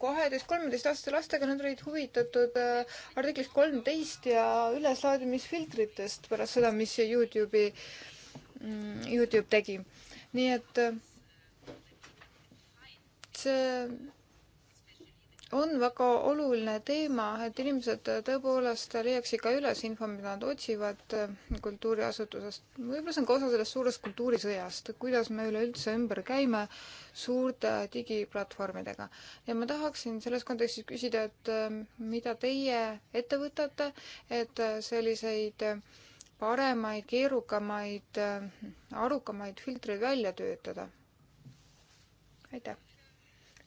kaheteist, kolmeteistkümneaastaste lastega, nad olid huvitatud äh, artiklist kolmteist ja üleslaadimisfiltritest pärast seda, mis Youtube'i, mm, Youtube tegi. nii et äh, see on väga oluline teema, et inimesed tõepoolest leiaksid ka üles info, mida nad otsivad äh, kultuuriasutusest. võib-olla see on ka osa sellest suurest kultuurisõjast, kuidas me üleüldse ümber käime suurte digiplatvormidega. ja ma tahaksin selles kontekstis küsida, et äh, mida teie ette võtate, et äh, selliseid paremaid, keerukamaid, arukamaid filtreid välja töötada? aitäh!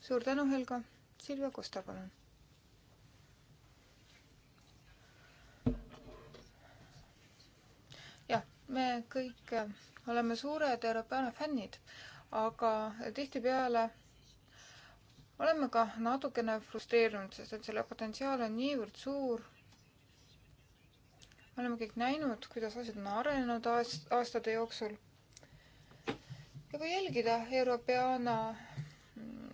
suur tänu, Helga! Silvia Kosta, palun. jah, me kõik äh, oleme suured Europeana fännid, aga tihtipeale oleme ka natukene frustreerunud, sest et selle potentsiaal on niivõrd suur. oleme kõik näinud, kuidas asjad on arenenud aast-, aastate jooksul. ja kui jälgida Europeana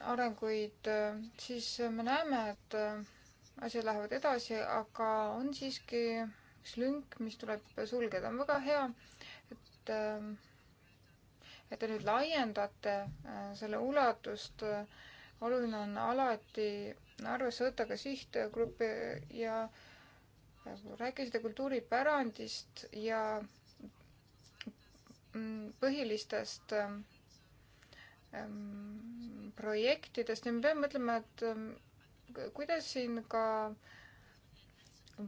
arenguid, äh, siis me näeme, et äh, asjad lähevad edasi, aga on siiski üks lünk, mis tuleb sulgeda. on väga hea, et, äh, et te nüüd laiendate selle ulatust. oluline on alati arvesse võtta ka sihtgruppe ja rääkisite kultuuripärandist ja mm, põhilistest äh, Ähm, projektidest ja me peame mõtlema, et ähm, kuidas siin ka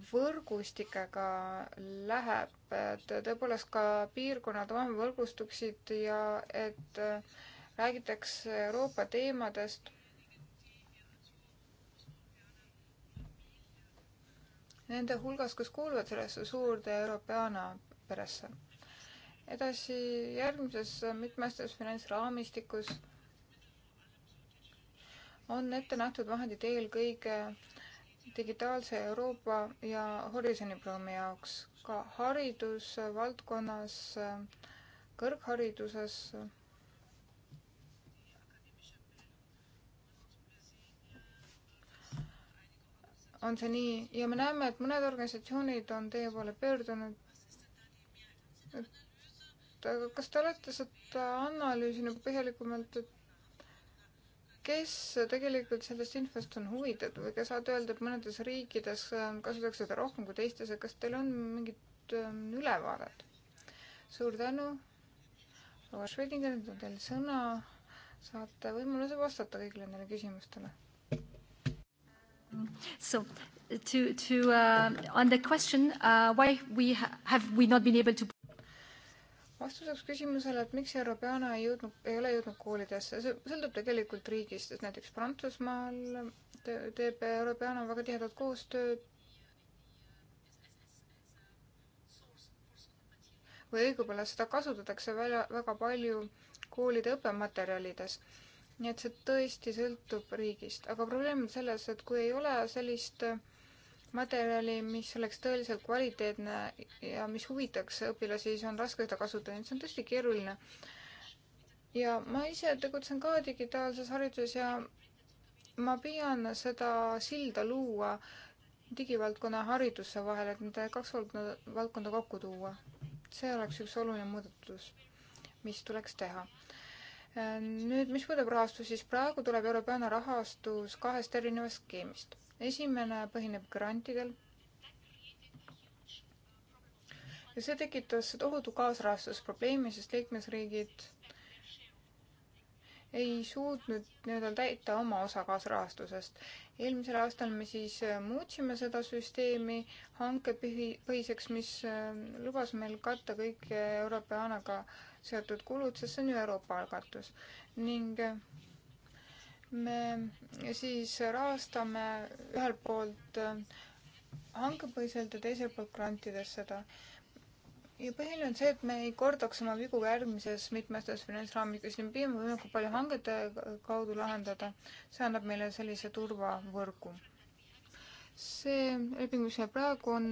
võrgustikega läheb, et tõepoolest ka piirkonnad omavahel võrgustuksid ja et äh, räägitakse Euroopa teemadest. Nende hulgas, kes kuuluvad sellesse suurde Europeana peresse edasi järgmises mitmestes finantsraamistikus on ette nähtud vahendid eelkõige digitaalse Euroopa ja Horisoni programmi jaoks, ka haridusvaldkonnas, kõrghariduses on see nii ja me näeme, et mõned organisatsioonid on teie poole pöördunud, et aga kas te olete seda analüüsinud nagu põhjalikumalt, et kes tegelikult sellest infost on huvitatud või kas saate öelda, et mõnedes riikides kasutatakse seda rohkem kui teistes, et kas teil on mingit ähm, ülevaadet? suur tänu, proua Schrödinger, nüüd on teil sõna, saate võimaluse vastata kõigile neile küsimustele. So to, to uh, on the question uh, why we ha have we not been able to vastuseks küsimusele, et miks europeana ei jõudnud, ei ole jõudnud koolidesse, see sõltub tegelikult riigist, et näiteks Prantsusmaal teeb europeana väga tihedat koostööd või õigupoolest seda kasutatakse välja väga palju koolide õppematerjalides. nii et see tõesti sõltub riigist, aga probleem on selles, et kui ei ole sellist äh, materjali, mis oleks tõeliselt kvaliteetne ja mis huvitaks õpilasi, siis on raske seda kasutada, nii et see on tõesti keeruline. ja ma ise tegutsen ka digitaalses hariduses ja ma püüan seda silda luua digivaldkonna ja hariduse vahel, et nende kaks valdkonda, valdkonda kokku tuua. see oleks üks oluline muudatus, mis tuleks teha nüüd, mis puudutab rahastust, siis praegu tuleb Europeana rahastus kahest erinevast skeemist esimene põhineb grantidel ja see tekitas tohutu kaasrahastusprobleemi, sest liikmesriigid ei suutnud nii-öelda täita oma osa kaasrahastusest. eelmisel aastal me siis äh, muutsime seda süsteemi hankepõhiseks, mis äh, lubas meil katta kõik äh, Europeanaga seotud kulud, sest see on ju Euroopa algatus. ning me siis rahastame ühelt poolt äh, hankepõhiselt ja teiselt poolt grantides seda. ja põhiline on see, et me ei kordaks oma vigu järgmises mitmestes finantsraamides, me püüame võimalikult palju hangete kaudu lahendada. see annab meile sellise turvavõrgu. see leping, mis meil praegu on,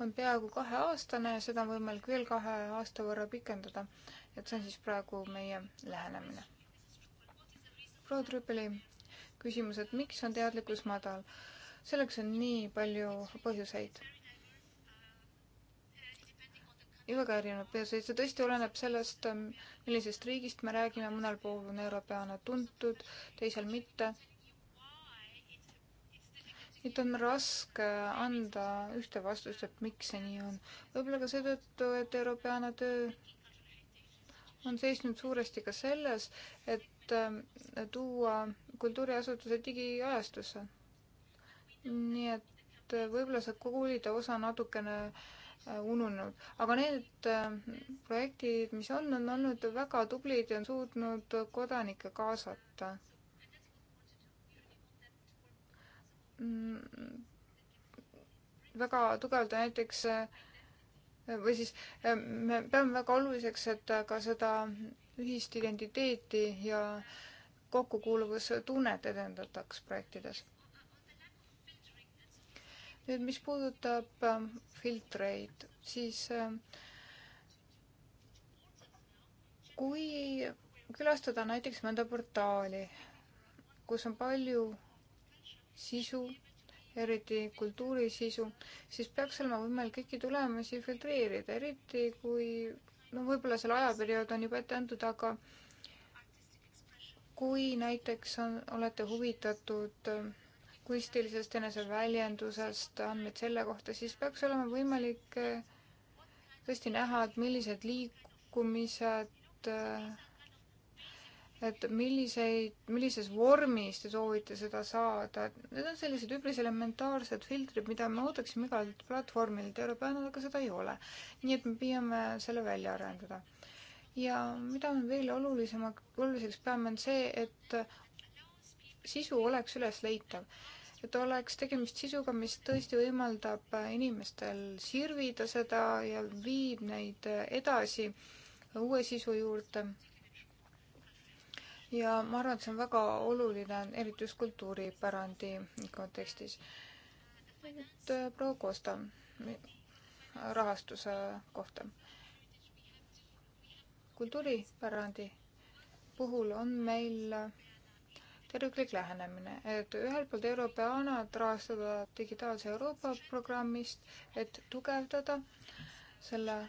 on peaaegu kaheaastane ja seda on võimalik veel kahe aasta võrra pikendada. et see on siis praegu meie lähenemine proua Trüppeli küsimus, et miks on teadlikkus madal? selleks on nii palju põhjuseid. väga erinevad põhjuseid, see tõesti oleneb sellest, millisest riigist me räägime, mõnel pool on europeana tuntud, teisel mitte. nüüd on raske anda ühte vastust, et miks see nii on. võib-olla ka seetõttu, et europeana töö on seisnud suuresti ka selles, et Äh, tuua kultuuriasutused digiajastusse. nii et äh, võib-olla see koolide osa natukene äh, ununenud, aga need projektid, mis on, on olnud väga tublid ja on suutnud kodanikke kaasata. Mm, väga tugevalt näiteks või siis me peame väga oluliseks, et ka seda ühist identiteeti ja kokkukuuluvustunnet edendataks projektides. nüüd, mis puudutab ähm, filtreid, siis ähm, kui külastada näiteks mõnda portaali, kus on palju sisu, eriti kultuurisisu, siis peaks olema võimalik kõiki tulemusi filtreerida, eriti kui no võib-olla selle ajaperiood on juba ette antud, aga kui näiteks on, olete huvitatud äh, kunstilisest eneseväljendusest, andmeid selle kohta, siis peaks olema võimalik äh, tõesti näha, et millised liikumised äh, et milliseid, millises vormis te soovite seda saada, et need on sellised üpris elementaarsed filtrid, mida me ootaksime igalt platvormilt, Euroopanal aga seda ei ole. nii et me püüame selle välja arendada. ja mida me veel olulisema, oluliseks peame, on see, et sisu oleks ülesleitav. et oleks tegemist sisuga, mis tõesti võimaldab inimestel sirvida seda ja viib neid edasi uue sisu juurde ja ma arvan, et see on väga oluline, eriti just kultuuripärandi kontekstis. nüüd äh, proua Kosta rahastuse kohta. kultuuripärandi puhul on meil terviklik lähenemine, et ühelt poolt Europeanat rahastada Digitaalse Euroopa programmist, et tugevdada selle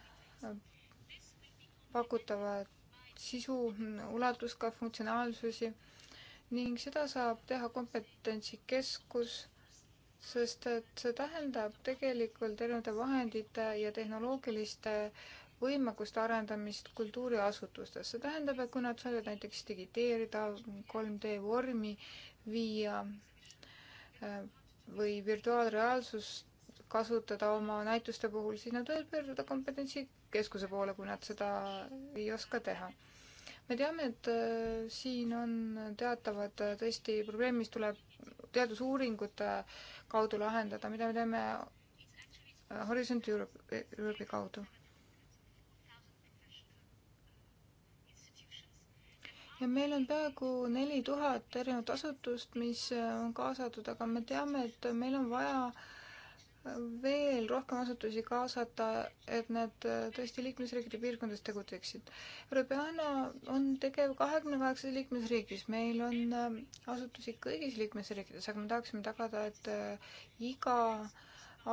äh, pakutava sisu, ulatus, ka funktsionaalsusi ning seda saab teha kompetentsikeskus, sest et see tähendab tegelikult erinevate vahendite ja tehnoloogiliste võimekuste arendamist kultuuriasutustes. see tähendab, et kui nad saavad näiteks digiteerida 3D vormi, viia äh, või virtuaalreaalsust kasutada oma näituste puhul, siis nad võivad pöörduda kompetentsikeskuse poole, kui nad seda ei oska teha. me teame, et äh, siin on teatavad äh, tõesti probleemid, mis tuleb teadusuuringute kaudu lahendada, mida me teeme äh, Horisont Europe, Europe'i kaudu. ja meil on peaaegu neli tuhat erinevat asutust, mis on kaasatud, aga me teame, et meil on vaja äh, veel rohkem asutusi kaasata, et nad tõesti liikmesriikide piirkondades tegutseksid. Europeana on tegev kahekümne kaheksas liikmesriigis, meil on äh, asutusi kõigis liikmesriikides, aga me tahaksime tagada, et äh, iga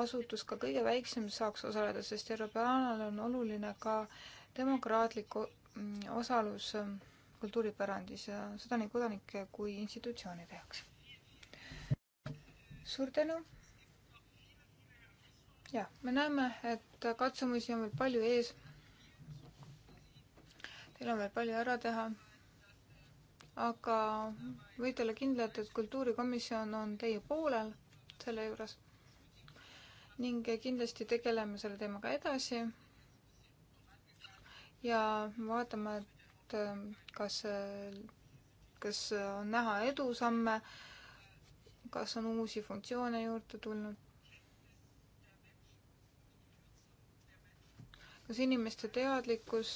asutus, ka kõige väiksem, saaks osaleda, sest Europeanal on oluline ka demokraatlik mm, osalus äh, kultuuripärandis ja seda nii kodanike kui institutsioonide jaoks. suur tänu! jah, me näeme, et katsumusi on veel palju ees. Teil on veel palju ära teha. aga võite olla kindlad, et kultuurikomisjon on teie poolel selle juures. ning kindlasti tegeleme selle teemaga edasi. ja vaatame, et ähm, kas, äh, kas on näha edusamme, kas on uusi funktsioone juurde tulnud kas inimeste teadlikkus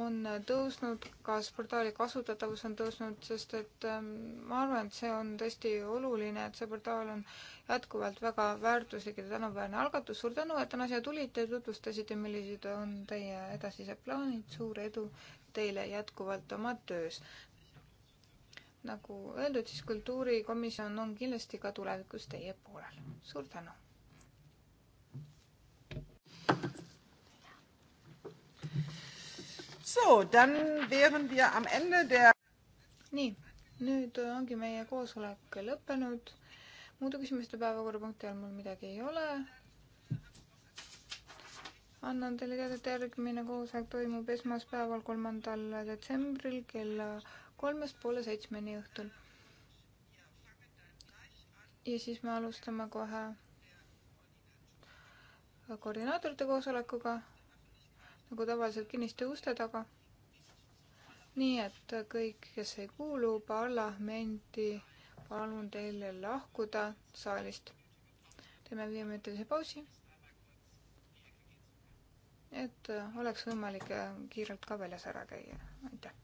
on tõusnud, kas portaali kasutatavus on tõusnud, sest et ähm, ma arvan, et see on tõesti oluline, et see portaal on jätkuvalt väga väärtuslik ja tänuväärne algatus. suur tänu, et täna siia tulite ja tutvustasite, millised on teie edasised plaanid. suur edu teile jätkuvalt oma töös nagu öeldud, siis kultuurikomisjon on kindlasti ka tulevikus teie poolel. suur tänu! So, dann wären wir am Ende der... nii, nüüd ongi meie koosolek lõppenud. muude küsimuste päevakorrapunkti all mul midagi ei ole. annan teile teada, et järgmine koosolek toimub esmaspäeval, kolmandal detsembril kella kolmest poole seitsmeni õhtul. ja siis me alustame kohe koordinaatorite koosolekuga nagu tavaliselt kinniste uste taga. nii et kõik, kes ei kuulu parlamenti, palun teil lahkuda saalist. teeme viieminutilise pausi. et oleks võimalik kiirelt ka väljas ära käia. aitäh!